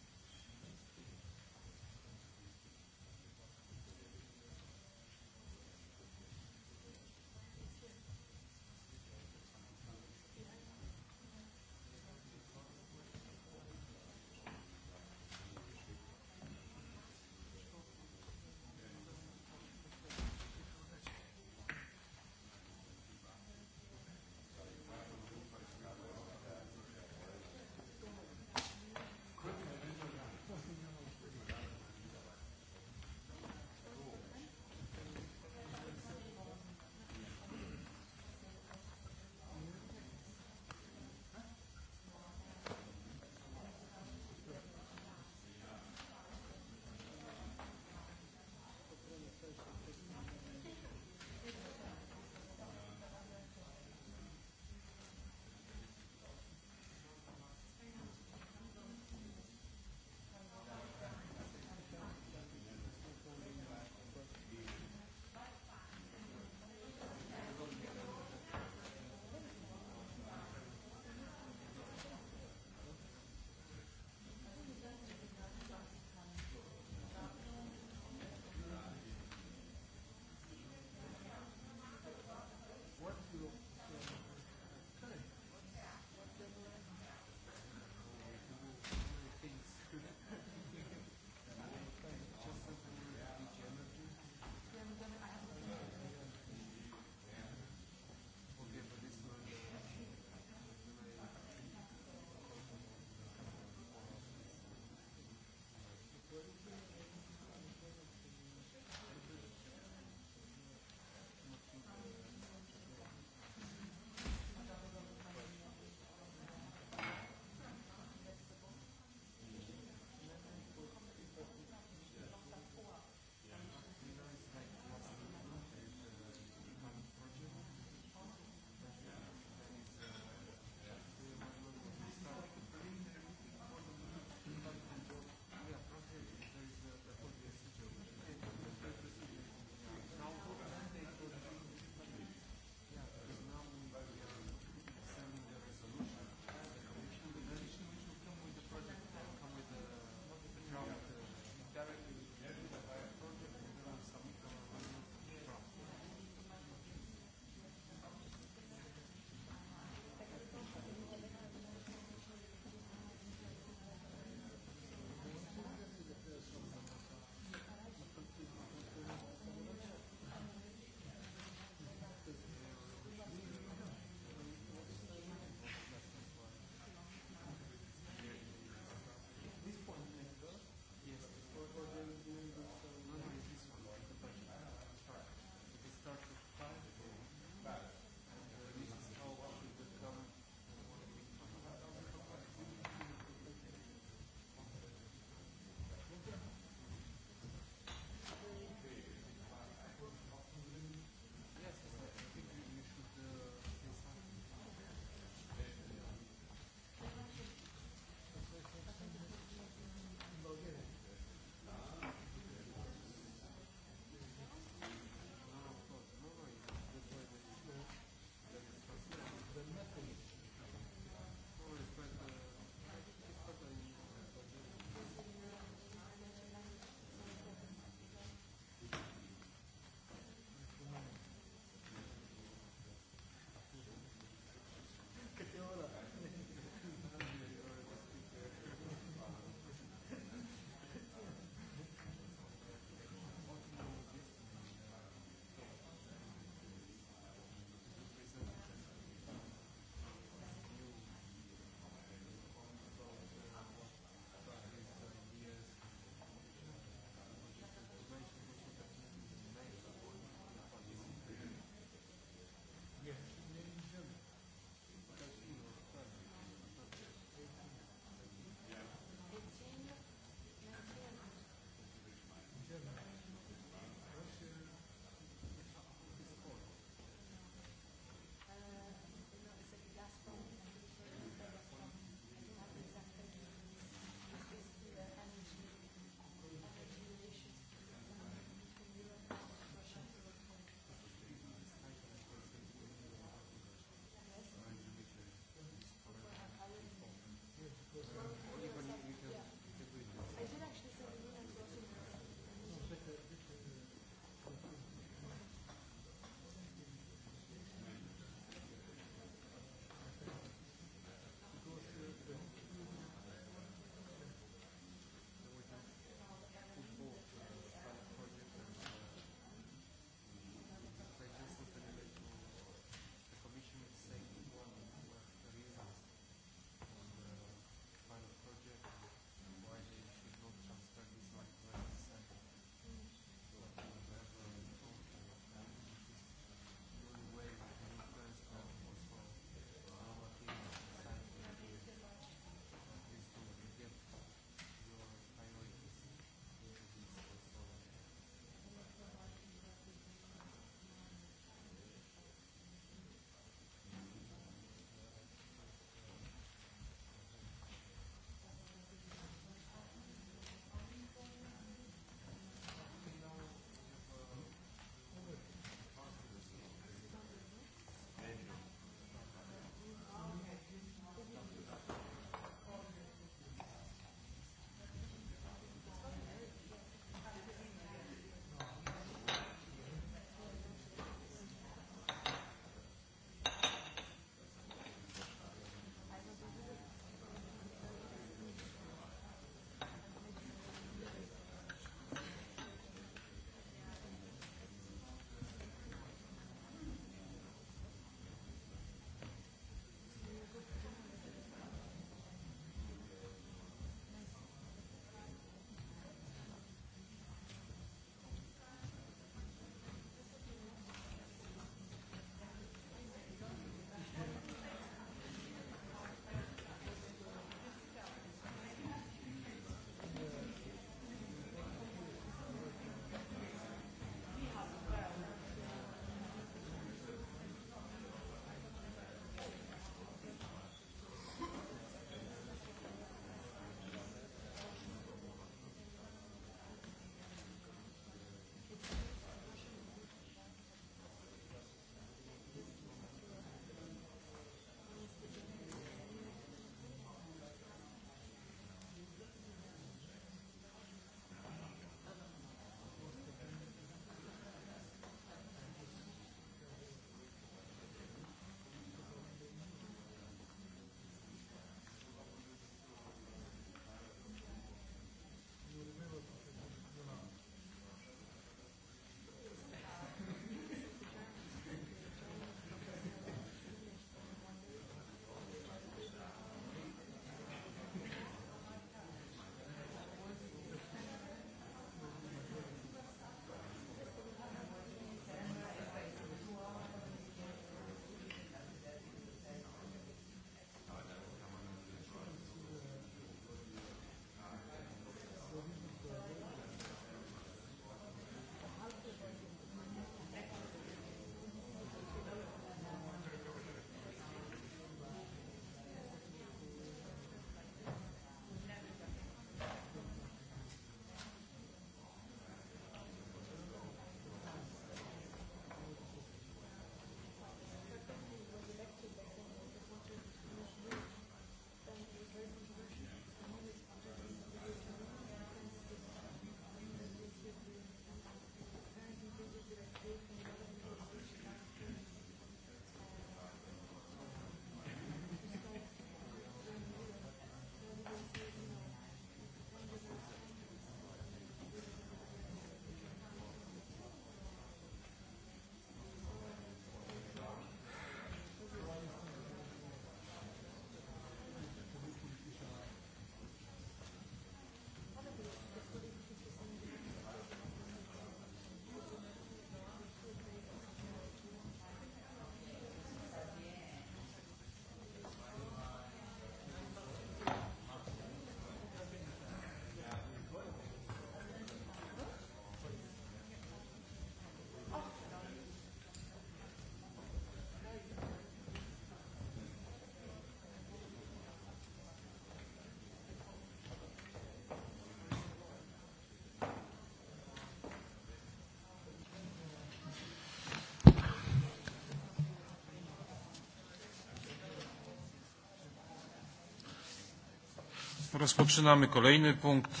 Rozpoczynamy kolejny punkt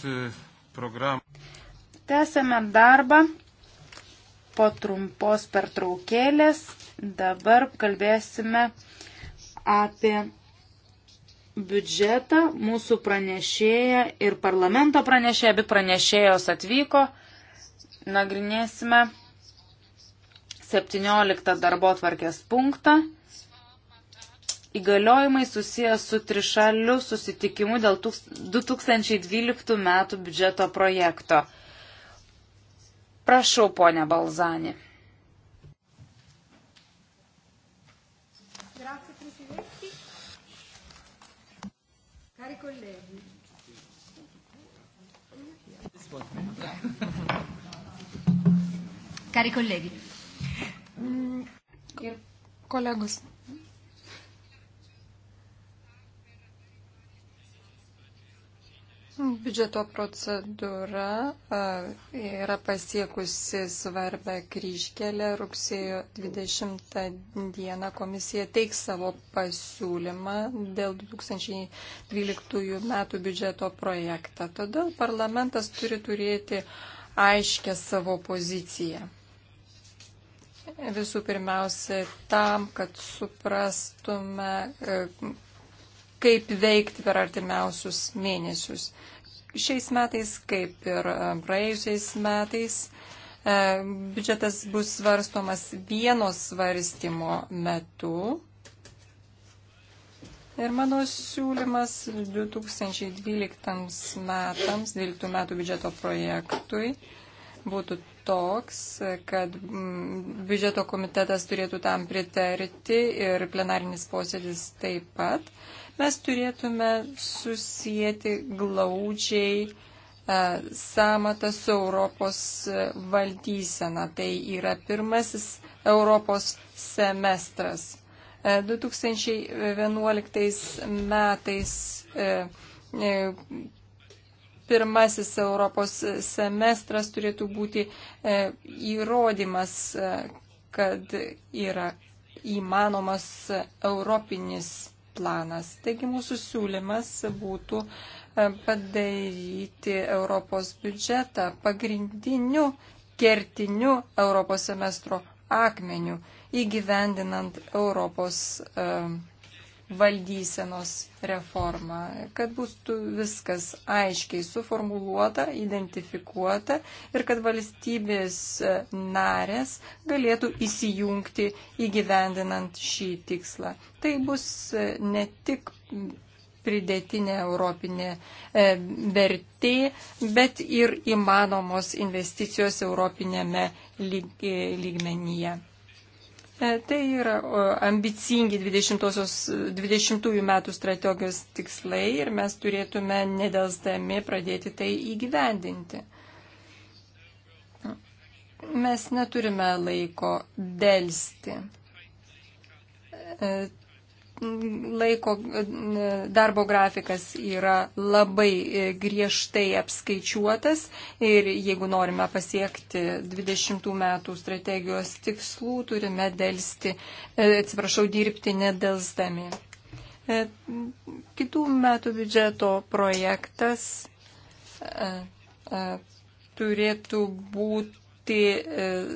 programu. Tęsėme darbą po trumpos pertraukėlės. Dabar kalbėsime apie biudžetą. Mūsų pranešėja ir parlamento pranešėja, abi pranešėjos atvyko. Nagrinėsime 17 darbo tvarkės punktą įgaliojimai susijęs su trišaliu susitikimu dėl 2012 metų biudžeto projekto. Prašau, ponia Balzani. Cari colleghi, Cari colleghi. Ir mm. kolegos. Biudžeto procedūra yra pasiekusi svarbę kryžkelę. Rugsėjo 20 dieną komisija teiks savo pasiūlymą dėl 2012 metų biudžeto projektą. Todėl parlamentas turi turėti aiškę savo poziciją. Visų pirmiausia, tam, kad suprastume e, kaip veikti per artimiausius mėnesius. Šiais metais, kaip ir e, praėjusiais metais, e, biudžetas bus svarstomas vieno svarstymo metu. Ir mano siūlymas 2012 metams, 12 metų biudžeto projektui būtų toks, kad mm, biudžeto komitetas turėtų tam pritarti ir plenarinis posėdis taip pat. Mes turėtume susijęti glaudžiai e, samatą su Europos e, valdysena. Tai yra pirmasis Europos semestras. 2011 e, metais pirmasis Europos semestras turėtų būti įrodymas, kad yra įmanomas europinis planas. Taigi mūsų siūlymas būtų e, padaryti Europos biudžetą pagrindiniu, kertiniu Europos semestro akmeniu, įgyvendinant Europos biudžetą valdysenos reformą, kad būtų viskas aiškiai suformuluota, identifikuota ir kad valstybės narės galėtų įsijungti įgyvendinant šį tikslą. Tai bus ne tik pridėtinė europinė e, vertė, bet ir įmanomos investicijos europinėme e, lygmenyje. E, tai yra ambicingi 20, 20 metų strategijos tikslai ir mes turėtume nedelsdami pradėti tai įgyvendinti. Mes neturime laiko delsti. E, laiko darbo grafikas yra labai e, griežtai apskaičiuotas ir jeigu norime pasiekti 20 metų strategijos tikslų, turime dėlsti, e, atsiprašau, dirbti nedelsdami. E, kitų metų biudžeto projektas turėtų būti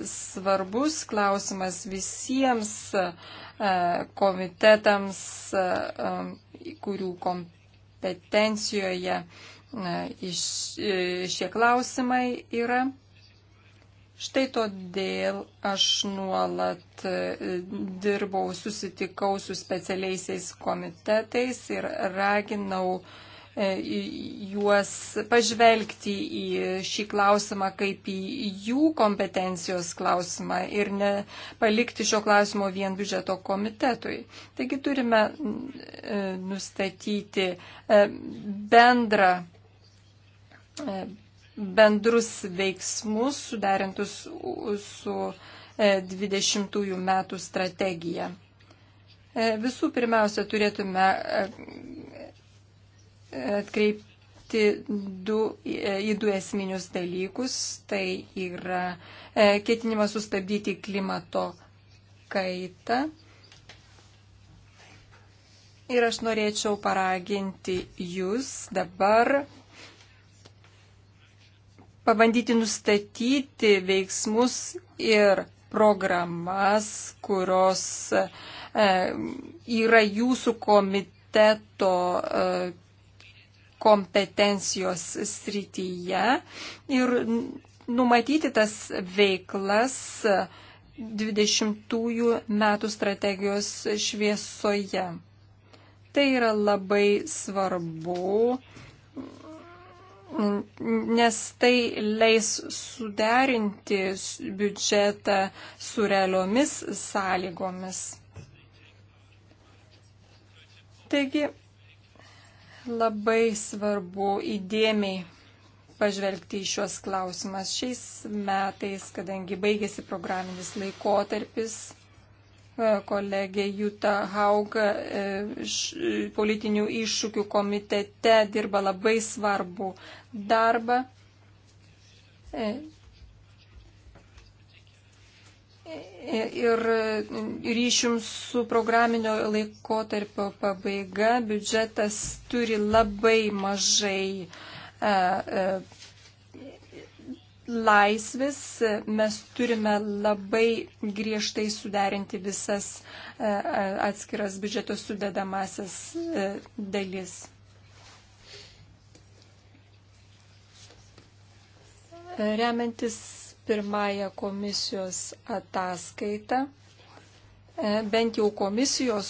svarbus klausimas visiems E, komitetams, e, e, kurių kompetencijoje šie klausimai yra. Štai todėl aš nuolat dirbau, susitikau su specialiaisiais komitetais ir raginau uh, E, juos pažvelgti į šį klausimą kaip į jų kompetencijos klausimą ir nepalikti šio klausimo vien biudžeto komitetui. Taigi turime e, nustatyti e, bendrą bendrus veiksmus suderintus su 20 metų strategija. Visų pirmiausia, turėtume atkreipti du, e, į du esminius dalykus. Tai yra e, ketinimas sustabdyti klimato kaitą. Ir aš norėčiau paraginti jūs dabar pabandyti nustatyti veiksmus ir programas, kurios e, yra jūsų komiteto e, kompetencijos srityje ir numatyti tas veiklas 20 metų strategijos šviesoje. Tai yra labai svarbu, nes tai leis suderinti biudžetą su realiomis sąlygomis. Taigi, labai svarbu įdėmiai pažvelgti į šios klausimas. Šiais metais, kadangi baigėsi programinis laikotarpis, e, kolegė Juta Haug e, e, politinių iššūkių komitete dirba labai svarbu darbą. Ir ryšium su programinio laikotarpio pabaiga biudžetas turi labai mažai e, e, laisvės. Mes turime labai griežtai suderinti visas e, atskiras biudžeto sudedamasias dalis. Remiantis pirmąją komisijos ataskaitą, e, bent jau komisijos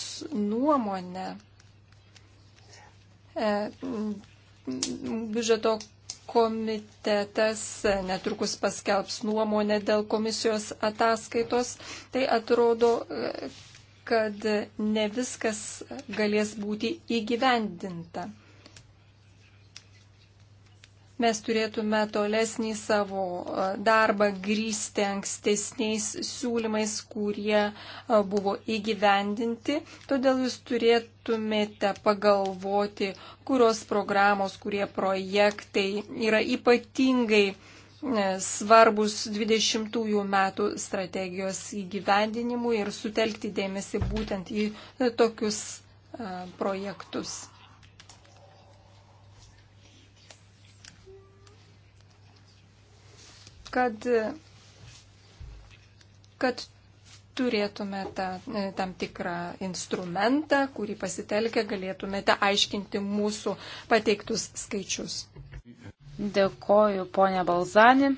nuomonę, e, biudžeto komitetas netrukus paskelbs nuomonę dėl komisijos ataskaitos, tai atrodo, e, kad ne viskas galės būti įgyvendinta mes turėtume tolesnį savo darbą grįsti ankstesniais siūlymais, kurie buvo įgyvendinti. Todėl jūs turėtumėte pagalvoti, kurios programos, kurie projektai yra ypatingai e, svarbus 20 metų strategijos įgyvendinimui ir sutelkti dėmesį būtent į e, tokius projektus. kad, kad turėtumėte e, tam tikrą instrumentą, kurį pasitelkę galėtumėte aiškinti mūsų pateiktus skaičius. Dėkoju, ponia Balzani.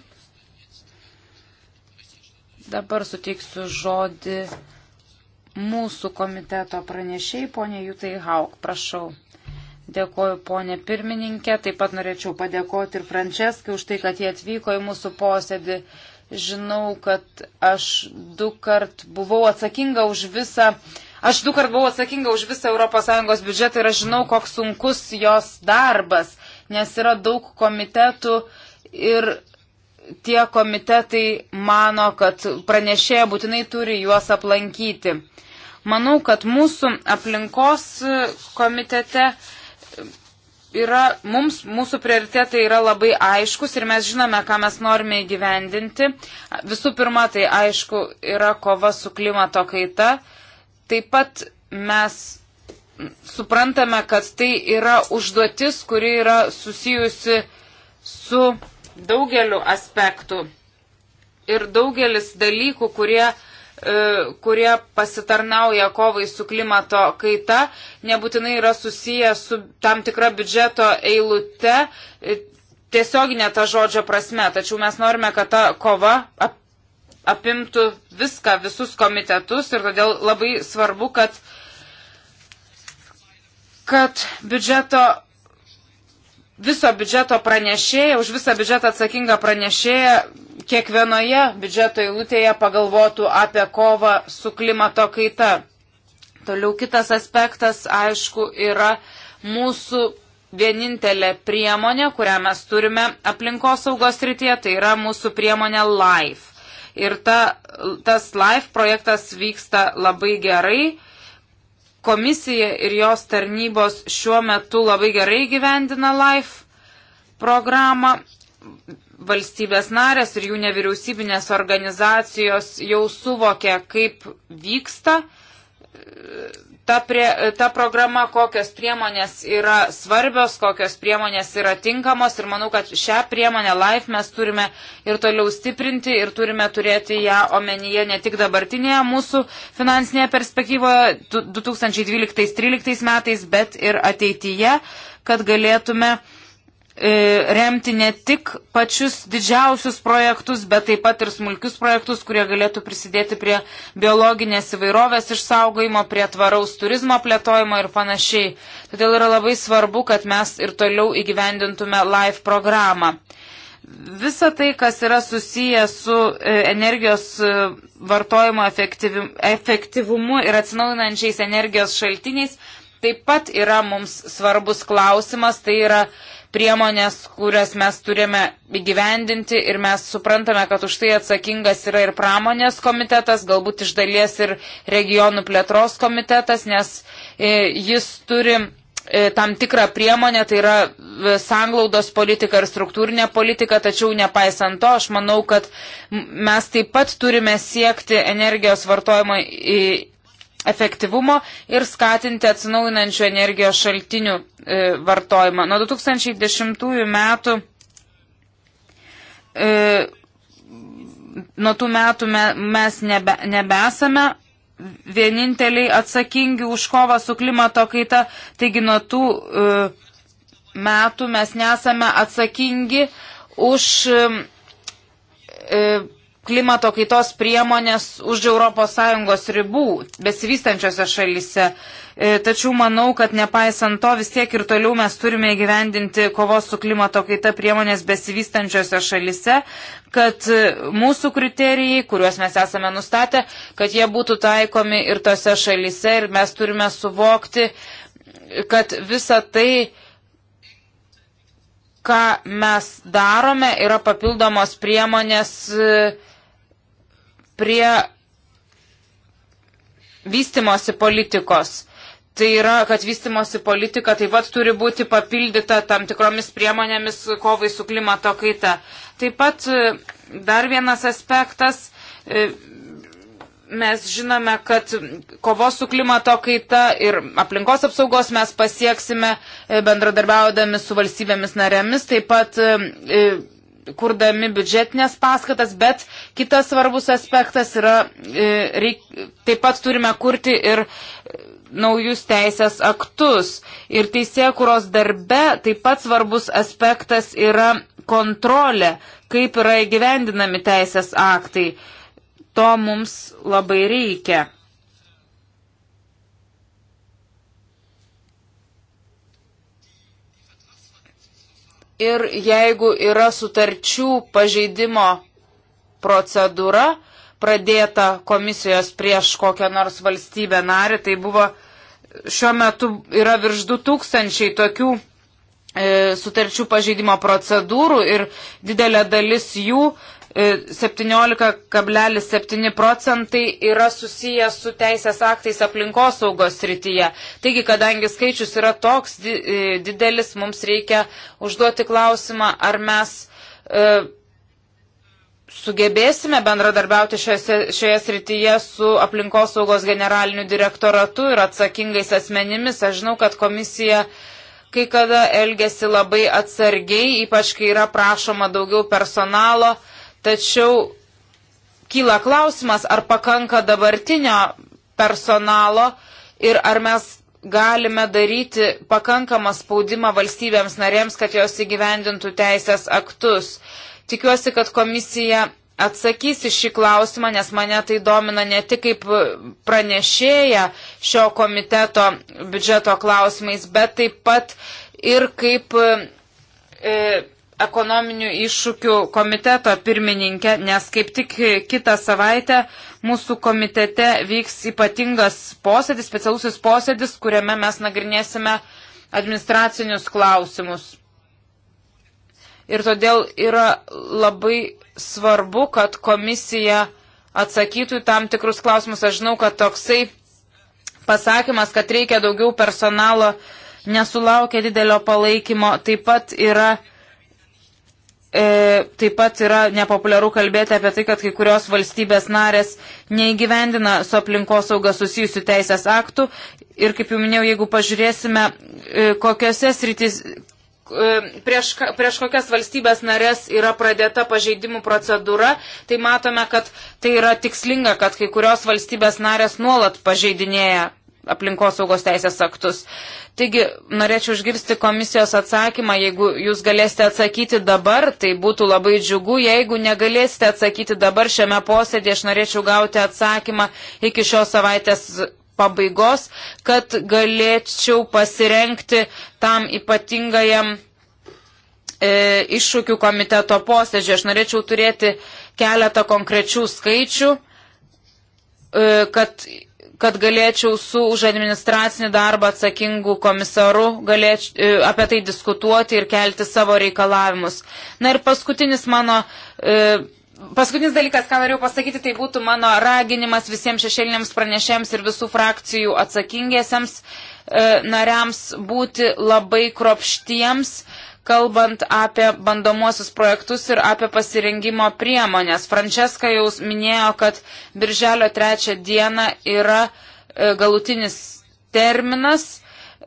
Dabar suteiksiu žodį mūsų komiteto pranešiai, ponia Jutai Hauk, prašau. Dėkoju, ponė pirmininkė. Taip pat norėčiau padėkoti ir Franceskai už tai, kad jie atvyko į mūsų posėdį. Žinau, kad aš du kart buvau atsakinga už visą. Aš du kart buvau atsakinga už visą ES biudžetą ir aš žinau, koks sunkus jos darbas, nes yra daug komitetų ir tie komitetai mano, kad pranešėja būtinai turi juos aplankyti. Manau, kad mūsų aplinkos komitete uh, yra, mums, mūsų prioritetai yra labai aiškus ir mes žinome, ką mes norime įgyvendinti. Visų pirma, tai aišku, yra kova su klimato kaita. Taip pat mes suprantame, kad tai yra užduotis, kuri yra susijusi su daugeliu aspektų. Ir daugelis dalykų, kurie uh, E, kurie pasitarnauja kovai su klimato kaita, nebūtinai yra susiję su tam tikra biudžeto eilute, e, tiesioginė ta žodžio prasme, tačiau mes norime, kad ta kova apimtų viską, visus komitetus ir todėl labai svarbu, kad, kad biudžeto, viso biudžeto pranešėja, už visą biudžetą atsakingą pranešėją kiekvienoje biudžeto eilutėje pagalvotų apie kovą su klimato kaita. Toliau kitas aspektas, aišku, yra mūsų vienintelė priemonė, kurią mes turime aplinkosaugos rytie, tai yra mūsų priemonė LIFE. Ir ta, tas LIFE projektas vyksta labai gerai. Komisija ir jos tarnybos šiuo metu labai gerai gyvendina LIFE programą valstybės narės ir jų nevyriausybinės organizacijos jau suvokia, kaip vyksta ta, prie, ta programa, kokios priemonės yra svarbios, kokios priemonės yra tinkamos ir manau, kad šią priemonę LIFE mes turime ir toliau stiprinti ir turime turėti ją omenyje ne tik dabartinėje mūsų finansinėje perspektyvoje 2012-2013 metais, bet ir ateityje, kad galėtume uh, E, remti ne tik pačius didžiausius projektus, bet taip pat ir smulkius projektus, kurie galėtų prisidėti prie biologinės įvairovės išsaugojimo, prie tvaraus turizmo plėtojimo ir panašiai. Todėl yra labai svarbu, kad mes ir toliau įgyvendintume LIFE programą. Visa tai, kas yra susiję su e, energijos e, vartojimo efektyvumu ir atsinaujinančiais energijos šaltiniais, taip pat yra mums svarbus klausimas. Tai yra priemonės, kurias mes turime įgyvendinti ir mes suprantame, kad už tai atsakingas yra ir pramonės komitetas, galbūt iš dalies ir regionų plėtros komitetas, nes e, jis turi e, tam tikrą priemonę, tai yra e, sanglaudos politika ir struktūrinė politika, tačiau nepaisant to, aš manau, kad mes taip pat turime siekti energijos vartojimo efektyvumo ir skatinti atsinaujinančių energijos šaltinių e, vartojimą. Nuo 2010 metų e, nuo tų metų me, mes nebe, nebesame vieninteliai atsakingi už kovą su klimato kaita, taigi nuo tų e, metų mes nesame atsakingi už e, klimato kaitos priemonės už ES ribų, besivystančiose šalise. E, tačiau manau, kad nepaisant to vis tiek ir toliau mes turime gyvendinti kovos su klimato kaita priemonės besivystančiose šalise, kad e, mūsų kriterijai, kuriuos mes esame nustatę, kad jie būtų taikomi ir tose šalise ir mes turime suvokti, kad visa tai ką mes darome, yra papildomos priemonės e, prie vystimosi politikos. Tai yra, kad vystimosi politika taip pat turi būti papildyta tam tikromis priemonėmis kovai su klimato kaita. Taip pat e, dar vienas aspektas. E, mes žinome, kad kovos su klimato kaita ir aplinkos apsaugos mes pasieksime e, bendradarbiaudami su valstybėmis narėmis, taip pat kurdami biudžetinės paskatas, bet kitas svarbus aspektas yra, e, reik, taip pat turime kurti ir e, naujus teisės aktus. Ir teisėkuros darbe taip pat svarbus aspektas yra kontrolė, kaip yra įgyvendinami teisės aktai. To mums labai reikia. ir jeigu yra sutarčių pažeidimo procedūra pradėta komisijos prieš kokią nors valstybę narį, tai buvo šiuo metu yra virš 2000 tokių e, sutarčių pažeidimo procedūrų ir didelė dalis jų 17,7 e, procentai yra susijęs su teisės aktais aplinkosaugos srityje. Taigi, kadangi skaičius yra toks e, didelis, mums reikia užduoti klausimą, ar mes e, sugebėsime bendradarbiauti šiose, šioje srityje su aplinkosaugos generaliniu direktoratu ir atsakingais asmenimis. Aš žinau, kad komisija kai kada elgesi labai atsargiai, ypač kai yra prašoma daugiau personalo. Tačiau kyla klausimas, ar pakanka dabartinio personalo ir ar mes galime daryti pakankamą spaudimą valstybėms narėms, kad jos įgyvendintų teisės aktus. Tikiuosi, kad komisija atsakys į šį klausimą, nes mane tai domina ne tik kaip pranešėja šio komiteto biudžeto klausimais, bet taip pat ir kaip. E, ekonominių iššūkių komiteto pirmininkė, nes kaip tik kitą savaitę mūsų komitete vyks ypatingas posėdis, specialusis posėdis, kuriame mes nagrinėsime administracinius klausimus. Ir todėl yra labai svarbu, kad komisija atsakytų į tam tikrus klausimus. Aš žinau, kad toksai pasakymas, kad reikia daugiau personalo, nesulaukia didelio palaikymo. Taip pat yra E, taip pat yra nepopuliaru kalbėti apie tai, kad kai kurios valstybės narės neįgyvendina su aplinkosauga susijusių teisės aktų. Ir kaip jau minėjau, jeigu pažiūrėsime, e, kokiose sritys, e, prieš, prieš kokias valstybės narės yra pradėta pažeidimų procedūra, tai matome, kad tai yra tikslinga, kad kai kurios valstybės narės nuolat pažeidinėja aplinkosaugos teisės aktus. Taigi, norėčiau išgirsti komisijos atsakymą. Jeigu jūs galėsite atsakyti dabar, tai būtų labai džiugu. Jeigu negalėsite atsakyti dabar šiame posėdėje, aš norėčiau gauti atsakymą iki šios savaitės pabaigos, kad galėčiau pasirenkti tam ypatingajam e, iššūkių komiteto posėdžiui. Aš norėčiau turėti keletą konkrečių skaičių, e, kad kad galėčiau su už administracinį darbą atsakingų komisaru galėč, e, apie tai diskutuoti ir kelti savo reikalavimus. Na ir paskutinis mano. E, paskutinis dalykas, ką norėjau pasakyti, tai būtų mano raginimas visiems šešėliniams pranešėjams ir visų frakcijų atsakingiesiems e, nariams būti labai kropštiems. E, kalbant apie bandomuosius projektus ir apie pasirengimo priemonės. Frančeska jau minėjo, kad birželio trečią dieną yra e, galutinis terminas.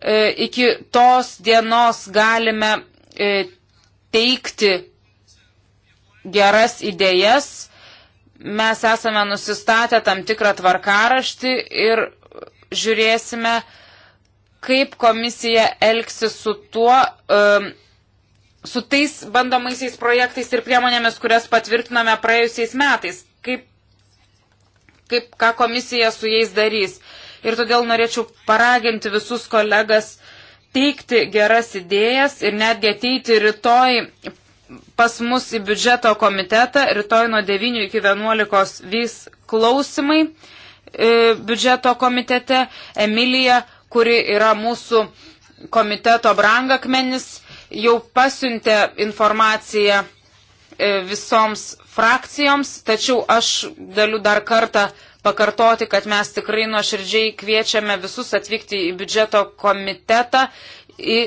E, iki tos dienos galime e, teikti geras idėjas. Mes esame nusistatę tam tikrą tvarkaraštį ir žiūrėsime, kaip komisija elgsi su tuo, su tais bandomaisiais projektais ir priemonėmis, kurias patvirtinome praėjusiais metais, kaip, kaip ką komisija su jais darys. Ir todėl norėčiau paraginti visus kolegas teikti geras idėjas ir netgi ateiti rytoj pas mus į biudžeto komitetą, rytoj nuo 9 iki 11 vis klausimai e, biudžeto komitete. Emilija, kuri yra mūsų komiteto brangakmenis, jau pasiuntė informaciją e, visoms frakcijoms, tačiau aš galiu dar kartą pakartoti, kad mes tikrai nuoširdžiai kviečiame visus atvykti į biudžeto komitetą, į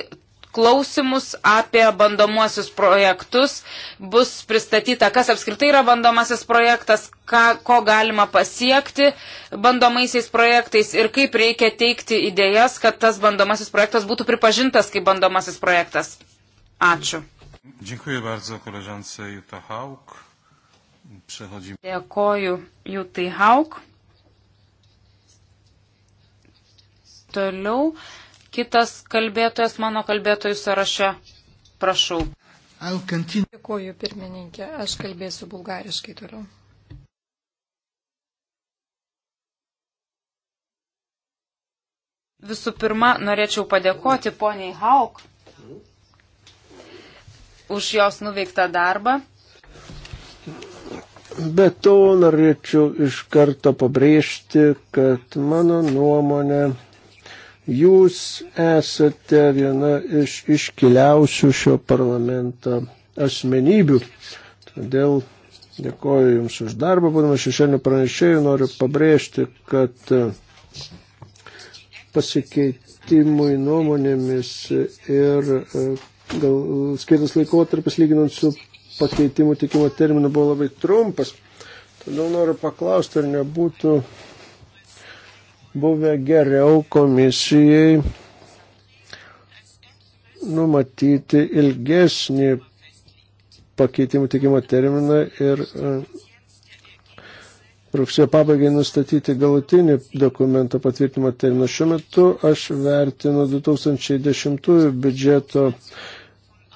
klausimus apie bandomuosius projektus. Bus pristatyta, kas apskritai yra bandomasis projektas, ką, ko galima pasiekti bandomaisiais projektais ir kaip reikia teikti idėjas, kad tas bandomasis projektas būtų pripažintas kaip bandomasis projektas. Ačiū. Dziękuję bardzo koleżance Jutta Haug. Przechodzimy. Dėkoju Jutai Haug. Toliau kitas kalbėtojas mano kalbėtojų sąraše. Prašau. Dėkoju pirmininkė, aš kalbėsiu bulgariškai toliau. Visų pirma, norėčiau padėkoti poniai Hauk už jos nuveiktą darbą. Be to norėčiau iš karto pabrėžti, kad mano nuomonė, jūs esate viena iš iškiliausių šio parlamento asmenybių. Todėl dėkoju Jums už darbą, būdamas šešėlinių pranešėjų, noriu pabrėžti, kad pasikeitimui nuomonėmis ir gal e, skirtas laikotarpis lyginant su pakeitimų tikimo terminu buvo labai trumpas. Todėl noriu paklausti, ar nebūtų buvę geriau komisijai numatyti ilgesnį pakeitimų tikimo terminą ir e, rugsėjo pabaigai nustatyti galutinį dokumento patvirtimo terminą. Šiuo metu aš vertinu 2010 biudžeto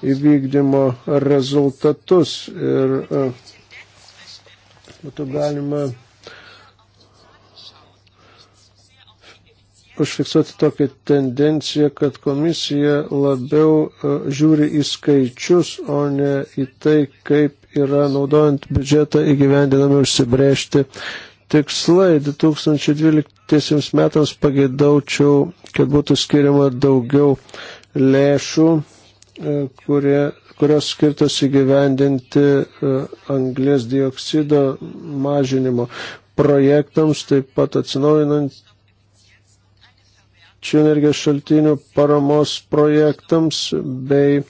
įvykdymo rezultatus ir e, būtų galima užfiksuoti tokią tendenciją, kad komisija labiau e, žiūri į skaičius, o ne į tai, kaip yra naudojant biudžetą įgyvendinami užsibrėžti tikslai 2012 metams pageidaučiau, kad būtų skiriama daugiau lėšų E, kurie, kurios skirtos įgyvendinti e, anglės dioksido mažinimo projektams, taip pat atsinaujinant čia energijos šaltinių paramos projektams bei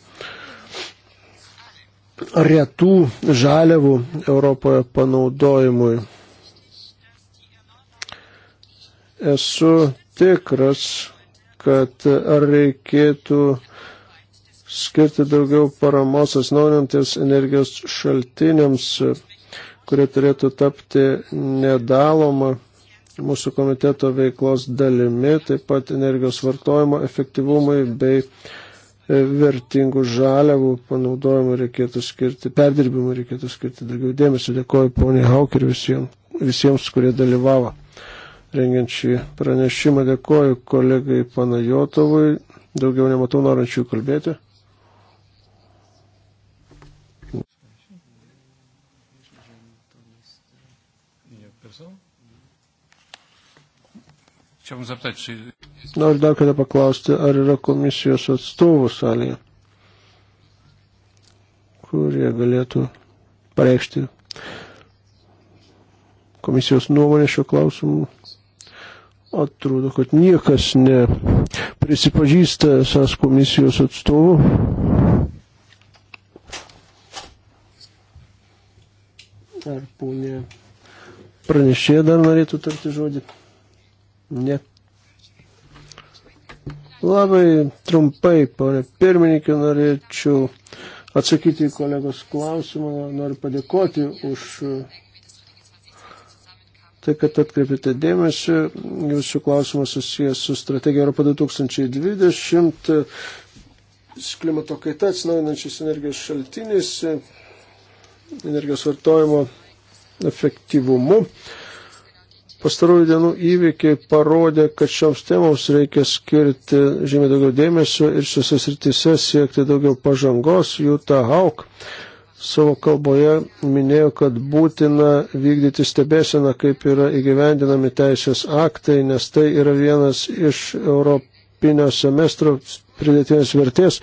retų žaliavų Europoje panaudojimui. Esu tikras, kad reikėtų skirti daugiau paramos asnaujantiems energijos šaltiniams, kurie turėtų tapti nedaloma mūsų komiteto veiklos dalimi, taip pat energijos vartojimo efektyvumui bei e, vertingų žaliavų panaudojimų reikėtų skirti, perdirbimų reikėtų skirti daugiau dėmesio. Dėkoju poniai Hauk ir visiems, visiems, kurie dalyvavo rengiant šį pranešimą. Dėkoju kolegai Panajotovui. Daugiau nematau norančių kalbėti. Chciałbym zapytać, czy... Noriu dar kartą paklausti, ar yra komisijos atstovų salėje, kurie galėtų pareikšti komisijos nuomonę šio klausimu. Atrodo, kad niekas neprisipažįsta esas komisijos atstovų. Ar ponė pranešėja dar norėtų tarti žodį? Ne. Labai trumpai, ponė pirmininkė, norėčiau atsakyti į kolegos klausimą. Noriu padėkoti už tai, kad atkreipėte dėmesį. Jūsų klausimas susijęs su strategija Europa 2020, klimato kaita atsinaujinančiais energijos šaltiniais, energijos vartojimo efektyvumu. Pastarųjų dienų įvykiai parodė, kad šioms temoms reikia skirti žymiai daugiau dėmesio ir šiose srityse siekti daugiau pažangos. Jūta Hauk savo kalboje minėjo, kad būtina vykdyti stebėseną, kaip yra įgyvendinami teisės aktai, nes tai yra vienas iš Europinio semestro pridėtinės vertės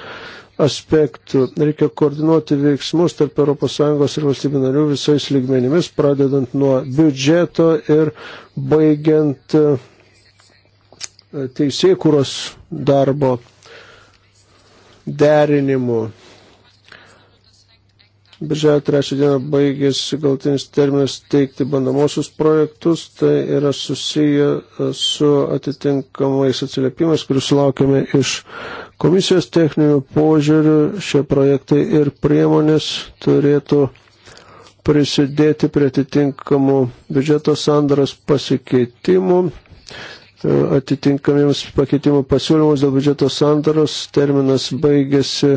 aspektų. Reikia koordinuoti veiksmus tarp ES ir valstybių narių visais lygmenimis, pradedant nuo biudžeto ir baigiant e, teisėkuros darbo derinimu. Birželio trečią dieną baigėsi galtinis terminas teikti bandomosius projektus, tai yra susiję su atitinkamais atsiliepimais, kuriuos laukiame iš uh, Komisijos techninių požiūrių šie projektai ir priemonės turėtų prisidėti prie atitinkamų biudžeto sandaros pasikeitimų, e, atitinkamiems pakeitimų pasiūlymus dėl biudžeto sandaros terminas baigėsi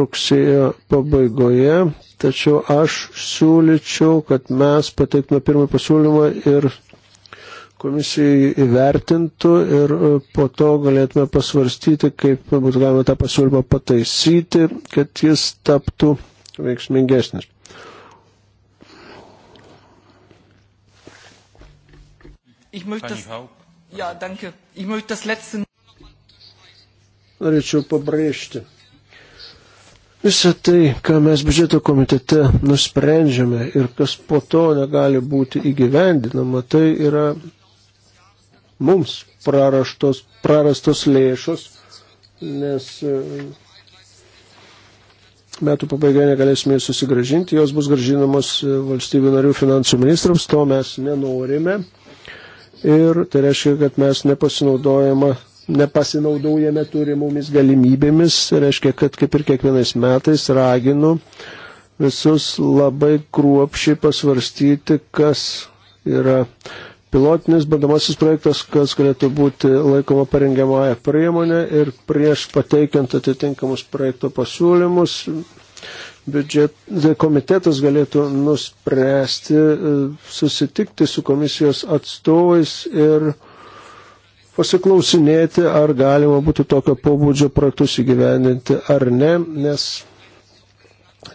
rugsėjo pabaigoje, tačiau aš siūlyčiau, kad mes pateiktume pirmą pasiūlymą ir komisijai įvertintų ir e, po to galėtume pasvarstyti, kaip būtų galima tą pasiūlymą pataisyti, kad jis taptų veiksmingesnis. Norėčiau pabrėžti. Visą tai, ką mes biudžeto komitete nusprendžiame ir kas po to negali būti įgyvendinama, tai yra mums prarastos, prarastos lėšos, nes e, metų pabaigoje negalėsime jų susigražinti, jos bus gražinamos e, valstybių narių finansų ministrams, to mes nenorime. Ir tai reiškia, kad mes nepasinaudojame, nepasinaudojame turimomis galimybėmis, tai reiškia, kad kaip ir kiekvienais metais raginu visus labai kruopšiai pasvarstyti, kas yra pilotinis bandomasis projektas, kas galėtų būti laikoma parengiamąją priemonę ir prieš pateikiant atitinkamus projekto pasiūlymus biudžet, tai komitetas galėtų nuspręsti e, susitikti su komisijos atstovais ir pasiklausinėti, ar galima būtų tokio pobūdžio projektus įgyvendinti ar ne, nes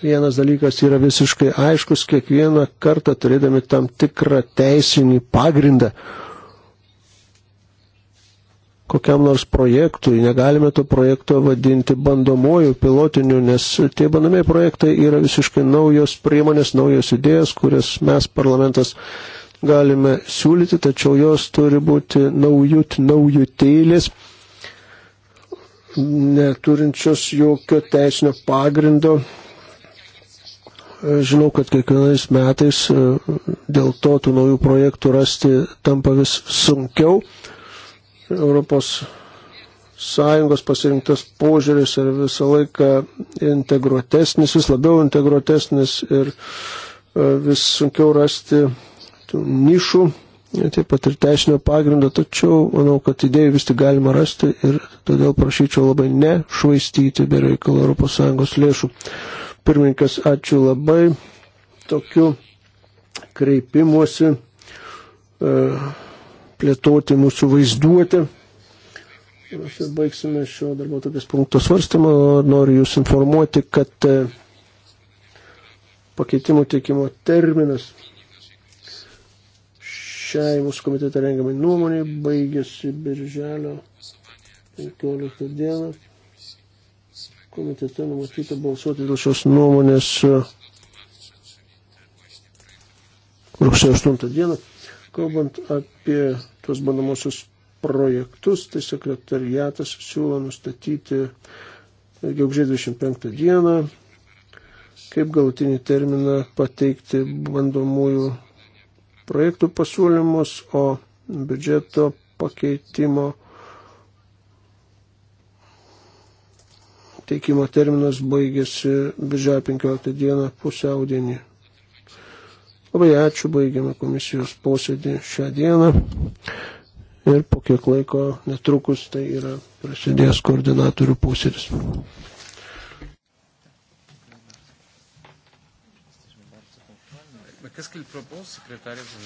Vienas dalykas yra visiškai aiškus, kiekvieną kartą turėdami tam tikrą teisinį pagrindą kokiam nors projektui, negalime to projekto vadinti bandomuoju, pilotiniu, nes tie bandomieji projektai yra visiškai naujos priemonės, naujos idėjos, kurias mes parlamentas galime siūlyti, tačiau jos turi būti naujut, naujutėlės neturinčios jokio teisinio pagrindo Žinau, kad kiekvienais metais e, dėl to tų naujų projektų rasti tampa vis sunkiau. Europos Sąjungos pasirinktas požiūris yra visą laiką integruotesnis, vis labiau integruotesnis ir e, vis sunkiau rasti nišų, taip pat ir teisinio pagrindo, tačiau manau, kad idėjų vis tik galima rasti ir todėl prašyčiau labai nešvaistyti be reikalo ES lėšų. Pirmininkas, ačiū labai. Tokiu kreipimuosi e, plėtoti mūsų vaizduotę. Mes ir baigsime šio darbo tokias punktos svarstymą. Noriu Jūs informuoti, kad e, pakeitimų teikimo terminas šiai mūsų komitete rengiamai nuomonė baigėsi birželio 15 dieną komitete numatyta balsuoti dėl šios nuomonės e, rugsėjo 8 dieną. Kalbant apie tuos bandomosius projektus, tai sekretariatas siūlo nustatyti e, gegužės 25 dieną, kaip galutinį terminą pateikti bandomųjų projektų pasiūlymus, o biudžeto pakeitimo teikimo terminas baigėsi birželio 15 dieną pusiaudienį. Labai ačiū, baigiame komisijos posėdį šią dieną ir po kiek laiko netrukus tai yra prasidės koordinatorių posėdis. Qu'est-ce qu'il propose, secrétaire